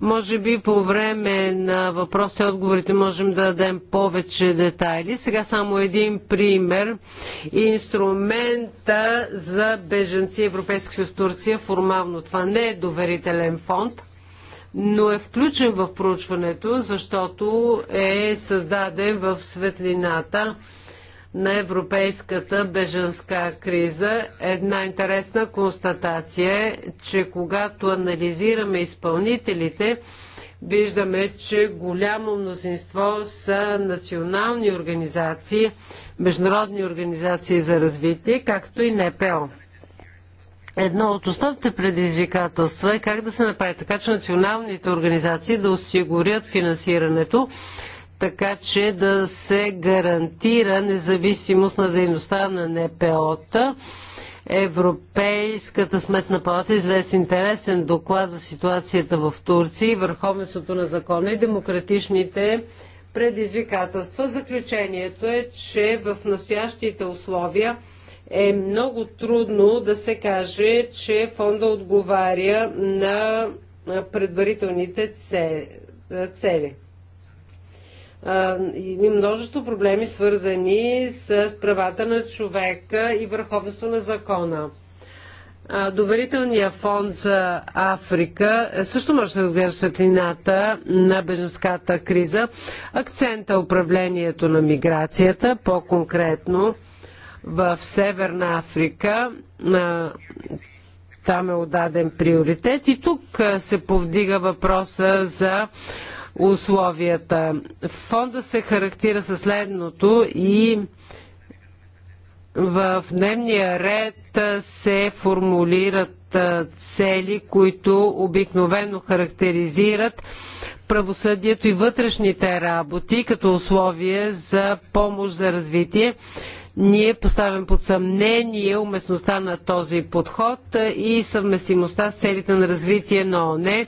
Може би по време на въпросите и отговорите можем да дадем повече детайли. Сега само един пример. Инструмента за беженци Европейски съюз Турция, формално това не е доверителен фонд, но е включен в проучването, защото е създаден в светлината на европейската беженска криза. Една интересна констатация е, че когато анализираме изпълнителите, виждаме, че голямо мнозинство са национални организации, международни организации за развитие, както и НПО. Едно от основните предизвикателства е как да се направи така, че националните организации да осигурят финансирането така че да се гарантира независимост на дейността на НПО-та. Европейската сметна палата излез интересен доклад за ситуацията в Турция и върховенството на закона и демократичните предизвикателства. Заключението е, че в настоящите условия е много трудно да се каже, че фонда отговаря на предварителните цели има множество проблеми, свързани с правата на човека и върховенство на закона. Доверителният фонд за Африка също може да се разгледа светлината на беженската криза. Акцента е управлението на миграцията, по-конкретно в Северна Африка. Там е отдаден приоритет и тук се повдига въпроса за условията. Фонда се характира със следното и в дневния ред се формулират цели, които обикновено характеризират правосъдието и вътрешните работи като условие за помощ за развитие. Ние поставям под съмнение уместността на този подход и съвместимостта с целите на развитие на ОНЕ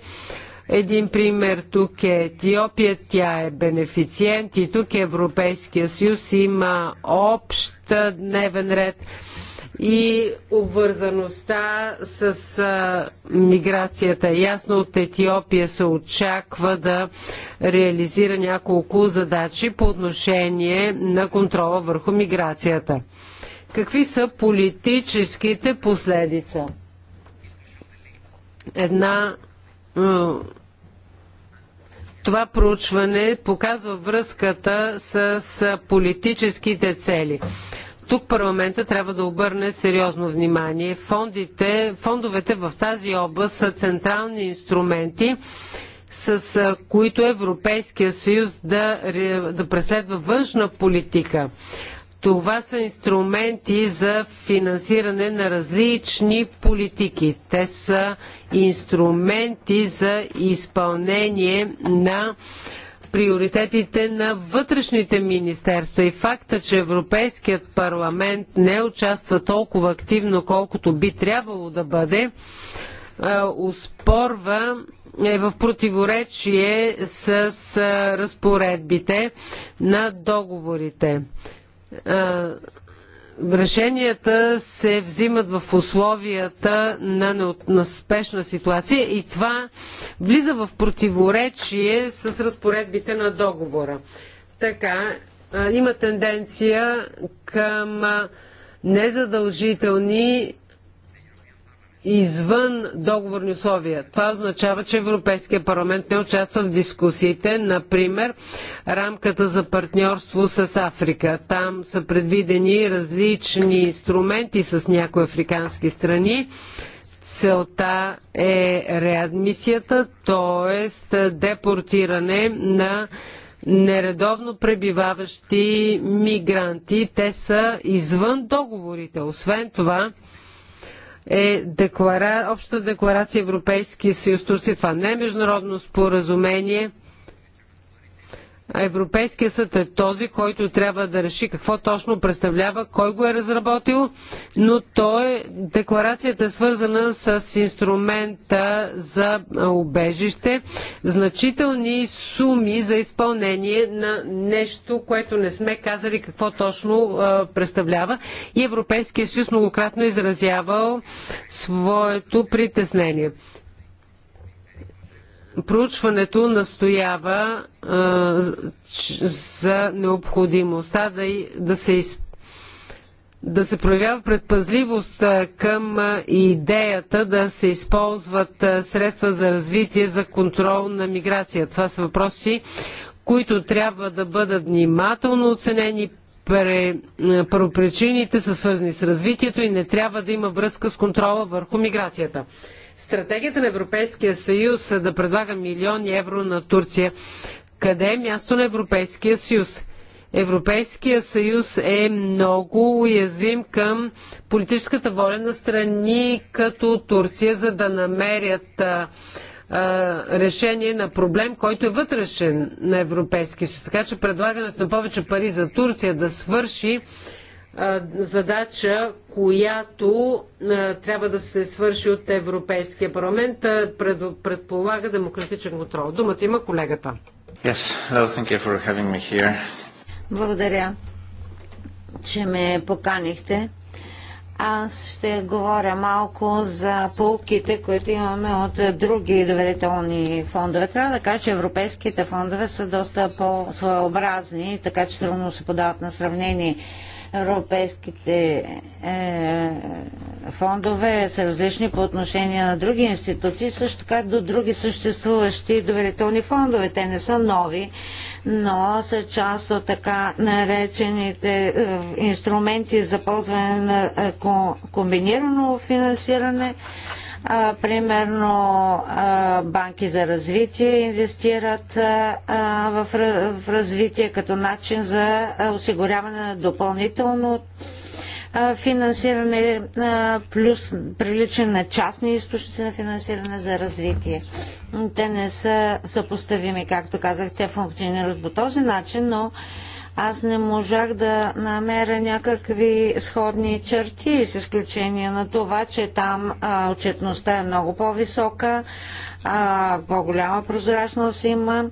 един пример тук е Етиопия, тя е бенефициент и тук Европейския съюз има общ дневен ред и обвързаността с а, миграцията. Ясно от Етиопия се очаква да реализира няколко задачи по отношение на контрола върху миграцията. Какви са политическите последица? Една е, това проучване показва връзката с политическите цели. Тук парламента трябва да обърне сериозно внимание. Фондите, фондовете в тази област са централни инструменти, с които Европейския съюз да, да преследва външна политика. Това са инструменти за финансиране на различни политики. Те са инструменти за изпълнение на приоритетите на вътрешните министерства и факта, че Европейският парламент не участва толкова активно, колкото би трябвало да бъде, успорва е в противоречие с разпоредбите на договорите. Е, решенията се взимат в условията на, на спешна ситуация и това влиза в противоречие с разпоредбите на договора. Така, е, има тенденция към е, незадължителни извън договорни условия. Това означава, че Европейския парламент не участва в дискусиите, например рамката за партньорство с Африка. Там са предвидени различни инструменти с някои африкански страни. Целта е реадмисията, т.е. депортиране на нередовно пребиваващи мигранти. Те са извън договорите. Освен това, е Общата обща декларация Европейския съюз Турция. Това не е международно споразумение. Европейския съд е този, който трябва да реши какво точно представлява, кой го е разработил, но той, декларацията е свързана с инструмента за убежище, значителни суми за изпълнение на нещо, което не сме казали какво точно представлява и Европейския съюз многократно е изразявал своето притеснение проучването настоява а, за необходимостта да, да се изпълнява да се проявява предпазливост към идеята да се използват средства за развитие за контрол на миграция. Това са въпроси, които трябва да бъдат внимателно оценени. Първопричините са свързани с развитието и не трябва да има връзка с контрола върху миграцията стратегията на Европейския съюз е да предлага милиони евро на Турция. Къде е място на Европейския съюз? Европейския съюз е много уязвим към политическата воля на страни като Турция, за да намерят а, а, решение на проблем, който е вътрешен на Европейския съюз. Така че предлагането на повече пари за Турция да свърши задача, която трябва да се свърши от Европейския парламент, предполага демократичен контрол. Думата има колегата. Yes, thank you for having me here. Благодаря, че ме поканихте. Аз ще говоря малко за полките, които имаме от други доверителни фондове. Трябва да кажа, че европейските фондове са доста по-своеобразни, така че трудно се подават на сравнение Европейските е, фондове са различни по отношение на други институции, също така до други съществуващи доверителни фондове. Те не са нови, но са част от така наречените е, инструменти за ползване на е, комбинирано финансиране примерно банки за развитие инвестират в, в развитие като начин за осигуряване на допълнително финансиране плюс приличане на частни източници на финансиране за развитие. Те не са съпоставими, както казах, те функционират по този начин, но аз не можах да намеря някакви сходни черти, с изключение на това, че там а, отчетността е много по-висока, по-голяма прозрачност има.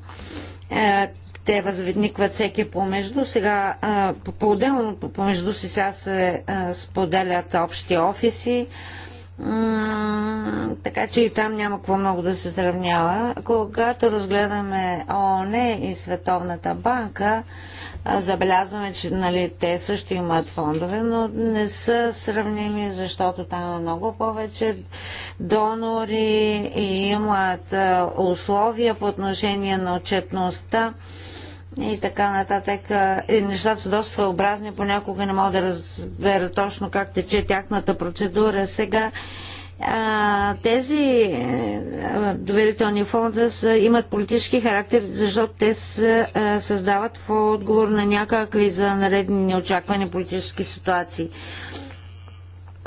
А, е, те възникват всеки помежду. Сега по-отделно помежду си сега се а, е, споделят общи офиси. така че и там няма какво много да се сравнява. Когато разгледаме ООН и Световната банка, забелязваме, че нали, те също имат фондове, но не са сравними, защото там е много повече донори и имат условия по отношение на отчетността и така нататък. И нещата са доста съобразни. понякога не мога да разбера точно как тече тяхната процедура. Сега а, тези а, доверителни фонда са, имат политически характер, защото те се създават в отговор на някакви за наредни неочаквани политически ситуации.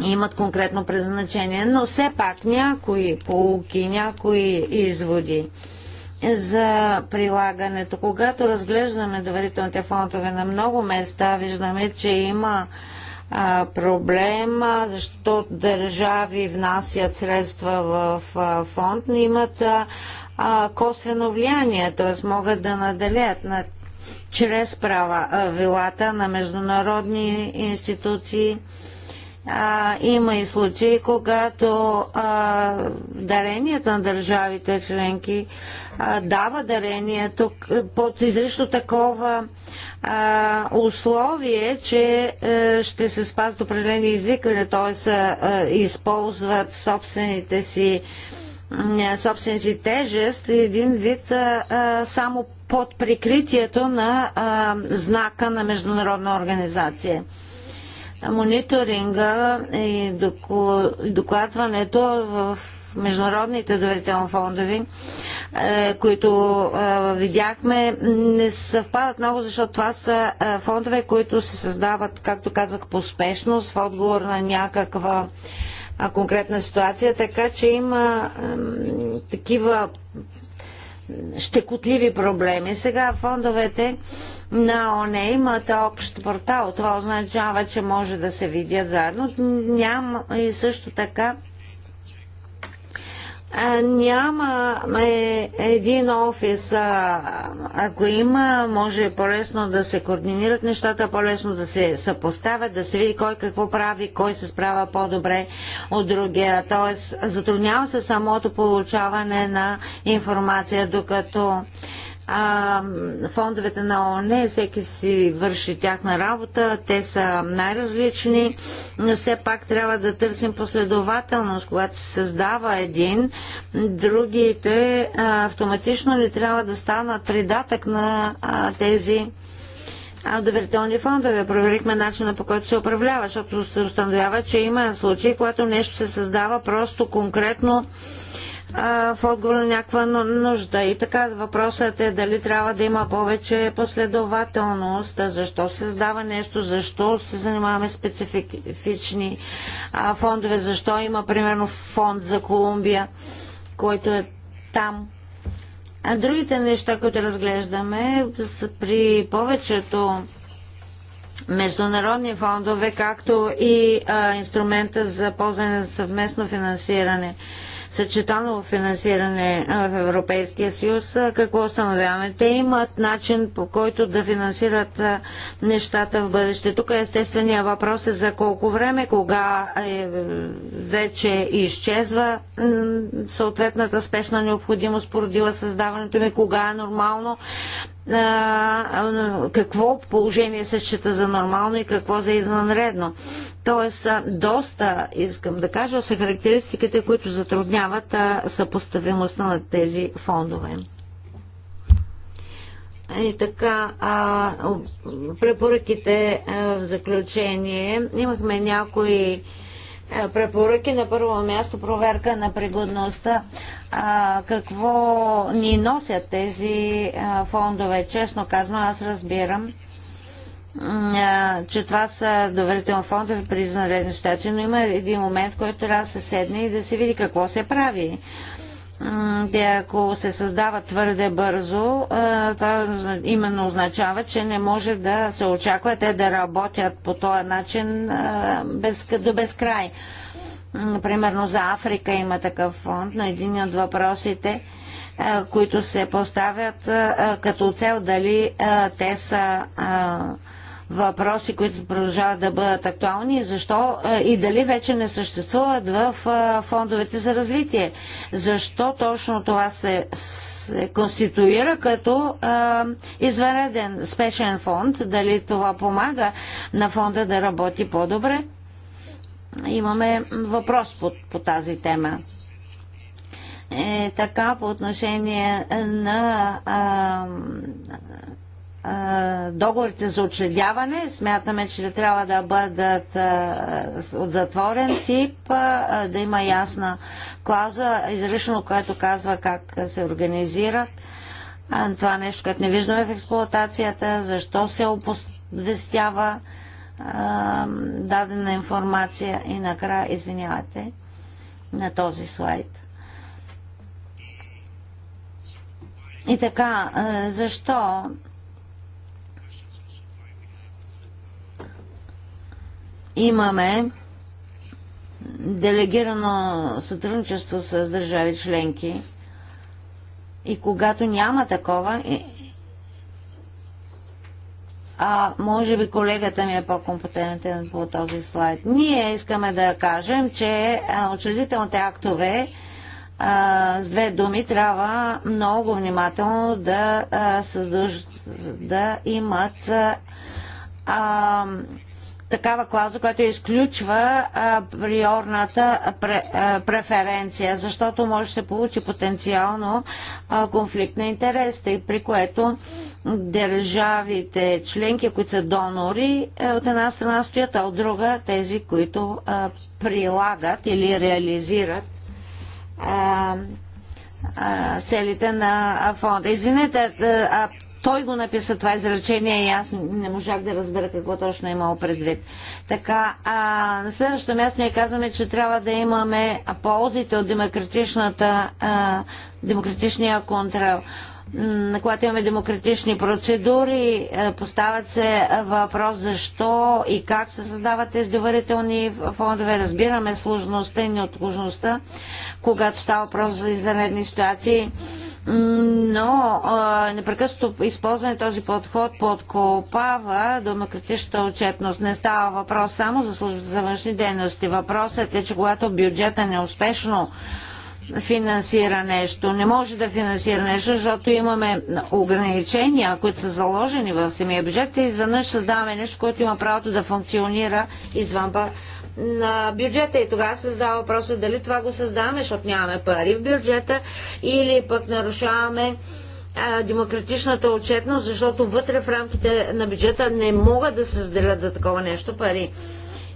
Имат конкретно предназначение, но все пак някои полуки, някои изводи за прилагането. Когато разглеждаме доверителните фондове на много места, виждаме, че има а, проблем, проблема, защото държави внасят средства в фонд, но имат косвено влияние, т.е. могат да наделят на, чрез права, вилата на международни институции а, има и случаи, когато а, даренията на държавите членки а, дава дарението под изрично такова а, условие, че а, е, ще се спазват определени извикване, т.е. Е, е, използват собствените си собствената си тежест един вид а, само под прикритието на а, знака на международна организация мониторинга и докладването в международните доверителни фондови, е, които е, видяхме, не съвпадат много, защото това са е, фондове, които се създават, както казах, по спешност, в отговор на някаква конкретна ситуация, така че има такива щекотливи проблеми. Сега фондовете на ОНЕ имат общ портал. Това означава, че може да се видят заедно. Няма и също така няма е, един офис. ако има, може по-лесно да се координират нещата, по-лесно да се съпоставят, да се види кой какво прави, кой се справя по-добре от другия. Тоест, затруднява се самото получаване на информация, докато а, фондовете на ООН, всеки си върши тяхна работа, те са най-различни, но все пак трябва да търсим последователност. Когато се създава един, другите а, автоматично ли трябва да станат придатък на а, тези доверителни фондове. Проверихме начина по който се управлява, защото се установява, че има случаи, когато нещо се създава просто конкретно в отговор на някаква нужда. И така въпросът е дали трябва да има повече последователност, защо се създава нещо, защо се занимаваме специфични а, фондове, защо има примерно фонд за Колумбия, който е там. А другите неща, които разглеждаме, са при повечето международни фондове, както и а, инструмента за ползване на съвместно финансиране съчетано финансиране в Европейския съюз, какво установяваме? Те имат начин по който да финансират нещата в бъдеще. Тук е естествения въпрос е за колко време, кога е, вече изчезва съответната спешна необходимост, породила създаването ми, кога е нормално а, какво положение се счита за нормално и какво за извънредно. Тоест, доста, искам да кажа, са характеристиките, които затрудняват съпоставимостта на тези фондове. И така, а, препоръките а, в заключение. Имахме някои е, препоръки. На първо място проверка на пригодността. А, какво ни носят тези а, фондове? Честно казвам, аз разбирам а, че това са доверителни фондове при извънредни щати, но има един момент, който трябва да се седне и да се види какво се прави де ако се създават твърде бързо, това именно означава, че не може да се очаква те да работят по този начин без, до безкрай. Примерно за Африка има такъв фонд, но един от въпросите, които се поставят като цел дали те са въпроси, които продължават да бъдат актуални, защо е, и дали вече не съществуват в е, фондовете за развитие. Защо точно това се, се конституира като а, е, спешен фонд, дали това помага на фонда да работи по-добре? Имаме въпрос по, по тази тема е така по отношение на договорите за учредяване. Смятаме, че трябва да бъдат от затворен тип, да има ясна клауза, изрично, което казва как се организират. Това нещо, което не виждаме в експлуатацията, защо се оповестява дадена информация и накрая, извинявате, на този слайд. И така, защо имаме делегирано сътрудничество с държави членки и когато няма такова, а може би колегата ми е по-компетентен по този слайд. Ние искаме да кажем, че учредителните актове а, с две думи трябва много внимателно да, а, съдуж, да имат а, такава клауза, която изключва приорната преференция, защото може да се получи потенциално конфликт на интересите, при което държавите членки, които са донори, е, от една страна стоят, а от друга тези, които прилагат или реализират целите на фонда. Извинете, той го написа това изречение и аз не можах да разбера какво точно е имал предвид. Така, а, на следващото място ние казваме, че трябва да имаме ползите от демократичната а, демократичния контрол. Когато имаме демократични процедури, е, поставят се въпрос защо и как се създават тези доверителни фондове. Разбираме сложността и неотложността, когато става въпрос за извънредни ситуации но а, е, непрекъснато използване този подход подкопава демократичната отчетност. Не става въпрос само за службата за външни дейности. Въпросът е, че когато бюджета е неуспешно финансира нещо. Не може да финансира нещо, защото имаме ограничения, които са заложени в самия бюджет и изведнъж създаваме нещо, което има правото да функционира извън на бюджета и тогава се задава въпроса дали това го създаваме, защото нямаме пари в бюджета или пък нарушаваме демократичната отчетност, защото вътре в рамките на бюджета не могат да се заделят за такова нещо пари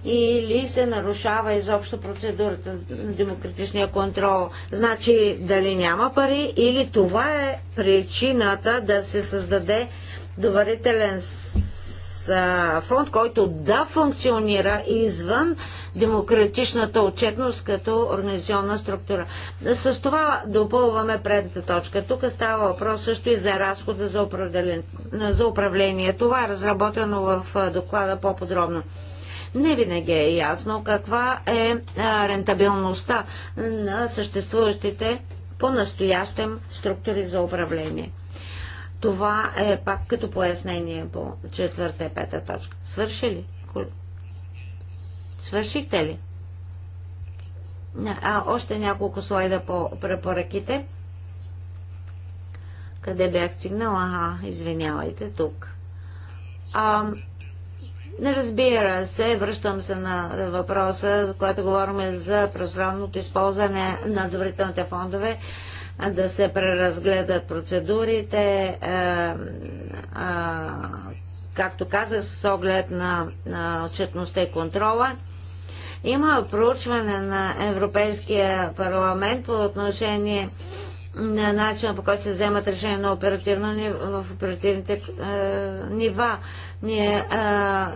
или се нарушава изобщо процедурата на демократичния контрол. Значи дали няма пари или това е причината да се създаде доверителен фонд, който да функционира извън демократичната отчетност като организационна структура. С това допълваме предната точка. Тук става въпрос също и за разхода за управление. За управление. Това е разработено в доклада по-подробно не винаги е ясно каква е рентабилността на съществуващите по-настоящем структури за управление. Това е пак като пояснение по четвърта и пета точка. Свърши ли? Свършихте ли? А, още няколко слайда по препоръките. Къде бях стигнала? Ага, извинявайте, тук. А, не разбира се, връщам се на въпроса, за който говорим за пространното използване на доверителните фондове, да се преразгледат процедурите, е, е, както каза, с оглед на, на отчетността и контрола. Има проучване на Европейския парламент по отношение на начина по който се вземат решения на оперативно, в оперативните е, нива. Ние, а,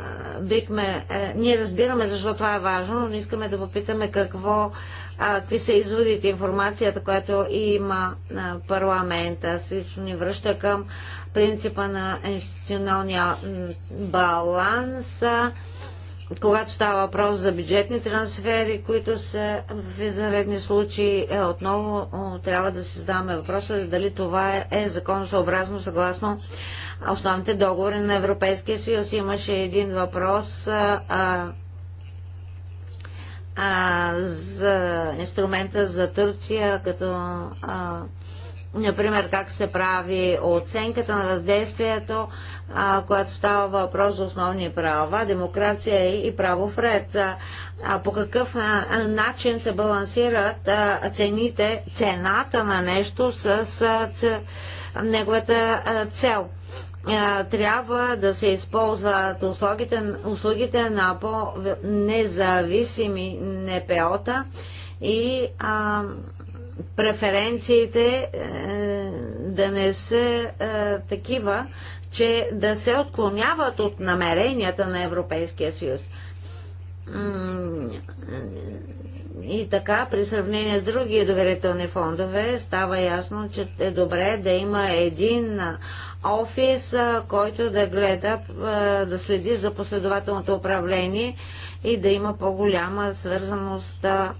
бихме, а, е, ние разбираме защо това е важно, но искаме да попитаме какво, а, какви са изводите, информацията, която има а, парламента. Всичко ни връща към принципа на институционалния баланс. когато става въпрос за бюджетни трансфери, които са в заредни случаи, е, отново трябва да се задаваме въпроса дали това е, е законосъобразно съгласно основните договори на Европейския съюз. Имаше един въпрос а, а, за инструмента за Турция, като а, например, как се прави оценката на въздействието, а, когато става въпрос за основни права, демокрация и право в ред. А, по какъв а, начин се балансират а, цените, цената на нещо с а, ц, неговата а, цел трябва да се използват услугите, услугите на по-независими НПО-та и а, преференциите а, е, да не са а, е, такива, че да се отклоняват от намеренията на Европейския съюз. И така, при сравнение с други доверителни фондове, става ясно, че е добре да има един офис, който да гледа, да следи за последователното управление и да има по-голяма свързаност, да,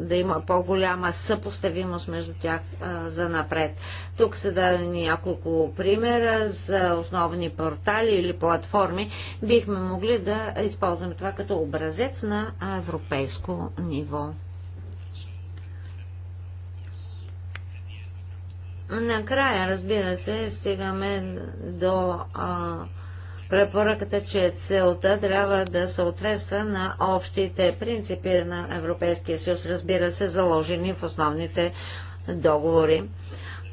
да има по-голяма съпоставимост между тях а, за напред. Тук са дадени няколко примера за основни портали или платформи. Бихме могли да използваме това като образец на европейско ниво. Накрая, разбира се, стигаме до а, Препоръката, че целта трябва да съответства на общите принципи на Европейския съюз, разбира се, заложени в основните договори.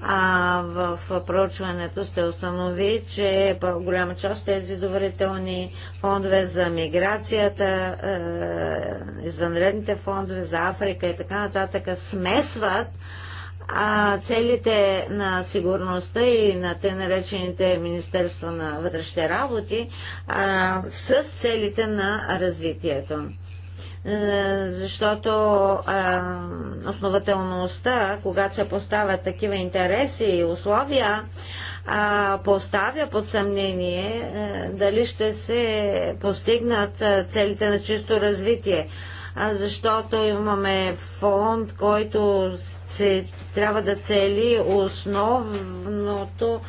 А в проучването се установи, че голяма част от тези доверителни фондове за миграцията, е, извънредните фондове за Африка и така нататък смесват а, целите на сигурността и на те наречените Министерства на вътрешните работи с целите на развитието. Е, защото основателността, когато се поставят такива интереси и условия, поставя под съмнение е, дали ще се постигнат е, целите на чисто развитие защото имаме фонд, който се, трябва да цели основното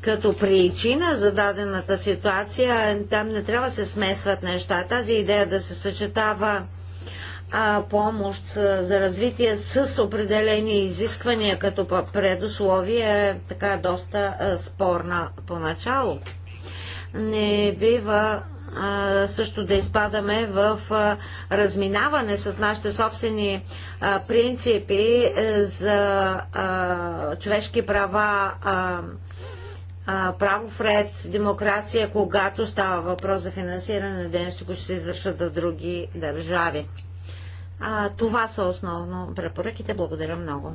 като причина за дадената ситуация, там не трябва да се смесват неща. Тази идея да се съчетава а, помощ за развитие с определени изисквания като предусловие е така доста а, спорна поначало. Не бива също да изпадаме в разминаване с нашите собствени принципи е, за човешки права, правов ред, демокрация, когато става въпрос за финансиране на дейности, които се извършват в други държави. Това са основно препоръките. Благодаря много.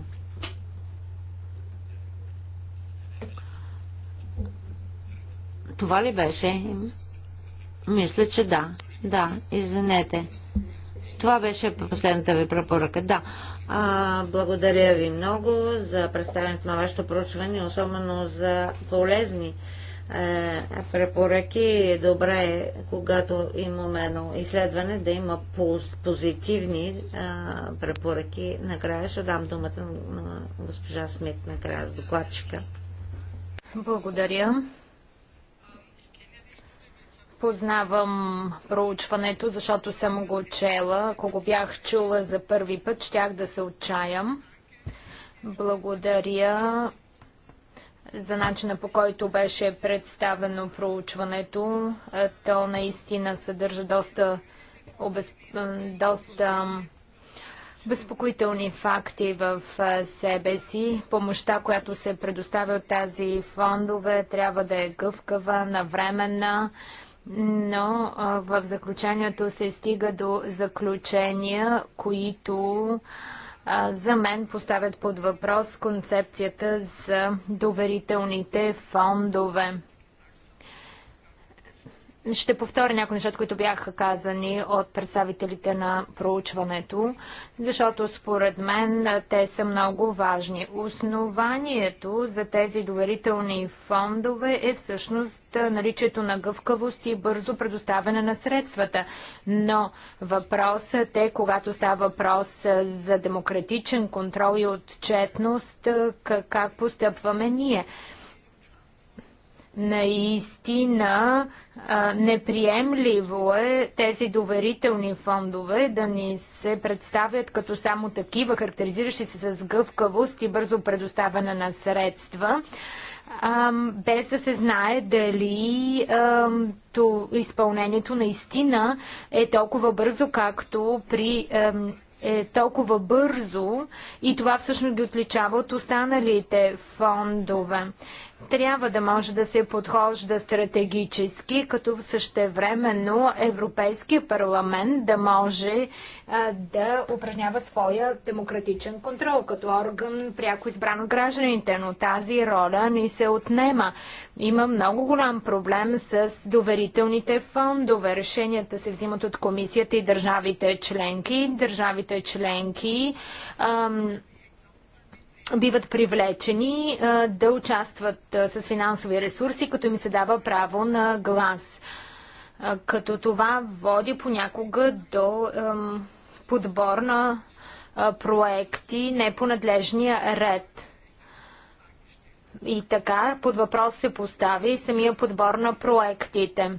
Това ли беше? Мисля, че да. Да, извинете. Това беше последната ви препоръка. Да. А, благодаря ви много за представянето на вашето проучване, особено за полезни е, препоръки. Добре е, когато имаме едно изследване, да има позитивни е, препоръки. Накрая ще дам думата на госпожа Смит, накрая с докладчика. Благодаря. Познавам проучването, защото съм го чела. Ако го бях чула за първи път, щях да се отчаям. Благодаря за начина по който беше представено проучването. То наистина съдържа доста, обез... доста безпокоителни факти в себе си. Помощта, която се предоставя от тази фондове, трябва да е гъвкава, навременна но а, в заключението се стига до заключения, които а, за мен поставят под въпрос концепцията за доверителните фондове. Ще повторя някои неща, които бяха казани от представителите на проучването, защото според мен те са много важни. Основанието за тези доверителни фондове е всъщност наличието на гъвкавост и бързо предоставяне на средствата. Но въпросът е, когато става въпрос за демократичен контрол и отчетност, как постъпваме ние – Наистина а, неприемливо е тези доверителни фондове да ни се представят като само такива, характеризиращи се с гъвкавост и бързо предоставяне на средства, а, без да се знае дали а, то, изпълнението наистина е толкова бързо, както при е толкова бързо и това всъщност ги отличава от останалите фондове. Трябва да може да се подхожда стратегически, като в същевременно Европейския парламент да може а, да упражнява своя демократичен контрол като орган, пряко избран от гражданите, но тази роля ни се отнема. Има много голям проблем с доверителните фондове. Решенията се взимат от комисията и държавите членки. Държавите членки ам, биват привлечени да участват с финансови ресурси, като им се дава право на глас. Като това води понякога до подбор на проекти не по надлежния ред. И така под въпрос се постави самия подбор на проектите.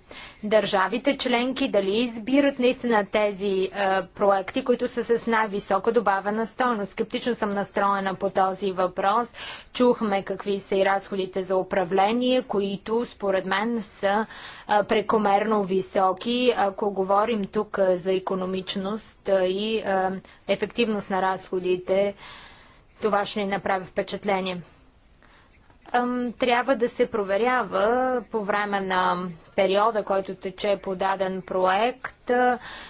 Държавите членки дали избират наистина тези е, проекти, които са с най-висока добавена стойност. Скептично съм настроена по този въпрос. Чухме какви са и разходите за управление, които според мен са е, прекомерно високи, ако говорим тук е, за економичност е, и е, ефективност на разходите. Това ще ни направи впечатление трябва да се проверява по време на периода, който тече по даден проект,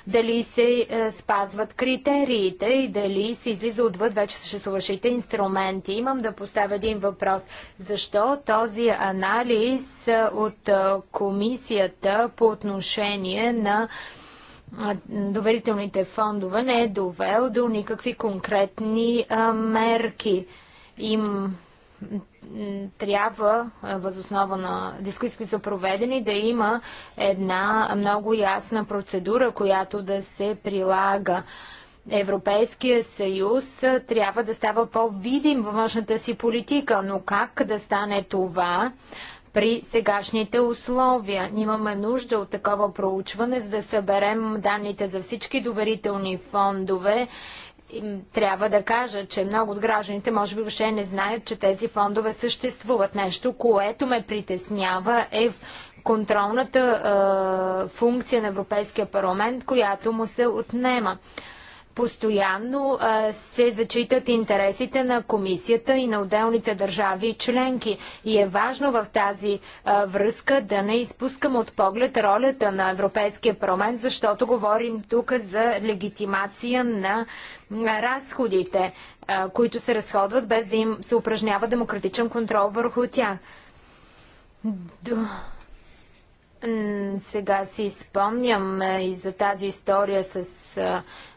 дали се е, спазват критериите и дали се излиза отвъд вече съществуващите инструменти. Имам да поставя един въпрос. Защо този анализ е, от е, комисията по отношение на доверителните фондове не е довел до никакви конкретни мерки? Им трябва възоснова на дискусии са проведени да има една много ясна процедура, която да се прилага. Европейския съюз трябва да става по-видим във външната си политика, но как да стане това при сегашните условия? Имаме нужда от такова проучване, за да съберем данните за всички доверителни фондове трябва да кажа, че много от гражданите може би въобще не знаят, че тези фондове съществуват. Нещо, което ме притеснява е в контролната е, функция на Европейския парламент, която му се отнема постоянно а, се зачитат интересите на комисията и на отделните държави и членки. И е важно в тази а, връзка да не изпускам от поглед ролята на Европейския парламент, защото говорим тук за легитимация на, разходите, а, които се разходват без да им се упражнява демократичен контрол върху тях. До... Сега си спомням и за тази история с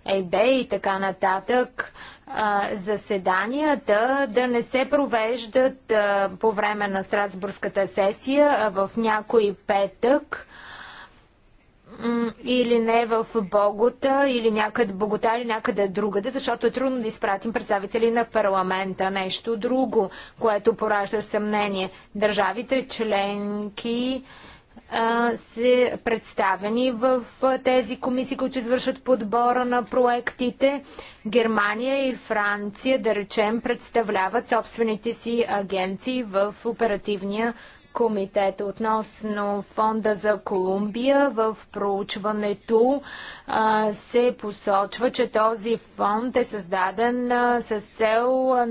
ЕБ и така нататък, заседанията да не се провеждат по време на Страсбургската сесия, а в някой петък или не в Богота, или някъде Богота, или някъде другаде, защото е трудно да изпратим представители на парламента. Нещо друго, което поражда съмнение. Държавите членки се представени в тези комисии, които извършат подбора на проектите. Германия и Франция, да речем, представляват собствените си агенции в оперативния комитет относно фонда за Колумбия. В проучването а, се посочва, че този фонд е създаден а, с цел а,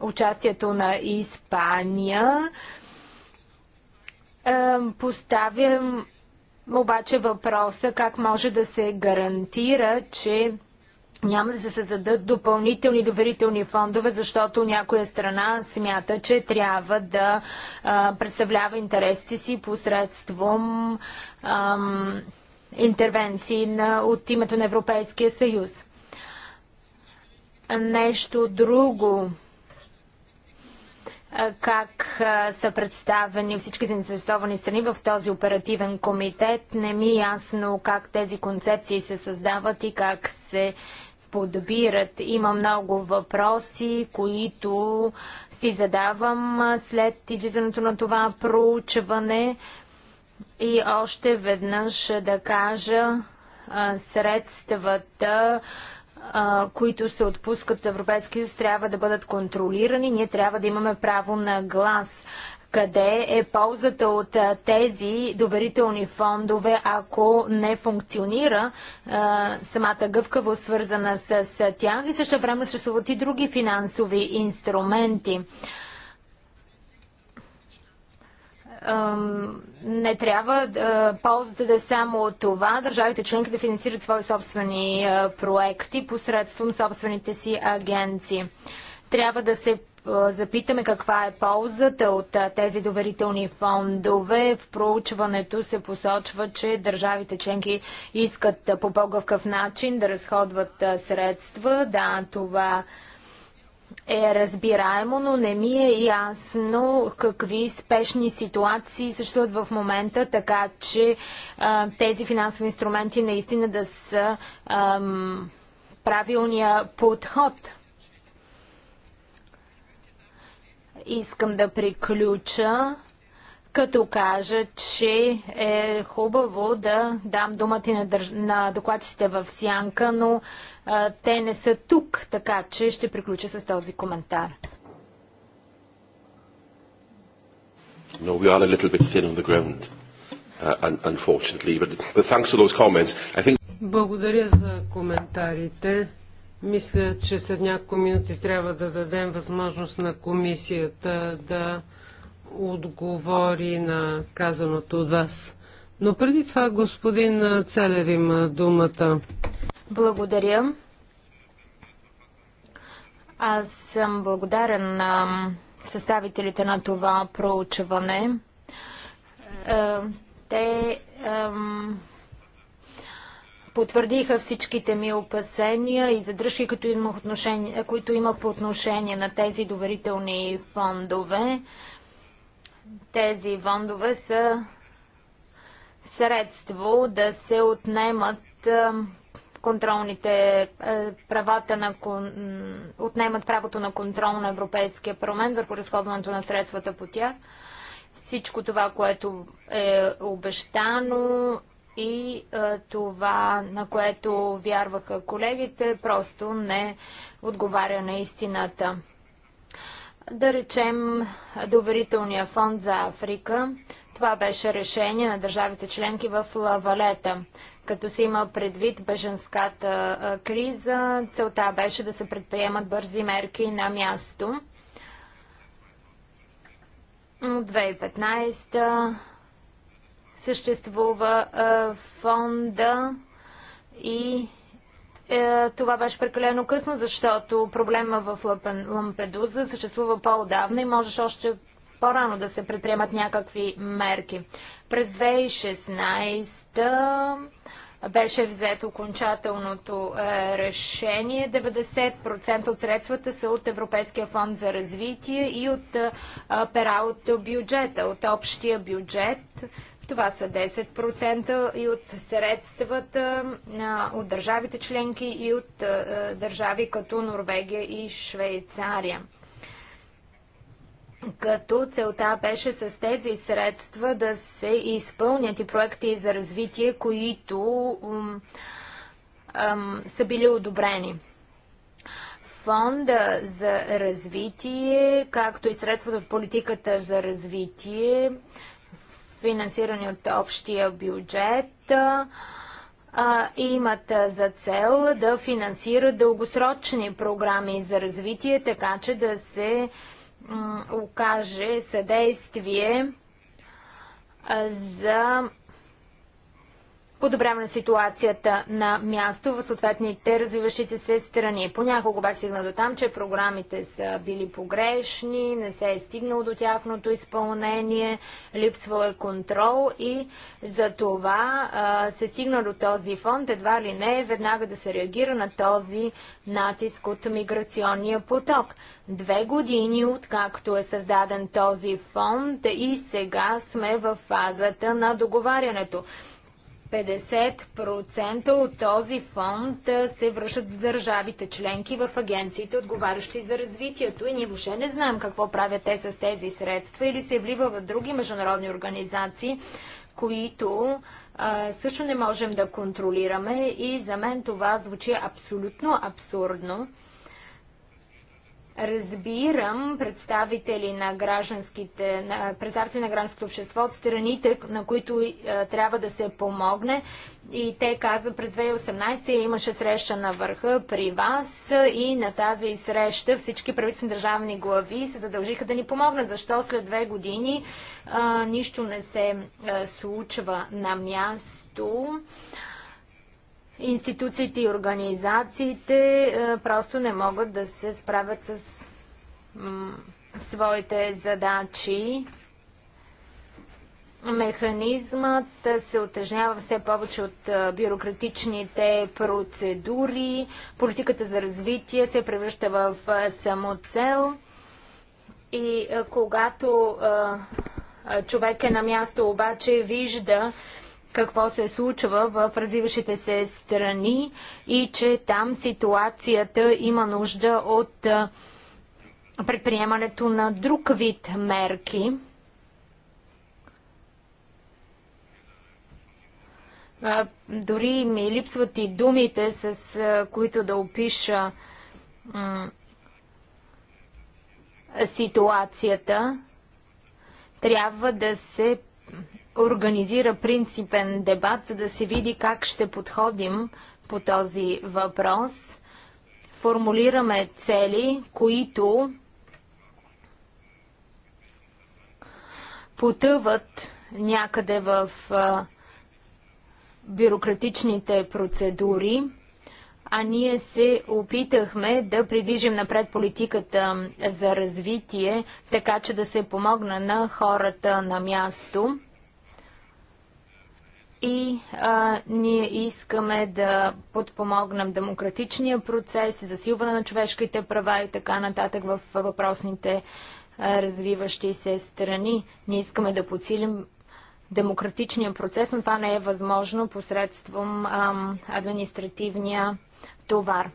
участието на Испания. Поставям обаче въпроса как може да се гарантира, че няма да се създадат допълнителни доверителни фондове, защото някоя страна смята, че трябва да представлява интересите си посредством ам, интервенции на, от името на Европейския съюз. Нещо друго, как са представени всички заинтересовани страни в този оперативен комитет. Не ми е ясно как тези концепции се създават и как се подбират. Има много въпроси, които си задавам след излизането на това проучване. И още веднъж да кажа средствата, които се отпускат от Европейския съюз, трябва да бъдат контролирани. Ние трябва да имаме право на глас. Къде е ползата от тези доверителни фондове, ако не функционира а, самата гъвкаво свързана с тях и също време съществуват и други финансови инструменти? не трябва ползата да е само от това държавите членки да финансират свои собствени проекти посредством собствените си агенции. Трябва да се запитаме каква е ползата от тези доверителни фондове. В проучването се посочва, че държавите членки искат по по-гъвкав начин да разходват средства. Да, това е е разбираемо, но не ми е ясно какви спешни ситуации съществуват в момента, така че а, тези финансови инструменти наистина да са ам, правилния подход. Искам да приключа като кажа, че е хубаво да дам думата на, държ... на докладците в сянка, но а, те не са тук, така че ще приключа с този коментар. No, we are a little bit thin on the ground, uh, unfortunately, but, but thanks for those comments. I think... Благодаря за коментарите. Мисля, че след няколко минути трябва да дадем възможност на комисията да отговори на казаното от вас. Но преди това господин Целер има думата. Благодаря. Аз съм благодарен на съставителите на това проучване. Е, те потвърдиха всичките ми опасения и задръжки, които имах, отношение, които имах по отношение на тези доверителни фондове. Тези фондове са средство да се отнемат е, контролните е, правата на отнемат правото на контрол на Европейския парламент върху разходването на средствата по тях. Всичко това, което е обещано и е, това, на което вярваха колегите, просто не отговаря на истината. Да речем доверителния фонд за Африка. Това беше решение на държавите членки в Лавалета. Като се има предвид беженската криза, целта беше да се предприемат бързи мерки на място. 2015 съществува фонда и е, това беше прекалено късно, защото проблема в Лампедуза съществува по-давна и можеш още по-рано да се предприемат някакви мерки. През 2016 беше взето окончателното е, решение. 90% от средствата са от Европейския фонд за развитие и от е, пера от бюджета, от общия бюджет. Това са 10% и от средствата от държавите членки и от държави като Норвегия и Швейцария. Като целта беше с тези средства да се изпълнят и проекти за развитие, които са били одобрени. Фонда за развитие, както и средствата от политиката за развитие, финансирани от общия бюджет, имат за цел да финансират дългосрочни програми за развитие, така че да се окаже съдействие за подобряване на ситуацията на място в съответните развиващите се страни. Понякога бях стигна до там, че програмите са били погрешни, не се е стигнало до тяхното изпълнение, липсвал е контрол и за това а, се стигна до този фонд, едва ли не е, веднага да се реагира на този натиск от миграционния поток. Две години откакто е създаден този фонд и сега сме в фазата на договарянето. 50% от този фонд се връщат в държавите членки, в агенциите, отговарящи за развитието. И ние въобще не знаем какво правят те с тези средства или се влива в други международни организации, които а, също не можем да контролираме. И за мен това звучи абсолютно абсурдно. Разбирам представители на, гражданските, на, представители на гражданското общество от страните, на които е, трябва да се помогне. И те каза, през 2018 имаше среща на върха при вас и на тази среща всички правителствени държавни глави се задължиха да ни помогнат. Защо след две години а, нищо не се а, е, случва на място? институциите и организациите е, просто не могат да се справят с своите задачи. Механизмът се отежнява все повече от е, бюрократичните процедури. Политиката за развитие се превръща в е, самоцел. И когато човек е на място, обаче вижда, какво се случва в развиващите се страни и че там ситуацията има нужда от предприемането на друг вид мерки. Дори ми липсват и думите, с които да опиша ситуацията. Трябва да се организира принципен дебат, за да се види как ще подходим по този въпрос. Формулираме цели, които потъват някъде в бюрократичните процедури, а ние се опитахме да придвижим напред политиката за развитие, така че да се помогна на хората на място и а, ние искаме да подпомогнем демократичния процес, засилване на човешките права и така нататък в въпросните а, развиващи се страни. Ние искаме да подсилим демократичния процес, но това не е възможно посредством а, административния товар.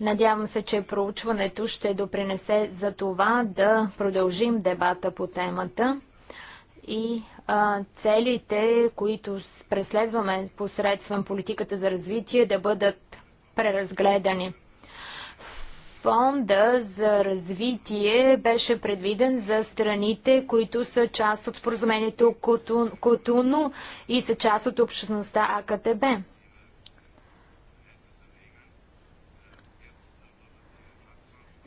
Надявам се, че проучването ще допринесе за това да продължим дебата по темата и целите, които преследваме посредством политиката за развитие, да бъдат преразгледани. Фонда за развитие беше предвиден за страните, които са част от споразумението Котуно и са част от общността АКТБ.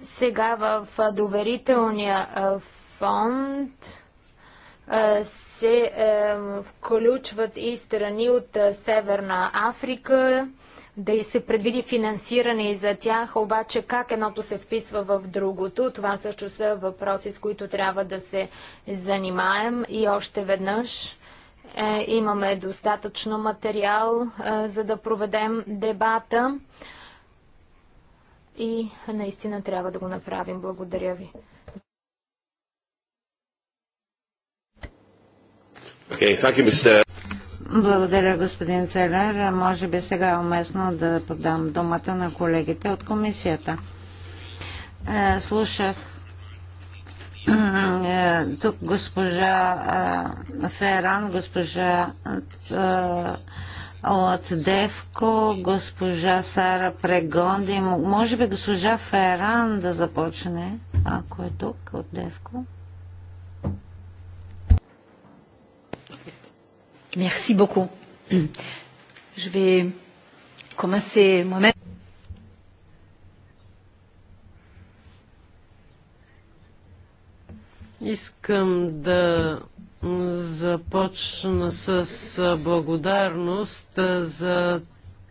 Сега в доверителния фонд се е, включват и страни от е, Северна Африка, да се предвиди финансиране и за тях, обаче как едното се вписва в другото, това също са въпроси, с които трябва да се занимаем и още веднъж е, имаме достатъчно материал, е, за да проведем дебата и наистина трябва да го направим. Благодаря ви. Благодаря, господин Целер. Може би сега е уместно да подам думата на колегите от комисията. Е, слушах е, тук госпожа е, Феран, госпожа от Девко, госпожа Сара Прегонди. Може би госпожа Феран да започне, ако е тук от Девко. Merci beaucoup. Je vais commencer moi-même. Искам да започна с благодарност за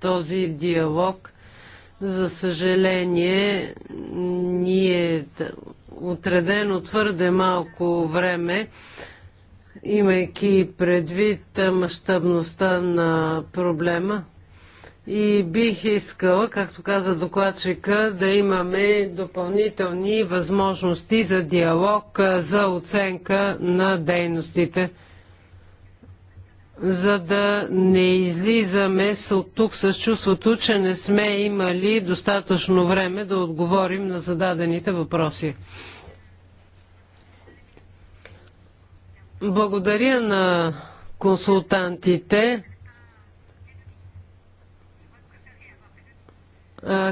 този диалог. За съжаление, ние отредено твърде малко време имайки предвид мащабността на проблема. И бих искала, както каза докладчика, да имаме допълнителни възможности за диалог, за оценка на дейностите, за да не излизаме от тук с чувството, че не сме имали достатъчно време да отговорим на зададените въпроси. Благодаря на консултантите.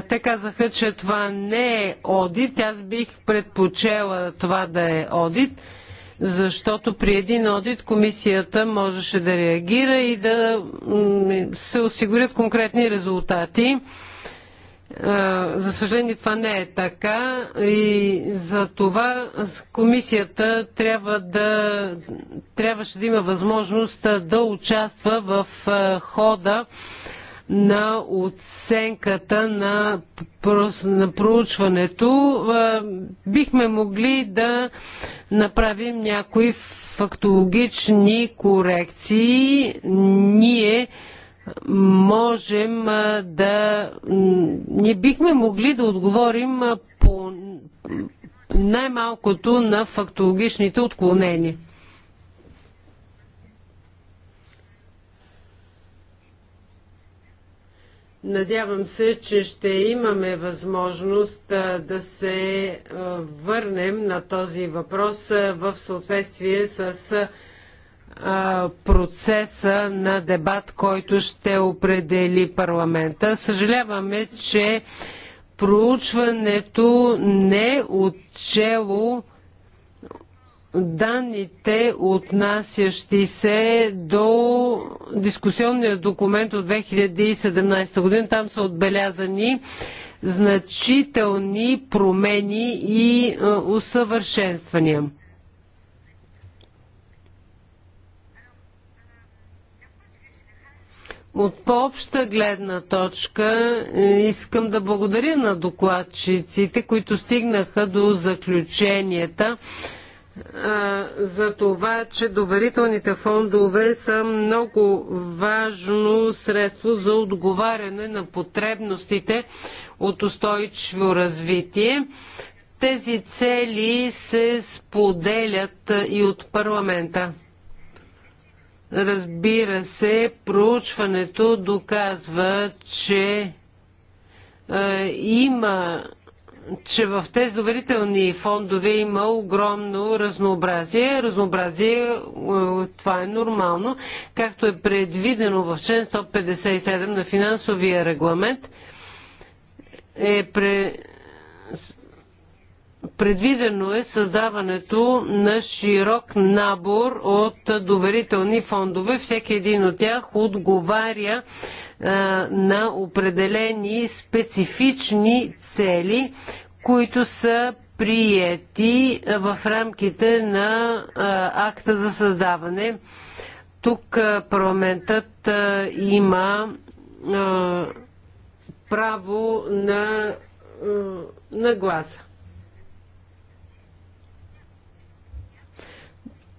Те казаха, че това не е одит. Аз бих предпочела това да е одит, защото при един одит комисията можеше да реагира и да се осигурят конкретни резултати. Е, за съжаление това не е така и за това комисията трябва да, трябваше да има възможност да участва в е, хода на оценката на, на проучването. Е, бихме могли да направим някои фактологични корекции. Ние можем да... Не бихме могли да отговорим по най-малкото на фактологичните отклонения. Надявам се, че ще имаме възможност да се върнем на този въпрос в съответствие с процеса на дебат, който ще определи парламента. Съжаляваме, че проучването не е отчело данните, отнасящи се до дискусионния документ от 2017 година. Там са отбелязани значителни промени и усъвършенствания. От по-обща гледна точка е, искам да благодаря на докладчиците, които стигнаха до заключенията е, за това, че доверителните фондове са много важно средство за отговаряне на потребностите от устойчиво развитие. Тези цели се споделят и от парламента. Разбира се, проучването доказва, че е, има че в тези доверителни фондове има огромно разнообразие. Разнообразие, е, това е нормално, както е предвидено в член 157 на финансовия регламент. Е пре... Предвидено е създаването на широк набор от доверителни фондове. Всеки един от тях отговаря а, е, на определени специфични цели, които са приети е, в рамките на а, е, акта за създаване. Тук а, парламентът има право на, на гласа.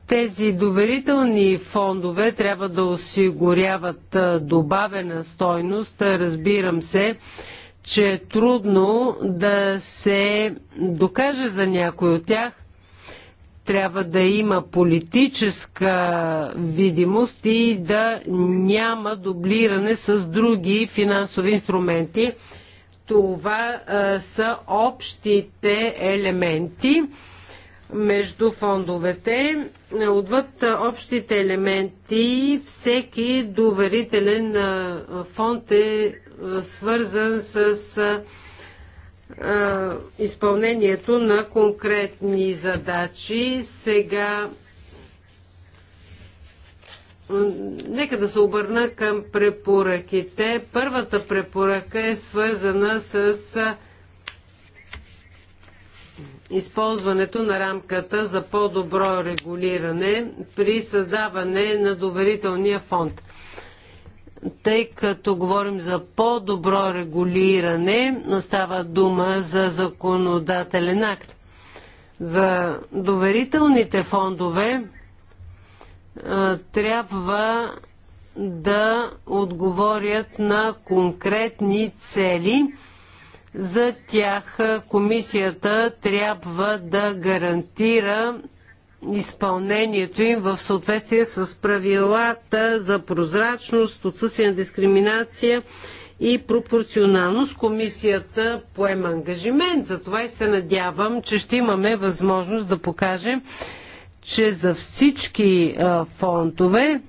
Тези доверителни фондове трябва да осигуряват добавена стойност. Разбирам се, че е трудно да се докаже за някой от тях. Трябва да има политическа видимост и да няма дублиране с други финансови инструменти. Това а, са общите елементи между фондовете. Отвъд общите елементи, всеки доверителен фонд е свързан с изпълнението на конкретни задачи. Сега нека да се обърна към препоръките. Първата препоръка е свързана с използването на рамката за по-добро регулиране при създаване на доверителния фонд. Тъй като говорим за по-добро регулиране, става дума за законодателен акт. За доверителните фондове трябва да отговорят на конкретни цели – за тях комисията трябва да гарантира изпълнението им в съответствие с правилата за прозрачност, отсъствие на дискриминация и пропорционалност. Комисията поема ангажимент, затова и се надявам, че ще имаме възможност да покажем, че за всички фондове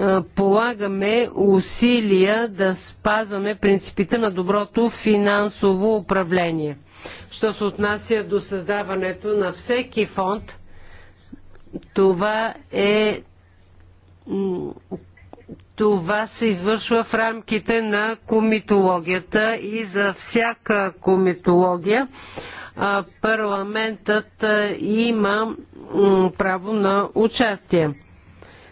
Е, полагаме усилия да спазваме принципите на доброто финансово управление. Що се отнася до създаването на всеки фонд, това е това се извършва в рамките на комитологията и за всяка комитология парламентът е, има право на участие.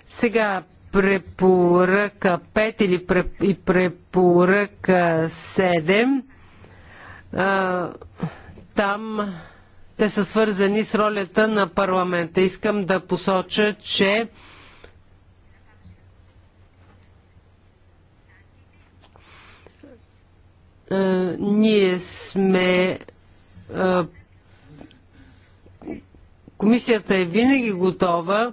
Сега препоръка 5 или препоръка 7, там те са свързани с ролята на парламента. Искам да посоча, че ние сме. Комисията е винаги готова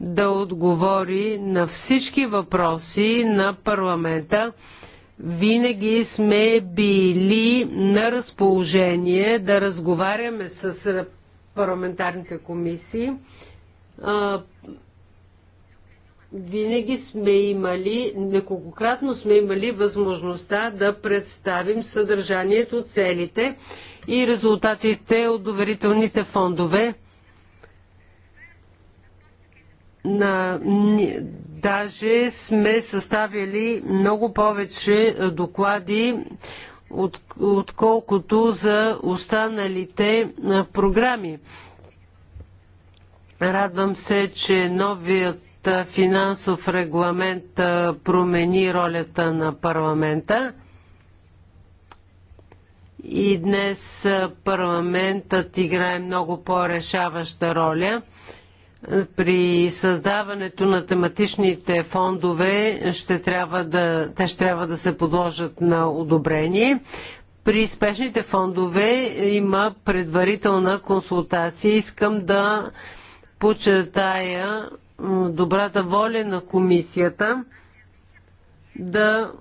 да отговори на всички въпроси на парламента. Винаги сме били на разположение да разговаряме с парламентарните комисии. Винаги сме имали, неколкократно сме имали възможността да представим съдържанието, целите и резултатите от доверителните фондове на, даже сме съставили много повече е, доклади, от, отколкото за останалите е, програми. Радвам се, че новият е, финансов регламент промени ролята на парламента. И днес парламентът играе много по-решаваща роля при създаването на тематичните фондове ще трябва да, те ще трябва да се подложат на одобрение. При спешните фондове има предварителна консултация. Искам да подчертая добрата воля на комисията да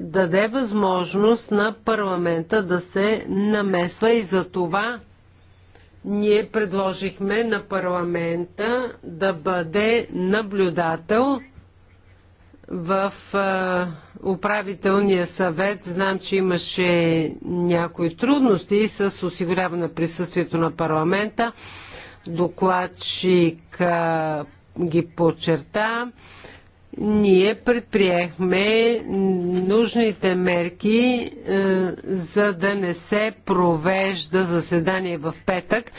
даде възможност на парламента да се намесва и за това ние предложихме на парламента да бъде наблюдател в управителния съвет. Знам, че имаше някои трудности с осигуряване на присъствието на парламента. Докладчик ги подчерта ние предприехме нужните мерки, е, за да не се провежда заседание в петък.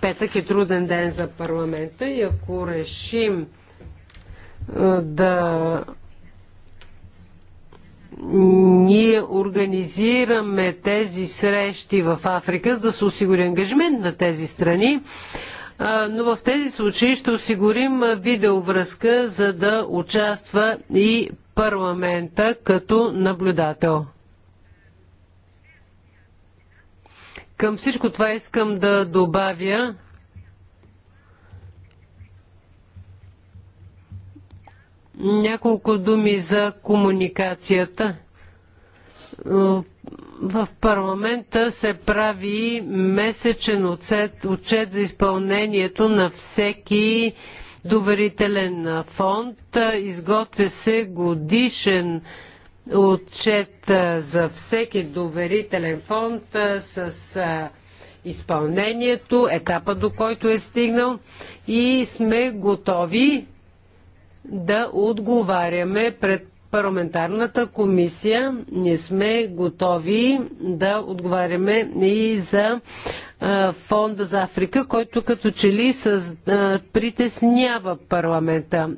Петък е труден ден за парламента и ако решим е, да ние организираме тези срещи в Африка, за да се осигури ангажмент на тези страни, но в тези случаи ще осигурим видеовръзка, за да участва и парламента като наблюдател. Към всичко това искам да добавя няколко думи за комуникацията в парламента се прави месечен отчет, отчет за изпълнението на всеки доверителен фонд. Изготвя се годишен отчет за всеки доверителен фонд с изпълнението, етапа до който е стигнал и сме готови да отговаряме пред парламентарната комисия ние сме готови да отговаряме и за фонда за Африка, който като че ли притеснява парламента.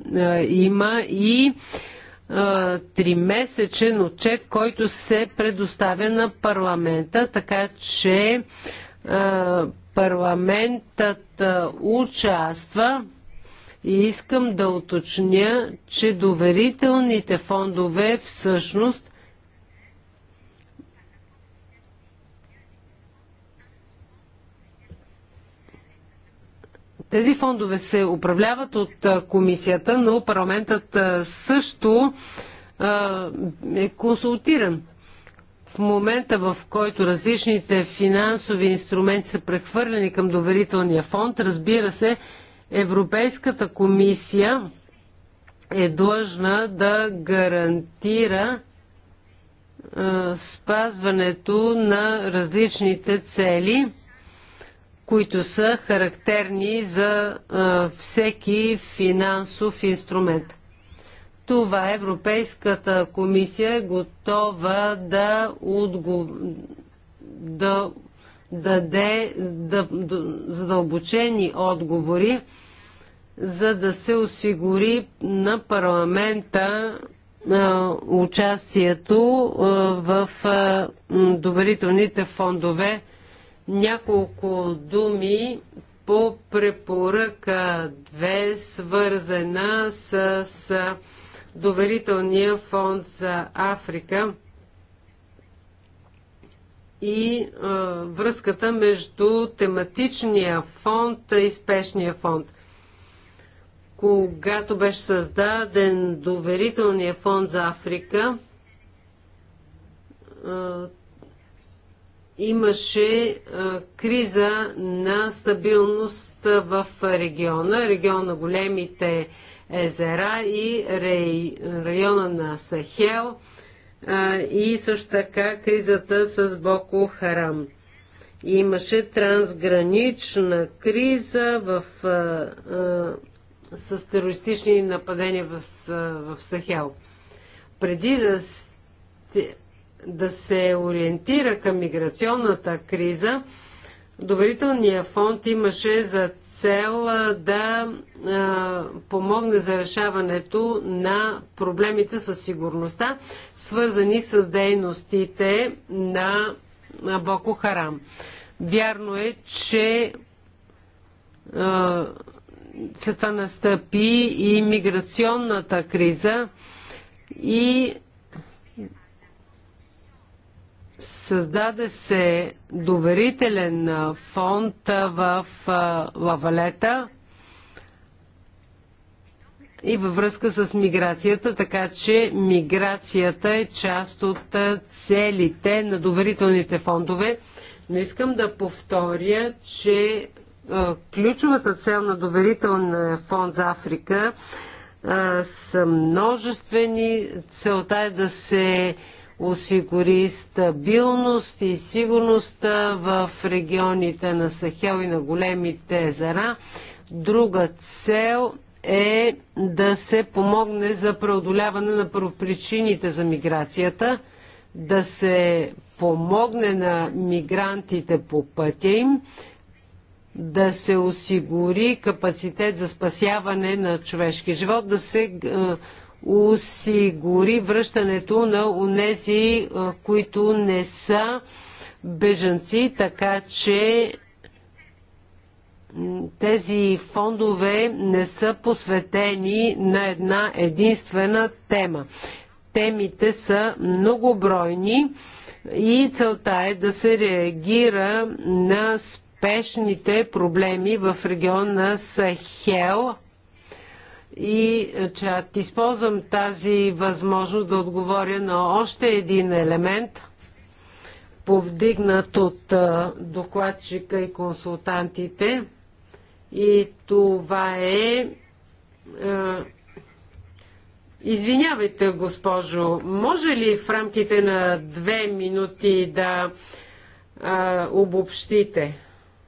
Има и тримесечен отчет, който се предоставя на парламента, така че парламентът участва и искам да уточня, че доверителните фондове всъщност Тези фондове се управляват от комисията, но парламентът също е консултиран. В момента, в който различните финансови инструменти са прехвърлени към доверителния фонд, разбира се, Европейската комисия е длъжна да гарантира спазването на различните цели, които са характерни за всеки финансов инструмент. Това Европейската комисия е готова да, отго... да даде да, да, задълбочени отговори, за да се осигури на парламента а, участието а, в а, доверителните фондове. Няколко думи по препоръка 2, свързана с, с доверителния фонд за Африка – и а, връзката между тематичния фонд и спешния фонд. Когато беше създаден доверителния фонд за Африка, а, имаше а, криза на стабилност в региона, регион на големите езера и рей, района на Сахел – и също така кризата с Боко Харам. Имаше трансгранична криза в, а, а, с терористични нападения в, в Сахел. Преди да, да се ориентира към миграционната криза, Доверителният фонд имаше за цел да а, помогне за решаването на проблемите с сигурността, свързани с дейностите на Боко Харам. Вярно е, че а, след това настъпи и миграционната криза и Създаде се доверителен фонд в Лавалета и във връзка с миграцията, така че миграцията е част от целите на доверителните фондове. Но искам да повторя, че ключовата цел на доверителния фонд за Африка са множествени. Целта е да се осигури стабилност и сигурност в регионите на Сахел и на големите езера. Друга цел е да се помогне за преодоляване на първопричините за миграцията, да се помогне на мигрантите по пътя им, да се осигури капацитет за спасяване на човешки живот, да се е, осигури връщането на унези, които не са бежанци, така че тези фондове не са посветени на една единствена тема. Темите са многобройни и целта е да се реагира на спешните проблеми в региона Сахел, и е, чат. Използвам тази възможност да отговоря на още един елемент, повдигнат от е, докладчика и консултантите. И това е, е Извинявайте, госпожо, може ли в рамките на две минути да а, обобщите?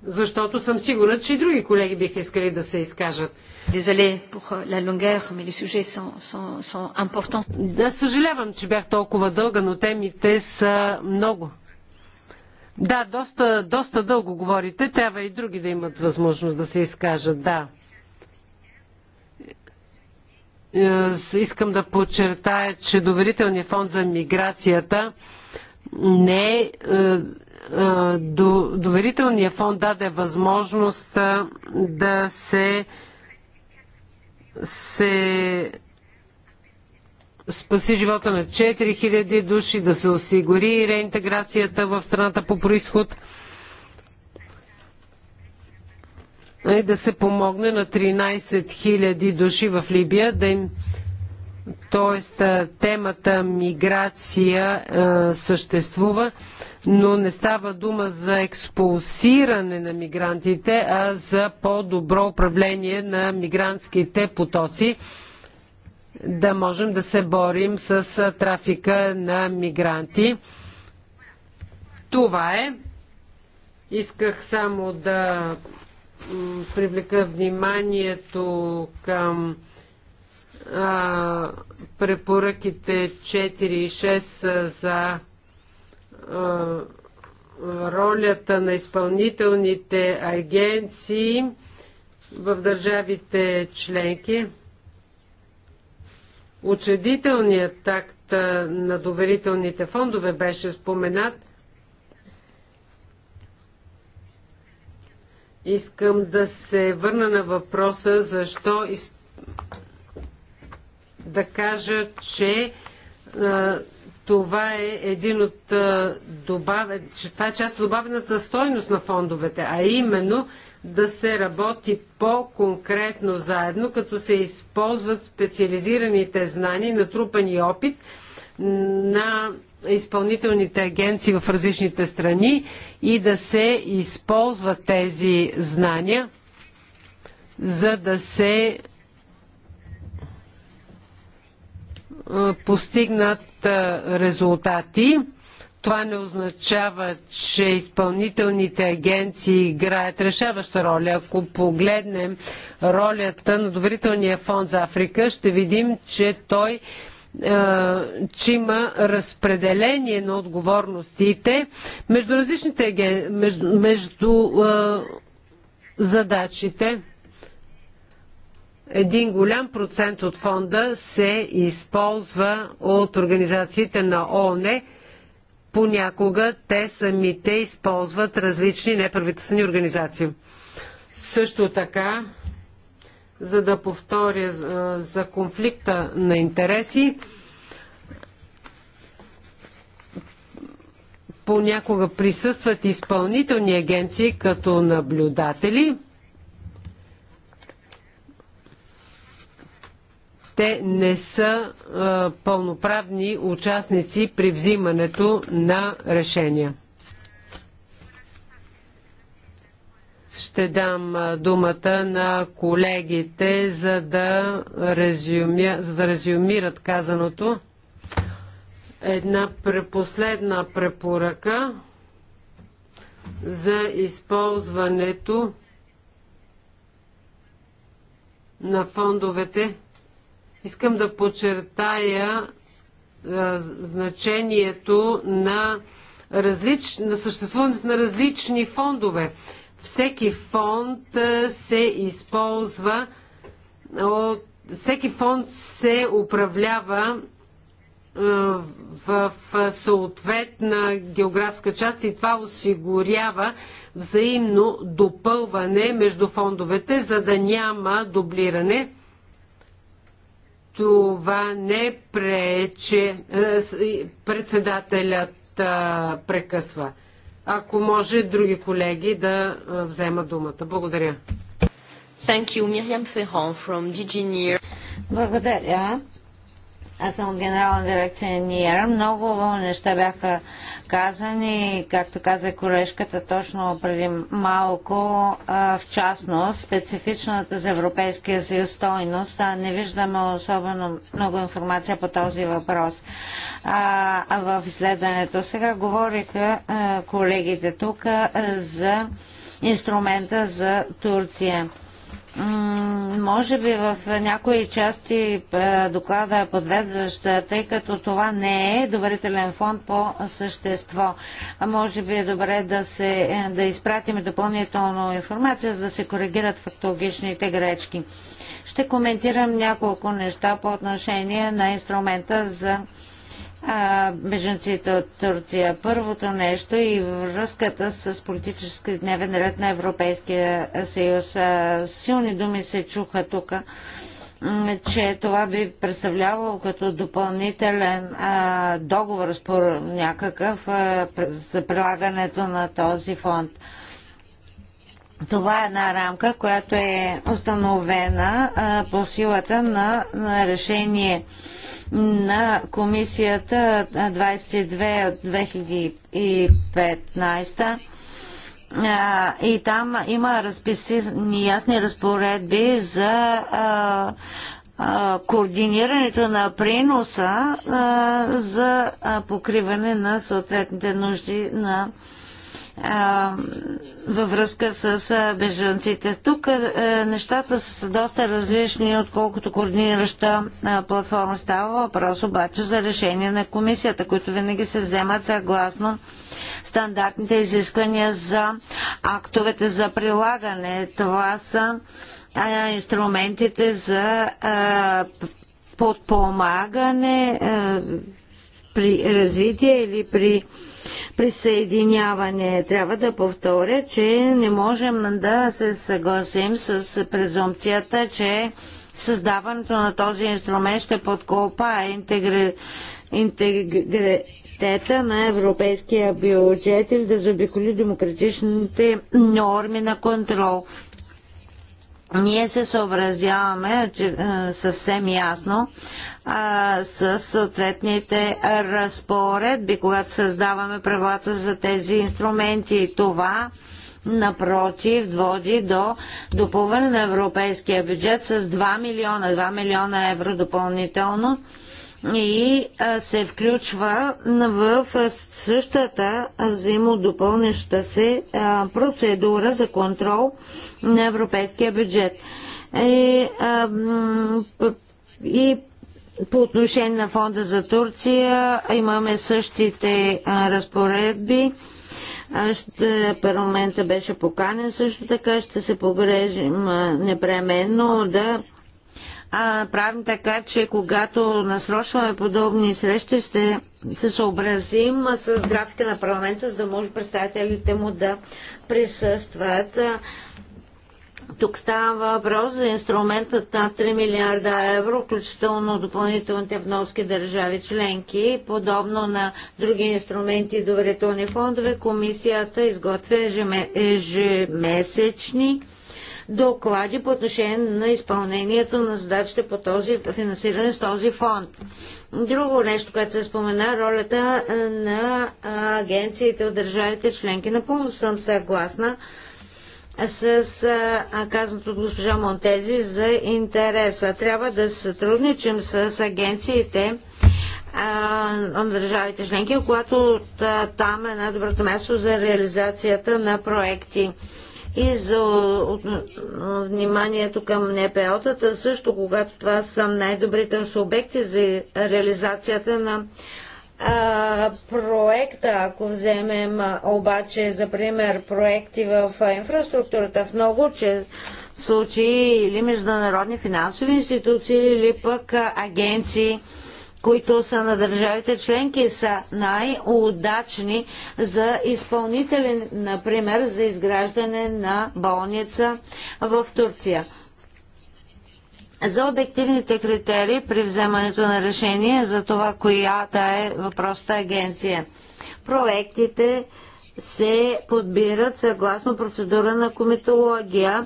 Защото съм сигурна, че и други колеги биха искали да се изкажат. Désolée pour euh, la longueur, mais les sujets sont, sont, sont importants. Да, съжалявам, че бях толкова дълга, но темите са много. Да, доста, доста дълго говорите. Трябва и други да имат възможност да се изкажат. Да. Е, искам да подчертая, че доверителният фонд за миграцията не е, е, е доверителният фонд даде възможност да се се спаси живота на 4000 души, да се осигури реинтеграцията в страната по происход и да се помогне на 13 000 души в Либия да им Тоест темата миграция е, съществува, но не става дума за експулсиране на мигрантите, а за по-добро управление на мигрантските потоци, да можем да се борим с трафика на мигранти. Това е. Исках само да привлека вниманието към препоръките 4 и 6 за ролята на изпълнителните агенции в държавите членки. Учредителният такт на доверителните фондове беше споменат. Искам да се върна на въпроса защо изпълнителните да кажа, че е, това е един от е, добавен, че това е част от добавената стойност на фондовете, а именно да се работи по-конкретно заедно, като се използват специализираните знания, натрупани опит на изпълнителните агенции в различните страни и да се използват тези знания, за да се постигнат резултати. Това не означава, че изпълнителните агенции играят решаваща роля. Ако погледнем ролята на доверителния фонд за Африка, ще видим, че той че има разпределение на отговорностите между различните между, между задачите един голям процент от фонда се използва от организациите на ООН. Понякога те самите използват различни неправителствени организации. Също така, за да повторя за конфликта на интереси, понякога присъстват изпълнителни агенции като наблюдатели – те не са а, пълноправни участници при взимането на решения. Ще дам думата на колегите, за да, резюмя, за да резюмират казаното. Една препоследна препоръка за използването на фондовете Искам да подчертая значението на, различ... на съществуването на различни фондове. Всеки фонд се използва от... Всеки фонд се управлява в съответна географска част и това осигурява взаимно допълване между фондовете, за да няма дублиране. Това не прече. Е, председателят е, прекъсва. Ако може други колеги да е, вземат думата. Благодаря. Thank you, Miriam Ferrand from DG Благодаря. Аз съм генерална дирекция НИР. Много неща бяха казани, както каза колежката точно преди малко, в частност, специфичната за Европейския съюз стойност. Не виждаме особено много информация по този въпрос а, в изследването. Сега говориха колегите тук за инструмента за Турция може би в някои части е, доклада е подвезваща, е, тъй като това не е доверителен фонд по същество. Може би е добре да, се, е, да изпратим допълнително информация, за да се коригират фактологичните гречки. Ще коментирам няколко неща по отношение на инструмента за а, беженците от Турция. Първото нещо и връзката с политически дневен ред на Европейския съюз. А, силни думи се чуха тук, че това би представлявало като допълнителен а, договор спор, някакъв а, за прилагането на този фонд. Това е една рамка, която е установена а, по силата на, на решение а, на комисията 22 от 2015 и там има разписани ясни разпоредби за координирането на приноса за покриване на съответните нужди на във връзка с бежанците. Тук нещата са доста различни, отколкото координираща платформа. Става въпрос обаче за решение на комисията, които винаги се вземат съгласно стандартните изисквания за актовете за прилагане. Това са инструментите за подпомагане при развитие или при присъединяване. Трябва да повторя, че не можем да се съгласим с презумпцията, че създаването на този инструмент ще подкопа интегри... интегритета на европейския бюджет или да заобиколи демократичните норми на контрол ние се съобразяваме е, съвсем ясно с съответните разпоредби, когато създаваме правилата за тези инструменти. Това напротив води до допълване на европейския бюджет с 2 милиона, 2 милиона евро допълнително и се включва в същата взаимодопълнища се процедура за контрол на европейския бюджет. И, и по отношение на фонда за Турция имаме същите разпоредби. Ще, парламента беше поканен също така. Ще се погрежим непременно да а правим така, че когато насрочваме подобни срещи, ще се съобразим с графика на парламента, за да може представителите му да присъстват. Тук става въпрос за инструментът на 3 милиарда евро, включително допълнителните вноски държави членки. Подобно на други инструменти и доверителни фондове, комисията изготвя ежемесечни доклади по отношение на изпълнението на задачите по този финансиране с този фонд. Друго нещо, което се спомена, ролята на агенциите от държавите членки. Напълно съм съгласна с казаното от госпожа Монтези за интереса. Трябва да се сътрудничим с агенциите на държавите членки, когато там е най-доброто място за реализацията на проекти и за вниманието към НПО-тата, също когато това са най-добрите субекти за реализацията на а, проекта, ако вземем обаче за пример проекти в инфраструктурата, в много че случаи или международни финансови институции, или пък агенции, които са на държавите членки, са най-удачни за изпълнители, например, за изграждане на болница в Турция. За обективните критерии при вземането на решение е за това, която е въпросната агенция. Проектите се подбират съгласно процедура на комитология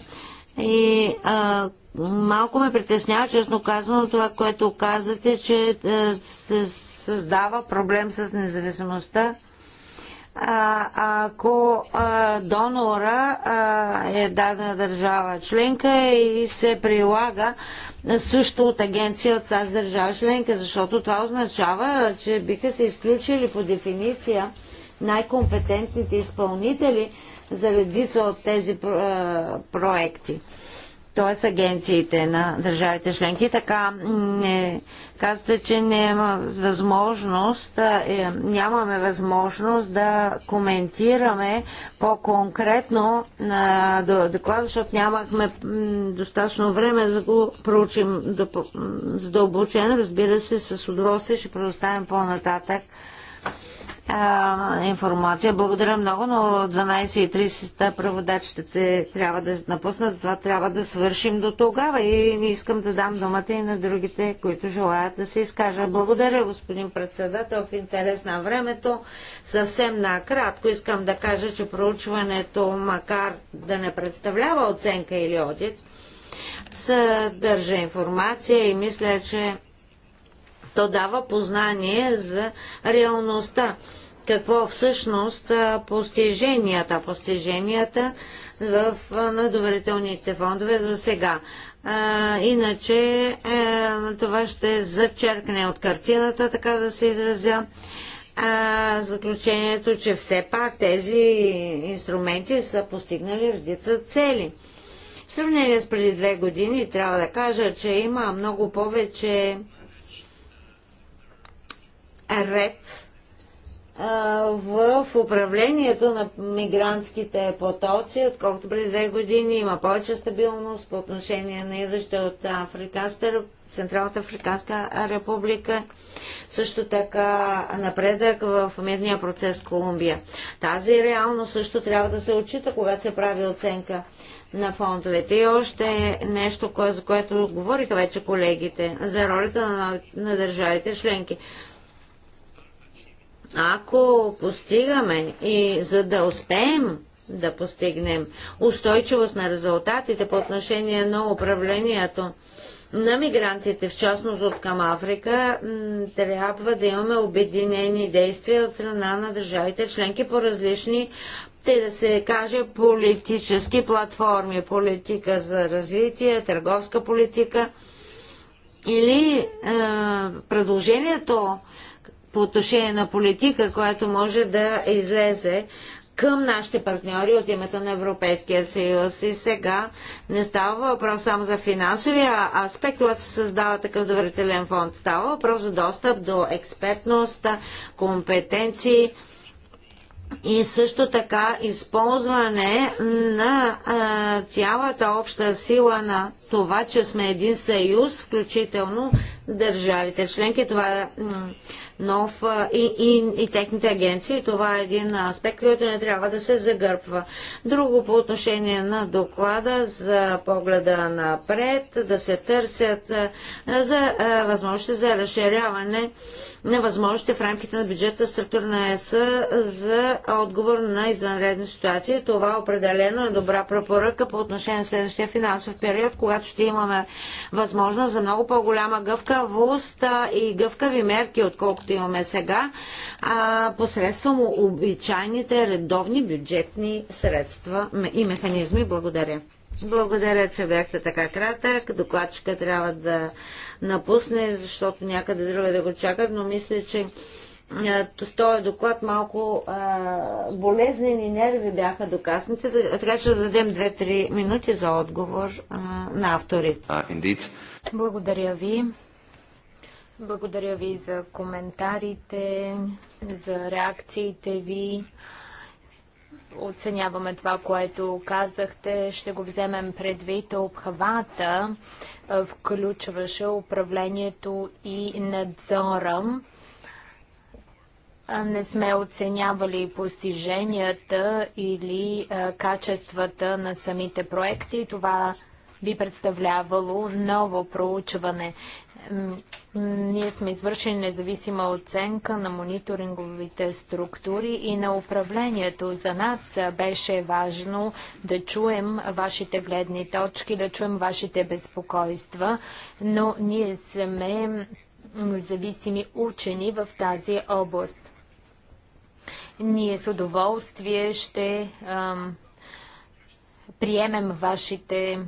и а, Малко ме притеснява, честно казано, това, което казате, че е, се създава проблем с независимостта а, ако а, донора а, е дадена държава членка и се прилага също от агенция от тази държава членка, защото това означава, че биха се изключили по дефиниция най-компетентните изпълнители за редица от тези а, проекти т.е. агенциите на държавите членки. Така не, казвате, че няма възможност, е, нямаме възможност да коментираме по-конкретно на доклада, защото нямахме достатъчно време да го проучим задълбочено. Разбира се, с удоволствие ще предоставим по-нататък а, информация. Благодаря много, но 12.30 преводачите трябва да напуснат. Това трябва да свършим до тогава и не искам да дам думата и на другите, които желаят да се изкажат. Благодаря, господин председател, в интерес на времето. Съвсем накратко искам да кажа, че проучването, макар да не представлява оценка или одит, съдържа информация и мисля, че то дава познание за реалността. Какво всъщност постиженията? Постиженията в, на доверителните фондове до сега. А, иначе е, това ще зачеркне от картината, така да се изразя, а, заключението, че все пак тези инструменти са постигнали редица цели. В сравнение с преди две години трябва да кажа, че има много повече ред в управлението на мигрантските потоци, отколкото преди две години има повече стабилност по отношение на идващите от Африканска, Централната Африканска република, също така напредък в мирния процес в Колумбия. Тази реалност също трябва да се отчита, когато се прави оценка на фондовете. И още нещо, за което говориха вече колегите, за ролята на, на държавите членки. Ако постигаме и за да успеем да постигнем устойчивост на резултатите по отношение на управлението на мигрантите, в частност от към Африка, трябва да имаме обединени действия от страна на държавите членки по различни те да се каже политически платформи, политика за развитие, търговска политика или е, предложението по отношение на политика, която може да излезе към нашите партньори от името на Европейския съюз. И сега не става въпрос само за финансовия аспект, когато се създава такъв доверителен фонд. Става въпрос за достъп до експертност, компетенции и също така използване на а, цялата обща сила на това, че сме един съюз, включително държавите членки. Това е нов и, и, и техните агенции. Това е един аспект, който не трябва да се загърпва. Друго по отношение на доклада за погледа напред, да се търсят за възможности за разширяване на възможности в рамките на бюджета структура на ЕС за отговор на извънредни ситуации. Това определено е добра препоръка по отношение на следващия финансов период, когато ще имаме възможност за много по-голяма гъвка гъвкавост и гъвкави мерки, отколкото имаме сега, посредством обичайните редовни бюджетни средства и механизми. Благодаря. Благодаря, че бяхте така кратък. Докладчика трябва да напусне, защото някъде друга да го чакат, но мисля, че този доклад малко а, болезнени нерви бяха докасните, така че да дадем 2-3 минути за отговор а, на авторите. Благодаря ви. Благодаря ви за коментарите, за реакциите ви. Оценяваме това, което казахте. Ще го вземем предвид. Обхвата включваше управлението и надзора. Не сме оценявали постиженията или качествата на самите проекти. Това би представлявало ново проучване ние сме извършили независима оценка на мониторинговите структури и на управлението. За нас беше важно да чуем вашите гледни точки, да чуем вашите безпокойства, но ние сме независими учени в тази област. Ние с удоволствие ще ам, приемем вашите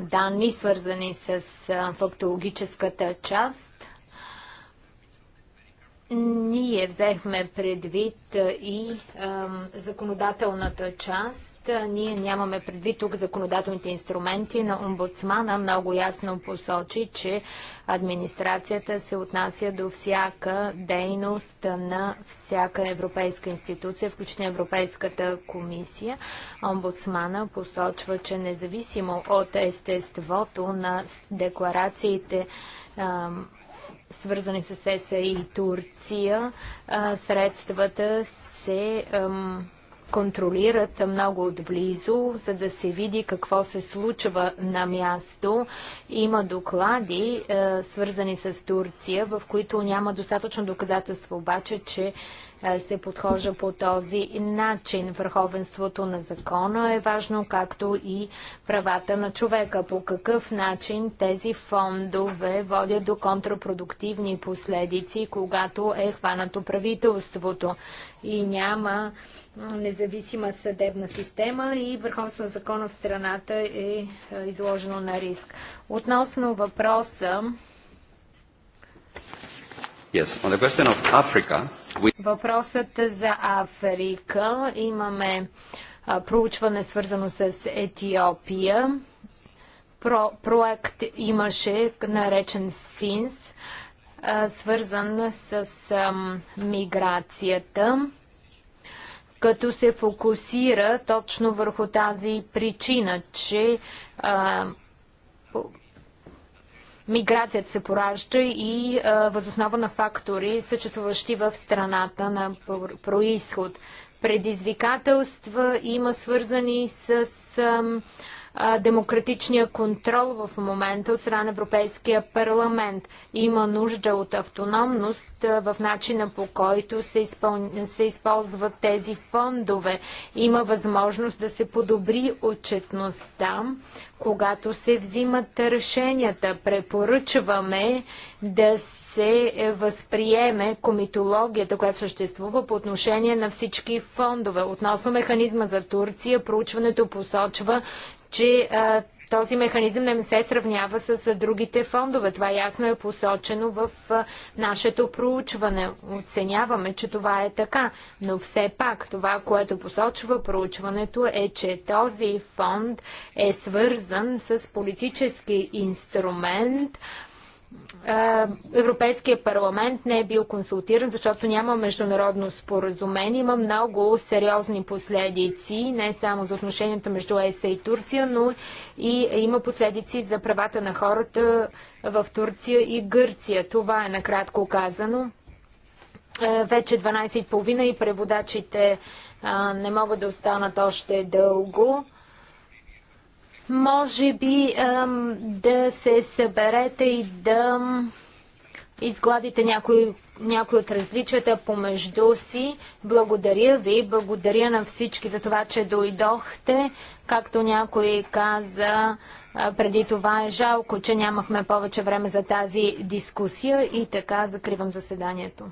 данни, свързани с фактологическата част. Ние взехме предвид и законодателната част ние нямаме предвид тук законодателните инструменти, на омбудсмана много ясно посочи, че администрацията се отнася до всяка дейност на всяка европейска институция, включително Европейската комисия. Омбудсмана посочва, че независимо от естеството на декларациите, свързани с ЕСА и Турция, средствата се ам, контролират много отблизо, за да се види какво се случва на място. Има доклади, е, свързани с Турция, в които няма достатъчно доказателство обаче, че е, се подхожа по този начин. Върховенството на закона е важно, както и правата на човека. По какъв начин тези фондове водят до контрапродуктивни последици, когато е хванато правителството и няма независима съдебна система и върховство на закона в страната е, е изложено на риск. Относно въпроса Yes, on the question of Africa, we... Въпросът за Африка. Имаме а, проучване свързано с Етиопия. Про, проект имаше наречен СИНС, а, свързан с а, миграцията като се фокусира точно върху тази причина, че а, миграцията се поражда и възоснова на фактори, съществуващи в страната на происход. Предизвикателства има свързани с. А, демократичния контрол в момента от страна на Европейския парламент. Има нужда от автономност в начина по който се, изпъл... се използват тези фондове. Има възможност да се подобри отчетността, когато се взимат решенията. Препоръчваме да се възприеме комитологията, която съществува по отношение на всички фондове. Относно механизма за Турция, проучването посочва, че а, този механизъм не се сравнява с а, другите фондове. Това ясно е посочено в а, нашето проучване. Оценяваме, че това е така, но все пак това, което посочва проучването е, че този фонд е свързан с политически инструмент, е, Европейския парламент не е бил консултиран, защото няма международно споразумение. Има много сериозни последици, не само за отношенията между ЕСА и Турция, но и има последици за правата на хората в Турция и Гърция. Това е накратко казано. Е, вече 12.30 и преводачите не могат да останат още дълго. Може би да се съберете и да изгладите някои, някои от различията помежду си. Благодаря ви, благодаря на всички за това, че дойдохте. Както някой каза, преди това е жалко, че нямахме повече време за тази дискусия и така закривам заседанието.